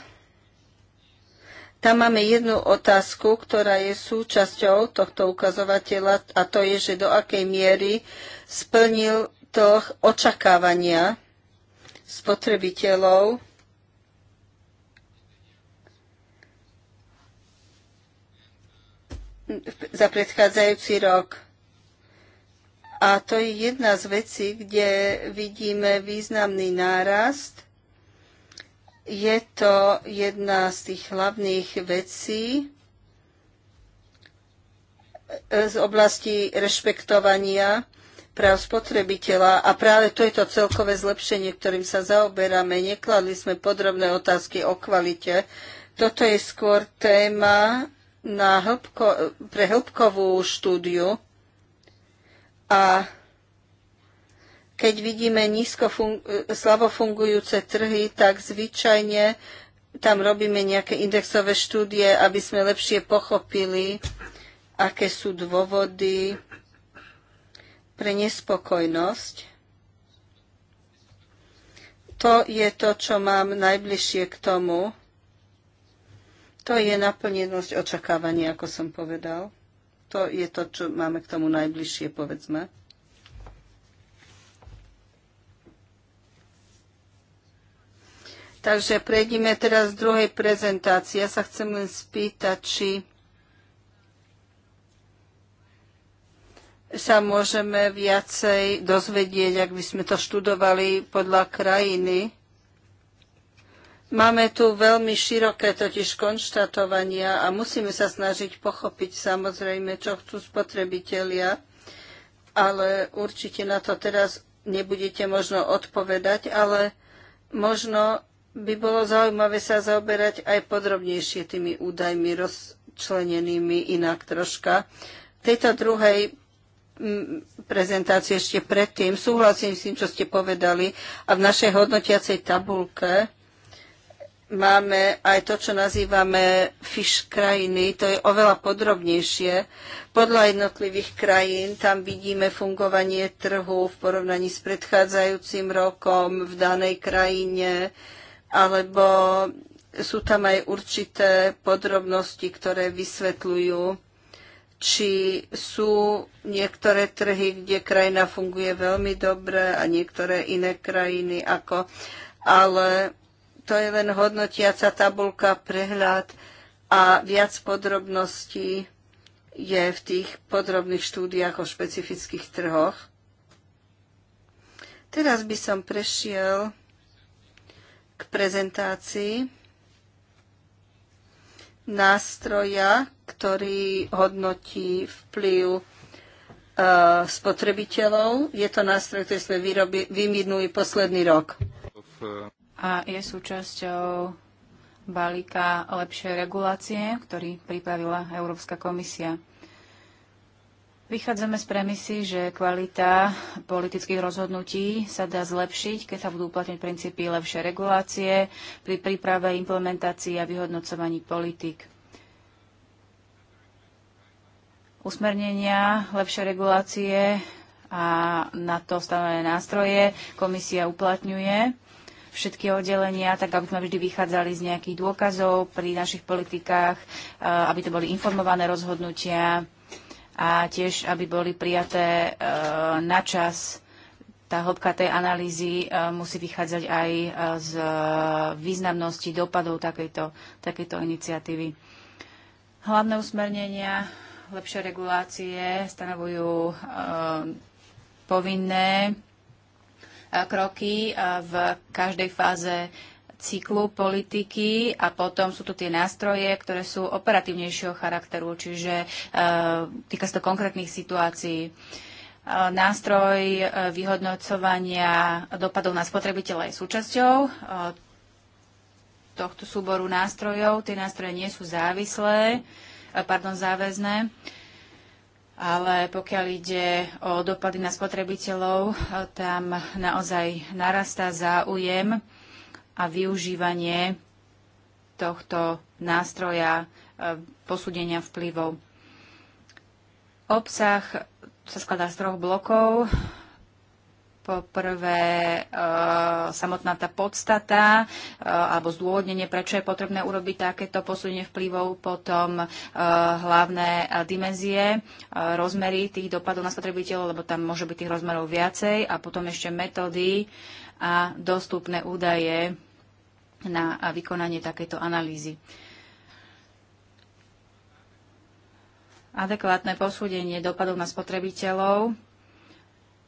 Tam máme jednu otázku, ktorá je súčasťou tohto ukazovateľa a to je, že do akej miery splnil momentoch očakávania spotrebiteľov za predchádzajúci rok. A to je jedna z vecí, kde vidíme významný nárast. Je to jedna z tých hlavných vecí e, z oblasti rešpektovania práv spotrebiteľa a práve to je to celkové zlepšenie, ktorým sa zaoberáme. Nekladli sme podrobné otázky o kvalite. Toto je skôr téma na hĺbko, pre hĺbkovú štúdiu a keď vidíme nízko fun- slabo fungujúce trhy, tak zvyčajne tam robíme nejaké indexové štúdie, aby sme lepšie pochopili, aké sú dôvody pre nespokojnosť. To je to, čo mám najbližšie k tomu. To je naplnenosť očakávania, ako som povedal. To je to, čo máme k tomu najbližšie, povedzme. Takže prejdime teraz z druhej prezentácie. Ja sa chcem len spýtať, či sa môžeme viacej dozvedieť, ak by sme to študovali podľa krajiny. Máme tu veľmi široké totiž konštatovania a musíme sa snažiť pochopiť samozrejme, čo chcú spotrebitelia, ale určite na to teraz nebudete možno odpovedať, ale možno by bolo zaujímavé sa zaoberať aj podrobnejšie tými údajmi rozčlenenými inak troška. V tejto druhej Mm, prezentáciu ešte predtým. Súhlasím s tým, čo ste povedali. A v našej hodnotiacej tabulke máme aj to, čo nazývame fiš krajiny. To je oveľa podrobnejšie. Podľa jednotlivých krajín tam vidíme fungovanie trhu v porovnaní s predchádzajúcim rokom v danej krajine alebo sú tam aj určité podrobnosti, ktoré vysvetľujú či sú niektoré trhy, kde krajina funguje veľmi dobre a niektoré iné krajiny ako. Ale to je len hodnotiaca tabulka, prehľad a viac podrobností je v tých podrobných štúdiách o špecifických trhoch. Teraz by som prešiel k prezentácii nástroja, ktorý hodnotí vplyv e, spotrebiteľov. Je to nástroj, ktorý sme vyminuli posledný rok. A je súčasťou balíka lepšej regulácie, ktorý pripravila Európska komisia. Vychádzame z premisy, že kvalita politických rozhodnutí sa dá zlepšiť, keď sa budú uplatniť princípy lepšie regulácie pri príprave, implementácii a vyhodnocovaní politik. Usmernenia, lepšie regulácie a na to stanovené nástroje komisia uplatňuje všetky oddelenia, tak aby sme vždy vychádzali z nejakých dôkazov pri našich politikách, aby to boli informované rozhodnutia, a tiež, aby boli prijaté e, na čas. Tá hĺbka tej analýzy e, musí vychádzať aj e, z významnosti dopadov takejto, takejto iniciatívy. Hlavné usmernenia lepšie regulácie stanovujú povinné kroky v každej fáze cyklu politiky a potom sú tu tie nástroje, ktoré sú operatívnejšieho charakteru, čiže e, týka sa to konkrétnych situácií e, nástroj e, vyhodnocovania dopadov na spotrebiteľa je súčasťou tohto súboru nástrojov. Tie nástroje nie sú závislé, pardon, záväzné, ale pokiaľ ide o dopady na spotrebiteľov, tam naozaj narastá záujem a využívanie tohto nástroja e, posúdenia vplyvov. Obsah sa skladá z troch blokov. Po prvé, e, samotná tá podstata e, alebo zdôvodnenie, prečo je potrebné urobiť takéto posúdenie vplyvov, potom hlavné dimenzie, rozmery tých dopadov na spotrebiteľov, lebo tam môže byť tých rozmerov viacej, a potom ešte metódy, a dostupné údaje na vykonanie takéto analýzy. Adekvátne posúdenie dopadov na spotrebiteľov.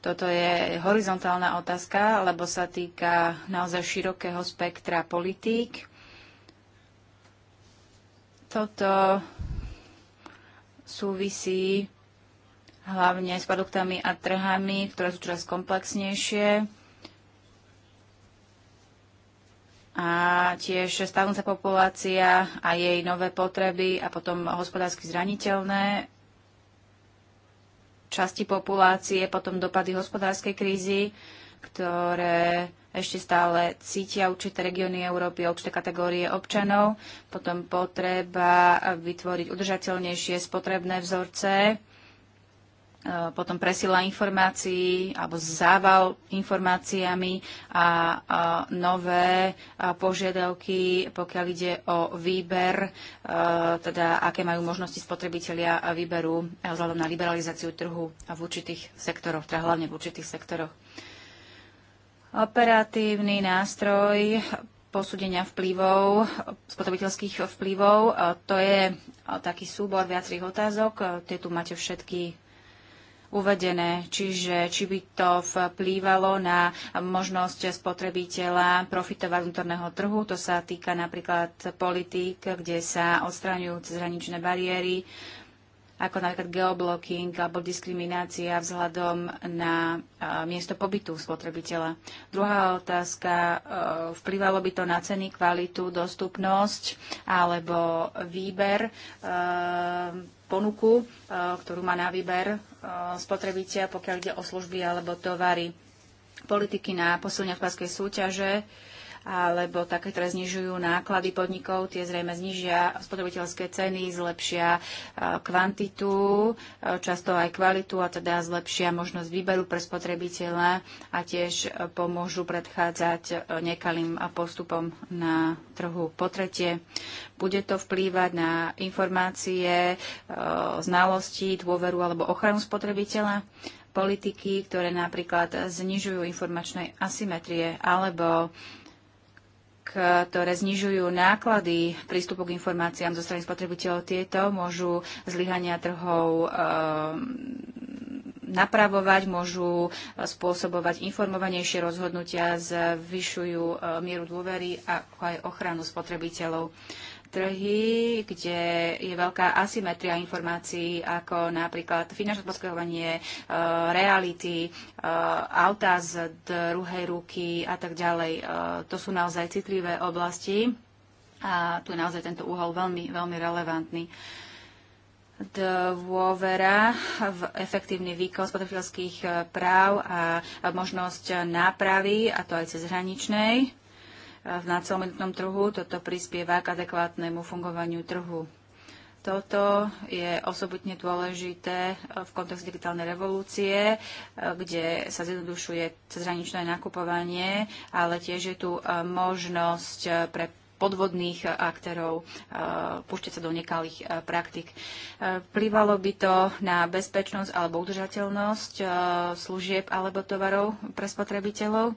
Toto je horizontálna otázka, lebo sa týka naozaj širokého spektra politík. Toto súvisí hlavne s produktami a trhami, ktoré sú čoraz komplexnejšie a tiež stavnúca populácia a jej nové potreby a potom hospodársky zraniteľné časti populácie, potom dopady hospodárskej krízy, ktoré ešte stále cítia určité regióny Európy, určité kategórie občanov, potom potreba vytvoriť udržateľnejšie spotrebné vzorce, potom presila informácií alebo zával informáciami a, a nové a požiadavky, pokiaľ ide o výber, a, e, teda aké majú možnosti spotrebitelia výberu e, vzhľadom na liberalizáciu trhu v určitých sektoroch, teda hlavne v určitých sektoroch. Operatívny nástroj posúdenia vplyvov, spotrebiteľských vplyvov. E, to je taký súbor viacerých otázok. Tie tu máte všetky uvedené, čiže či by to vplývalo na možnosť spotrebiteľa profitovať vnútorného trhu. To sa týka napríklad politík, kde sa odstraňujú cezhraničné bariéry, ako napríklad geoblocking alebo diskriminácia vzhľadom na e, miesto pobytu spotrebiteľa. Druhá otázka, e, vplyvalo by to na ceny, kvalitu, dostupnosť alebo výber e, ponuku, e, ktorú má na výber e, spotrebiteľ, pokiaľ ide o služby alebo tovary. Politiky na posilňovacej súťaže alebo také, ktoré znižujú náklady podnikov, tie zrejme znižia spotrebiteľské ceny, zlepšia e, kvantitu, e, často aj kvalitu a teda zlepšia možnosť výberu pre spotrebiteľa a tiež e, pomôžu predchádzať nekalým postupom na trhu. Po tretie, bude to vplývať na informácie, znalosti, dôveru alebo ochranu spotrebiteľa politiky, ktoré napríklad znižujú informačné asymetrie alebo uh, E, ktoré znižujú náklady prístupu k informáciám zo strany spotrebiteľov. Tieto môžu zlyhania trhov e, napravovať, môžu e, spôsobovať informovanejšie rozhodnutia, zvyšujú mieru dôvery a aj ochranu spotrebiteľov trhy, kde je veľká asymetria informácií, ako napríklad finančné poskytovanie, e, reality, e, auta z druhej ruky a tak ďalej. E, to sú naozaj citlivé oblasti a tu je naozaj tento úhol veľmi, veľmi relevantný dôvera v efektívny výkon spotrebiteľských práv a možnosť nápravy, a to aj cez hraničnej na celominutnom trhu. Toto prispieva k adekvátnemu fungovaniu trhu. Toto je osobitne dôležité v kontexte digitálnej revolúcie, eh, kde sa zjednodušuje cezhraničné nakupovanie, ale tiež je tu eh, možnosť eh, pre podvodných aktérov púšťať sa do nekalých praktik. Plývalo by to na bezpečnosť alebo udržateľnosť služieb alebo tovarov pre spotrebiteľov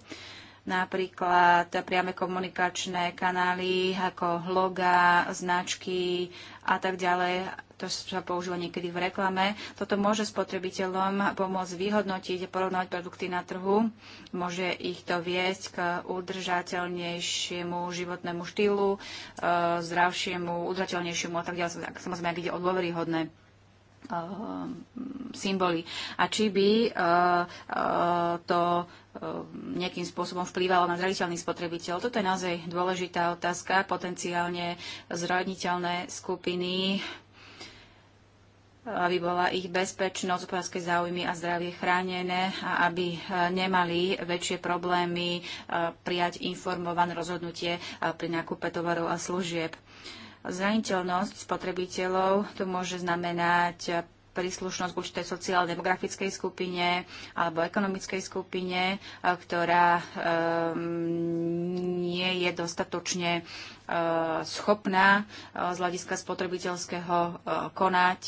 napríklad priame komunikačné kanály ako loga, značky a tak ďalej. To sa používa niekedy v reklame. Toto môže spotrebiteľom pomôcť vyhodnotiť a porovnať produkty na trhu. Môže ich to viesť k udržateľnejšiemu životnému štýlu, e, zdravšiemu, udržateľnejšiemu a tak ďalej. Samozrejme, ak ide o dôveryhodné e, symboly. A či by e, to Um, nejakým spôsobom vplývalo na zraniteľných spotrebiteľ. Toto je naozaj dôležitá otázka. Potenciálne zraniteľné skupiny aby bola ich bezpečnosť, hospodárske záujmy a zdravie chránené a aby e, nemali väčšie problémy e, prijať informované rozhodnutie e, pri nákupe tovarov a služieb. Zraniteľnosť spotrebiteľov to môže znamenať príslušnosť k určitej sociálno-demografickej skupine alebo ekonomickej skupine, e, ktorá nie je dostatočne e, schopná e, z hľadiska spotrebiteľského konať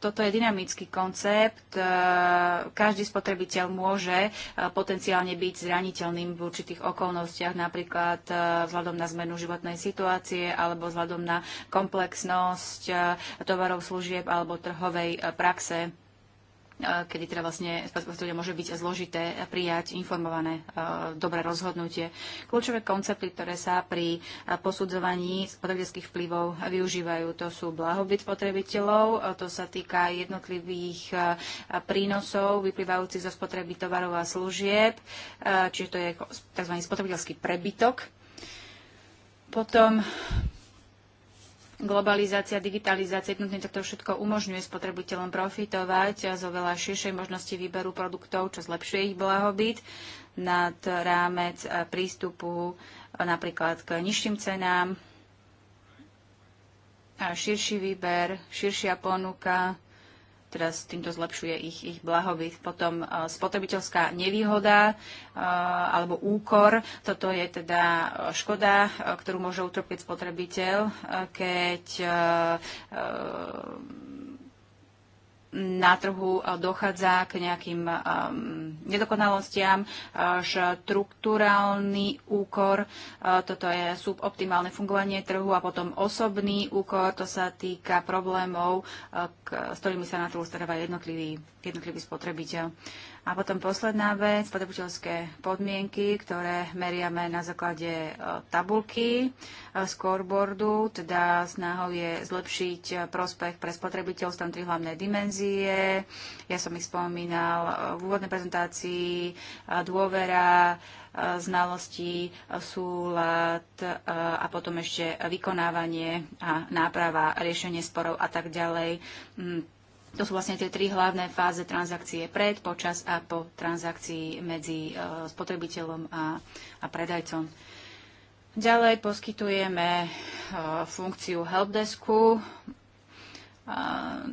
toto je dynamický koncept. E, Každý spotrebiteľ môže e, potenciálne byť zraniteľným v určitých okolnostiach, napríklad e, vzhľadom na zmenu životnej situácie alebo vzhľadom na komplexnosť tovarov, služieb alebo trhovej praxe Eh, kedy teda vlastne spotrebiteľom môže byť zložité prijať informované eh, dobré rozhodnutie. Kľúčové koncepty, ktoré sa pri eh, posudzovaní spotrebiteľských vplyvov využívajú, to sú blahobyt spotrebiteľov, to sa týka jednotlivých prínosov vyplývajúcich zo spotreby tovarov a služieb, čiže to je tzv. spotrebiteľský prebytok. Potom globalizácia, digitalizácia, jednotne takto všetko umožňuje spotrebiteľom profitovať zo veľa širšej možnosti výberu produktov, čo zlepšuje ich blahobyt nad rámec e, prístupu e, napríklad k nižším cenám, a širší výber, širšia ponuka, s týmto zlepšuje ich, ich blahobyt. Potom e, spotrebiteľská nevýhoda e, alebo úkor, toto je teda e, škoda, ktorú môže utrpieť spotrebiteľ, keď na trhu e, dochádza k nejakým e, nedokonalostiam, štruktúrálny úkor, e, toto je suboptimálne fungovanie trhu a potom osobný úkor, to sa týka problémov, s ktorými sa na trhu stretáva jednotlivý, jednotlivý spotrebiteľ. A potom posledná vec, spotrebiteľské podmienky, ktoré meriame na základe e, tabulky, e, scoreboardu, teda snahou je zlepšiť e, prospech pre spotrebiteľov, tam tri hlavné dimenzie. Ja som ich spomínal v úvodnej prezentácii, dôvera, znalosti, súlad a potom ešte vykonávanie a náprava, riešenie sporov a tak ďalej mm, to sú vlastne tie tri hlavné fáze transakcie pred, počas a po transakcii medzi e, spotrebiteľom a, a predajcom. Ďalej poskytujeme e, funkciu helpdesku. E,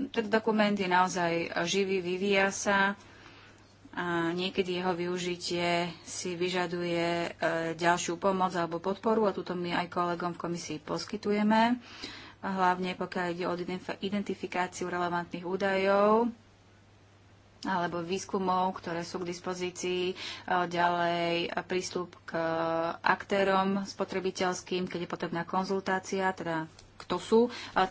tento dokument je naozaj živý, vyvíja sa a niekedy jeho využitie si vyžaduje ďalšiu pomoc alebo podporu a túto my aj kolegom v komisii poskytujeme hlavne pokiaľ ide o identifikáciu relevantných údajov alebo výskumov, ktoré sú k dispozícii, e, ďalej e, prístup k e, aktérom spotrebiteľským, keď je potrebná konzultácia, teda kto sú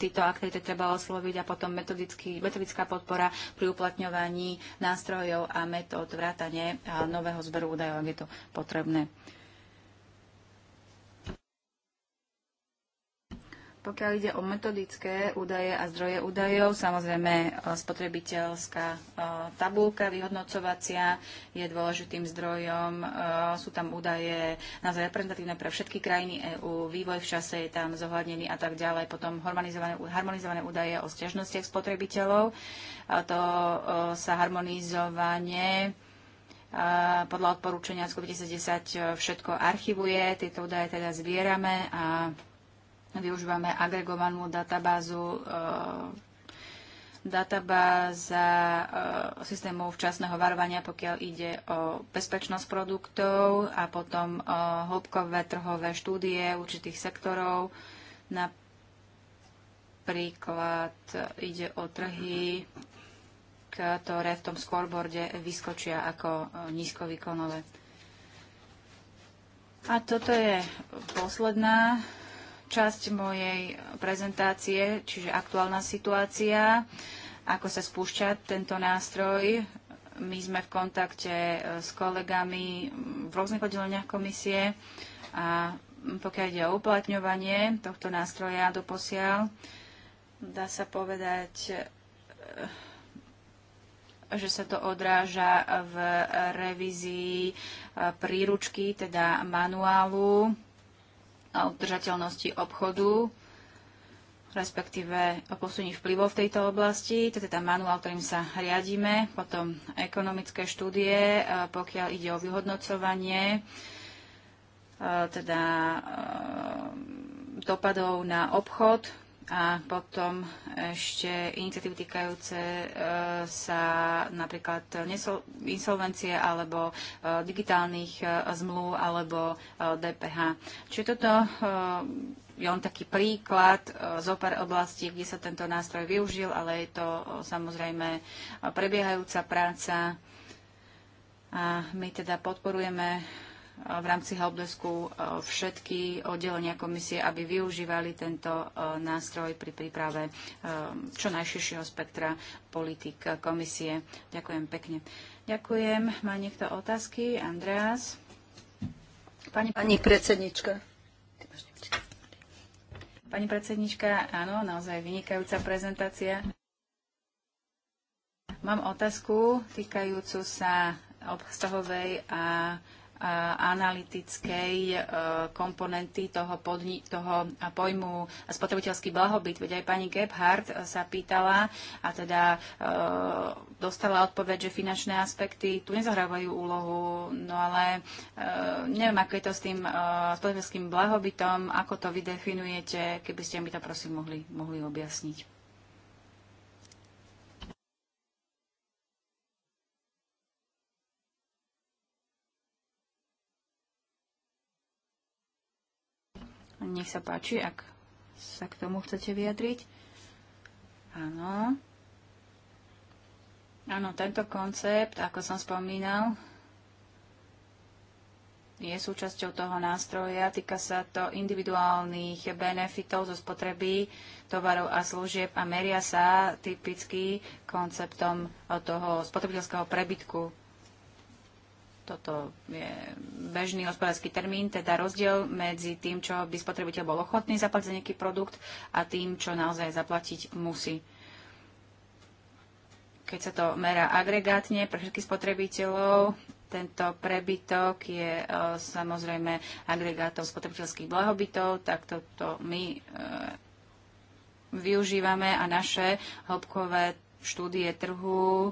títo aktéry, to treba osloviť a potom metodická podpora pri uplatňovaní nástrojov a metód vrátane nového zberu údajov, ak je to potrebné. Pokiaľ ide o metodické údaje a zdroje údajov, samozrejme e, spotrebiteľská e, tabulka vyhodnocovacia je dôležitým zdrojom. E, sú tam údaje naozaj reprezentatívne pre všetky krajiny EÚ, vývoj v čase je tam zohľadnený a tak ďalej. Potom harmonizované, harmonizované údaje o stiažnostiach spotrebiteľov. To sa harmonizovanie podľa odporúčania z 2010 všetko archivuje, tieto údaje teda zbierame a Využívame agregovanú databázu, e, databáza e, systémov včasného varovania, pokiaľ ide o bezpečnosť produktov a potom e, hĺbkové trhové štúdie určitých sektorov. Napríklad ide o trhy ktoré v tom scoreboarde vyskočia ako nízkovýkonové. A toto je posledná časť mojej prezentácie, čiže aktuálna situácia, ako sa spúšťa tento nástroj. My sme v kontakte e, s kolegami v rôznych oddeleniach komisie a pokiaľ ide o uplatňovanie tohto nástroja do posiaľ, dá sa povedať, e, že sa to odráža v revízii e, príručky, teda manuálu a udržateľnosti obchodu, respektíve o vplyvov v tejto oblasti. To je teda manuál, ktorým sa riadíme. Potom ekonomické štúdie, e, pokiaľ ide o vyhodnocovanie, e, teda e, dopadov na obchod a potom ešte iniciatívy týkajúce e, sa napríklad insolvencie alebo e, digitálnych e, zmluv alebo DPH. Čiže toto je len taký príklad z pár oblastí, kde sa tento nástroj využil, ale je to samozrejme prebiehajúca práca. A my teda podporujeme v rámci helpdesku e, všetky oddelenia komisie, aby využívali tento e, nástroj pri príprave e, čo najširšieho spektra politik komisie. Ďakujem pekne. Ďakujem. Má niekto otázky? Andreas? Pani, Pani predsednička. Pani predsednička, áno, naozaj vynikajúca prezentácia. Mám otázku týkajúcu sa obsahovej a analytickej e, komponenty toho, podni- toho pojmu spotrebiteľský blahobyt. Veď aj pani Gebhardt e, sa pýtala a teda e, dostala odpoveď, že finančné aspekty tu nezahrávajú úlohu, no ale neviem, ako je to s tým spotrebiteľským blahobytom, ako to vydefinujete, keby ste mi to prosím mohli, mohli objasniť. Nech sa páči, ak sa k tomu chcete vyjadriť. Áno. Áno, tento koncept, ako som spomínal, je súčasťou toho nástroja. Týka sa to individuálnych benefitov zo spotreby tovarov a služieb a meria sa typicky konceptom toho spotrebiteľského prebytku toto je bežný hospodársky termín, teda rozdiel medzi tým, čo by spotrebiteľ bol ochotný zaplatiť za nejaký produkt a tým, čo naozaj zaplatiť musí keď sa to merá agregátne pre všetkých spotrebiteľov, tento prebytok je e, samozrejme agregátov spotrebiteľských blahobytov, tak toto to my e, využívame a naše hĺbkové štúdie trhu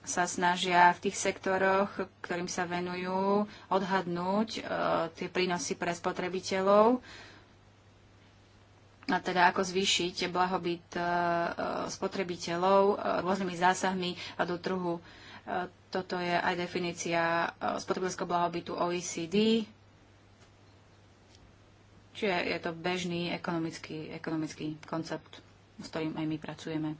sa snažia v tých sektoroch, ktorým sa venujú, odhadnúť e, tie prínosy pre spotrebiteľov a teda ako zvýšiť blahobyt e, e spotrebiteľov e, rôznymi zásahmi a do trhu. E, toto je aj definícia e, spotrebiteľského blahobytu OECD, čiže je to bežný ekonomický, ekonomický koncept, s ktorým aj my pracujeme.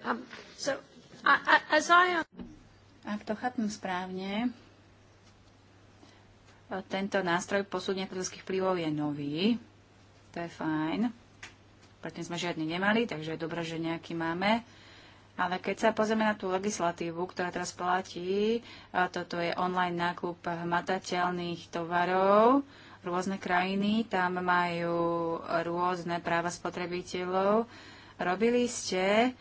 Um, Ak to chápem správne, e, tento nástroj posúdenia ekonomických vplyvov je nový. To je fajn. Predtým sme žiadny nemali, takže je dobré, že nejaký máme. Ale keď sa pozrieme na tú legislatívu, ktorá teraz platí, e, toto je online nákup hmatateľných tovarov, rôzne krajiny, tam majú rôzne práva spotrebiteľov. Robili ste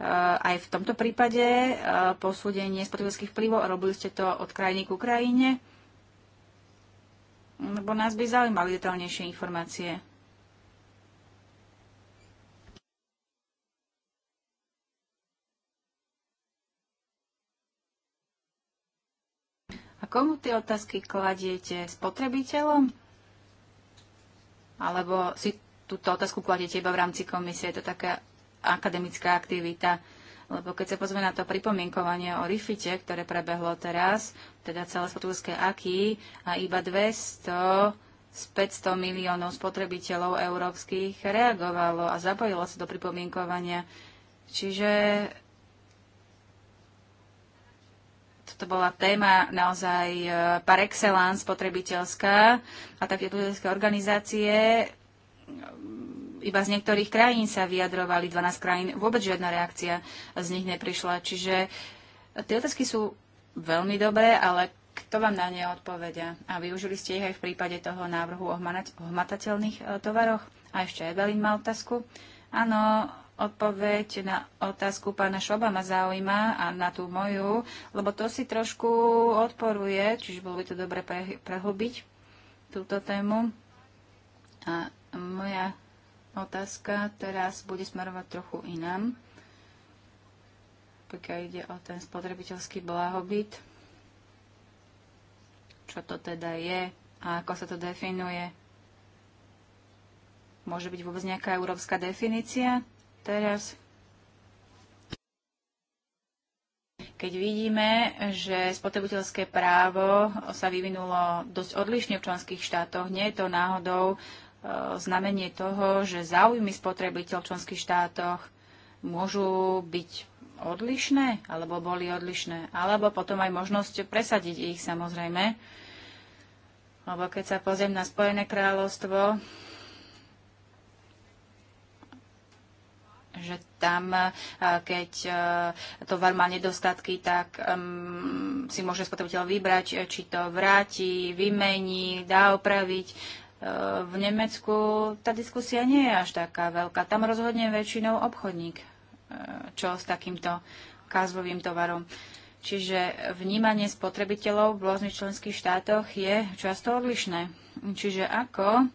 aj v tomto prípade e, posúdenie spotrebiteľských vplyvov a robili ste to od krajiny k krajine? Lebo nás by zaujímali detaľnejšie informácie. A komu tie otázky kladiete? Spotrebiteľom? Alebo si túto otázku kladiete iba v rámci komisie? Je to taká akademická aktivita. Lebo keď sa pozme na to pripomienkovanie o RIFITE, ktoré prebehlo teraz, teda celé spotrebské aký a iba 200 z 500 miliónov spotrebiteľov európskych reagovalo a zapojilo sa do pripomienkovania. Čiže toto bola téma naozaj e, par excellence spotrebiteľská a tak organizácie iba z niektorých krajín sa vyjadrovali, 12 krajín, vôbec žiadna reakcia z nich neprišla. Čiže tie otázky sú veľmi dobré, ale kto vám na ne odpovedia? A využili ste ich aj v prípade toho návrhu o hmatateľných e, tovaroch? A ešte Evelyn má otázku. Áno, odpoveď na otázku pána Šoba ma zaujíma a na tú moju, lebo to si trošku odporuje, čiže bolo by to dobre prehlbiť túto tému. A moja otázka teraz bude smerovať trochu inám, pokiaľ ide o ten spotrebiteľský blahobyt, čo to teda je a ako sa to definuje. Môže byť vôbec nejaká európska definícia teraz? keď vidíme, že spotrebiteľské právo sa vyvinulo dosť odlišne v členských štátoch, nie je to náhodou E, znamenie toho, že záujmy spotrebiteľ v členských štátoch môžu byť odlišné, alebo boli odlišné, alebo potom aj možnosť presadiť ich samozrejme. Lebo keď sa pozriem na Spojené kráľovstvo, že tam, e, keď e, tovar má nedostatky, tak um, si môže spotrebiteľ vybrať, či to vráti, vymení, dá opraviť v Nemecku tá diskusia nie je až taká veľká. Tam rozhodne väčšinou obchodník, e, čo s takýmto kázlovým tovarom. Čiže vnímanie spotrebiteľov v rôznych členských štátoch je často odlišné. Čiže ako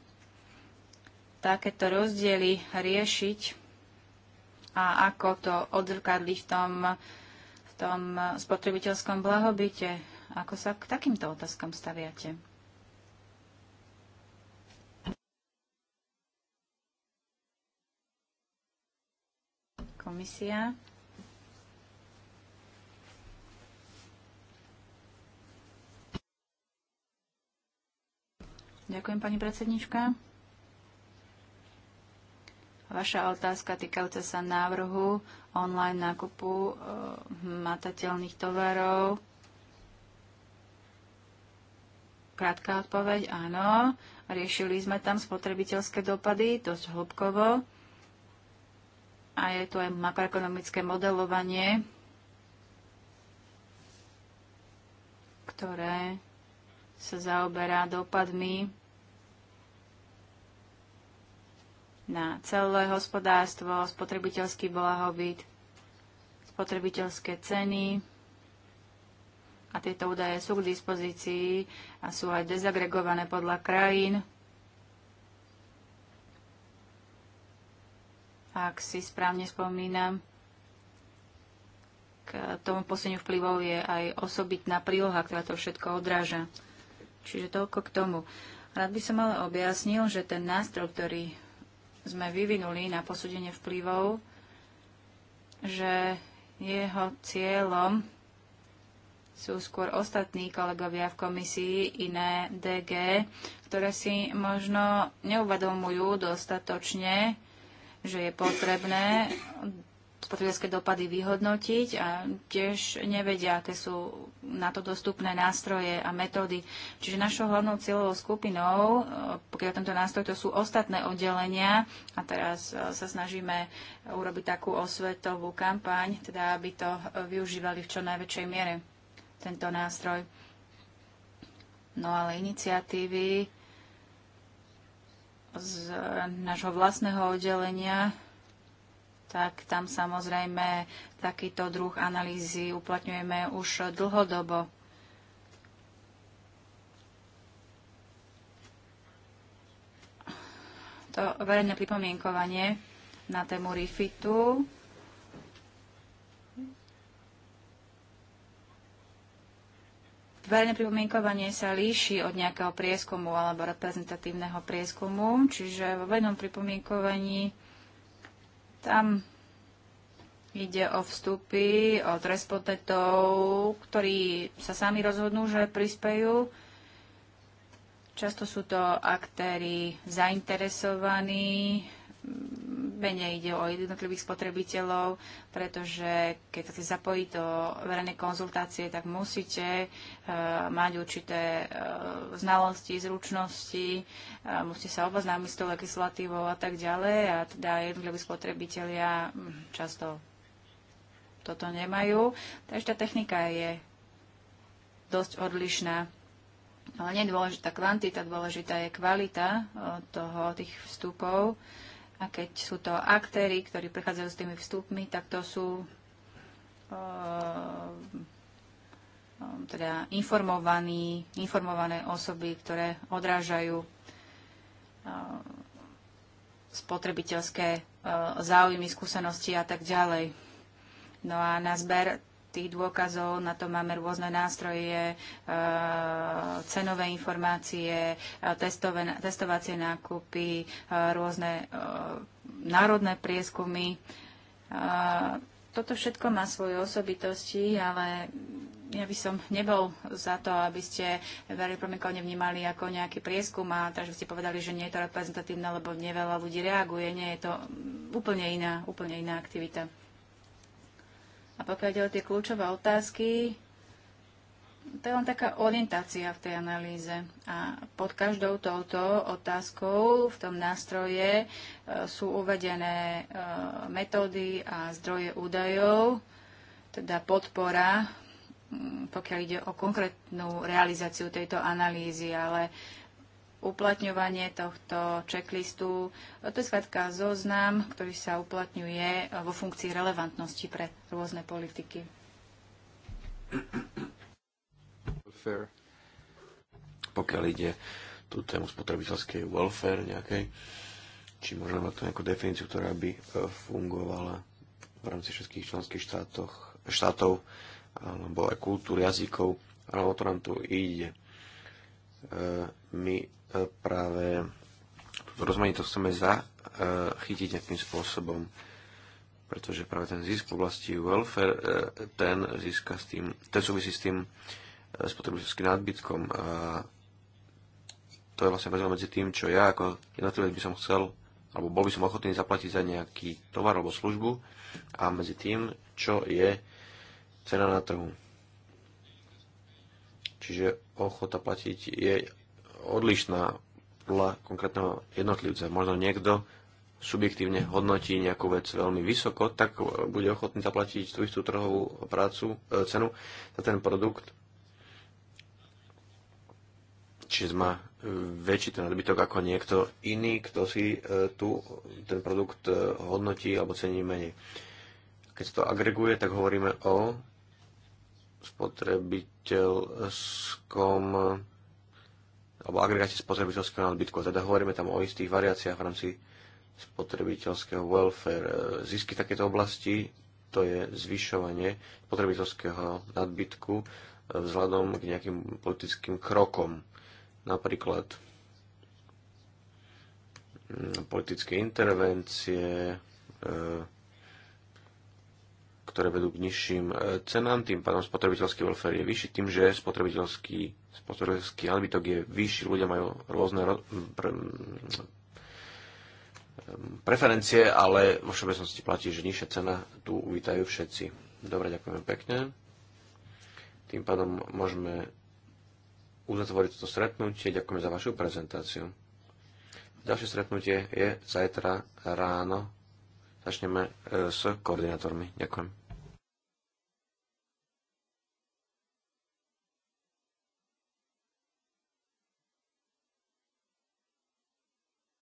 takéto rozdiely riešiť a ako to odzrkadliť v tom, v tom spotrebiteľskom blahobite? Ako sa k takýmto otázkam staviate? komisia. Ďakujem, pani predsednička. Vaša otázka týkajúca sa návrhu online nákupu e, matateľných tovarov. Krátka odpoveď, áno. Riešili sme tam spotrebiteľské dopady dosť hlubkovo a je tu aj makroekonomické modelovanie, ktoré sa zaoberá dopadmi na celé hospodárstvo, spotrebiteľský blahobyt, spotrebiteľské ceny. A tieto údaje sú k dispozícii a sú aj dezagregované podľa krajín. ak si správne spomínam, k tomu posledeniu vplyvov je aj osobitná príloha, ktorá to všetko odráža. Čiže toľko k tomu. Rád by som ale objasnil, že ten nástroj, ktorý sme vyvinuli na posúdenie vplyvov, že jeho cieľom sú skôr ostatní kolegovia v komisii, iné DG, ktoré si možno neuvedomujú dostatočne že je potrebné spotrebiteľské dopady vyhodnotiť a tiež nevedia, aké sú na to dostupné nástroje a metódy. Čiže našou hlavnou cieľovou skupinou, pokiaľ tento nástroj, to sú ostatné oddelenia a teraz e, sa snažíme urobiť takú osvetovú kampaň, teda aby to využívali v čo najväčšej miere tento nástroj. No ale iniciatívy z nášho vlastného oddelenia, tak tam samozrejme takýto druh analýzy uplatňujeme už dlhodobo. To verejné pripomienkovanie na tému RIFITu Verejné pripomienkovanie sa líši od nejakého prieskumu alebo reprezentatívneho prieskumu, čiže vo verejnom pripomienkovaní tam ide o vstupy od respondentov, ktorí sa sami rozhodnú, že prispejú. Často sú to aktéry zainteresovaní, menej ide o jednotlivých spotrebiteľov, pretože keď sa chcete zapojiť do verejnej konzultácie, tak musíte e, mať určité e, znalosti, zručnosti, e, musíte sa oboznámiť s tou legislatívou a tak ďalej. A teda jednotliví spotrebitelia hm, často toto nemajú. Takže tá technika je dosť odlišná. Ale nie je dôležitá kvantita, dôležitá je kvalita e, toho, tých vstupov. Uh, a keď sú to aktéry, ktorí prichádzajú s tými vstupmi, tak to sú eh, eh, teda informovaní, informované osoby, ktoré odrážajú eh, spotrebiteľské záujmy, skúsenosti a tak ďalej. No a na zber tých dôkazov, na to máme rôzne nástroje, e, cenové informácie, e, testové, testovacie nákupy, e, rôzne národné prieskumy. Toto všetko má svoje osobitosti, ale ja by som nebol za to, aby ste veľmi promykov nevnímali ako nejaký prieskum a takže ste povedali, že nie je to reprezentatívne, lebo neveľa ľudí reaguje. Nie je to úplne iná, úplne iná aktivita. A pokiaľ ide o tie kľúčové otázky, to je len taká orientácia v tej analýze. A pod každou touto otázkou v tom nástroje e, sú uvedené e, metódy a zdroje údajov, teda podpora, pokiaľ ide o konkrétnu realizáciu tejto analýzy, ale uplatňovanie tohto checklistu. To je skladka zoznam, ktorý sa uplatňuje vo funkcii relevantnosti pre rôzne politiky. Pokiaľ ide tú tému spotrebiteľskej welfare nejakej, či môžeme mať tu nejakú definíciu, ktorá by e, fungovala v rámci všetkých členských štátoch, štátov, alebo aj kultúr, jazykov, ale o to nám tu ide. E, my práve túto rozmanitosť chceme zachytiť e, nejakým spôsobom, pretože práve ten zisk v oblasti welfare, e, ten, získa s tým, ten súvisí s tým e, spotrebiteľským nadbytkom a to je vlastne rozdiel medzi tým, čo ja ako jednotlivec by som chcel alebo bol by som ochotný zaplatiť za nejaký tovar alebo službu a medzi tým, čo je cena na trhu. Čiže ochota platiť je odlišná podľa konkrétneho jednotlivca. Možno niekto subjektívne hodnotí nejakú vec veľmi vysoko, tak bude ochotný zaplatiť tú istú trhovú prácu, e, cenu za ten produkt. Čiže má e, väčší ten odbytok ako niekto iný, kto si e, tu ten produkt hodnotí alebo cení menej. Keď sa to agreguje, tak hovoríme o spotrebiteľskom alebo agregáte spotrebiteľského nadbytku. Teda hovoríme tam o istých variáciách v rámci spotrebiteľského welfare. Zisky takéto oblasti to je zvyšovanie spotrebiteľského nadbytku vzhľadom k nejakým politickým krokom. Napríklad mm, politické intervencie, e, ktoré vedú k nižším e, cenám, tým pádom spotrebiteľský welfare je vyšší, tým, že spotrebiteľský, spotrebiteľský nadbytok je vyšší, ľudia majú rôzne pre, preferencie, ale vo všeobecnosti platí, že nižšia cena tu uvítajú všetci. Dobre, ďakujem pekne. Tým pádom môžeme uzatvoriť toto stretnutie. Ďakujem za vašu prezentáciu. Ďalšie stretnutie je zajtra ráno Začneme eh, s koordinátormi. Ďakujem.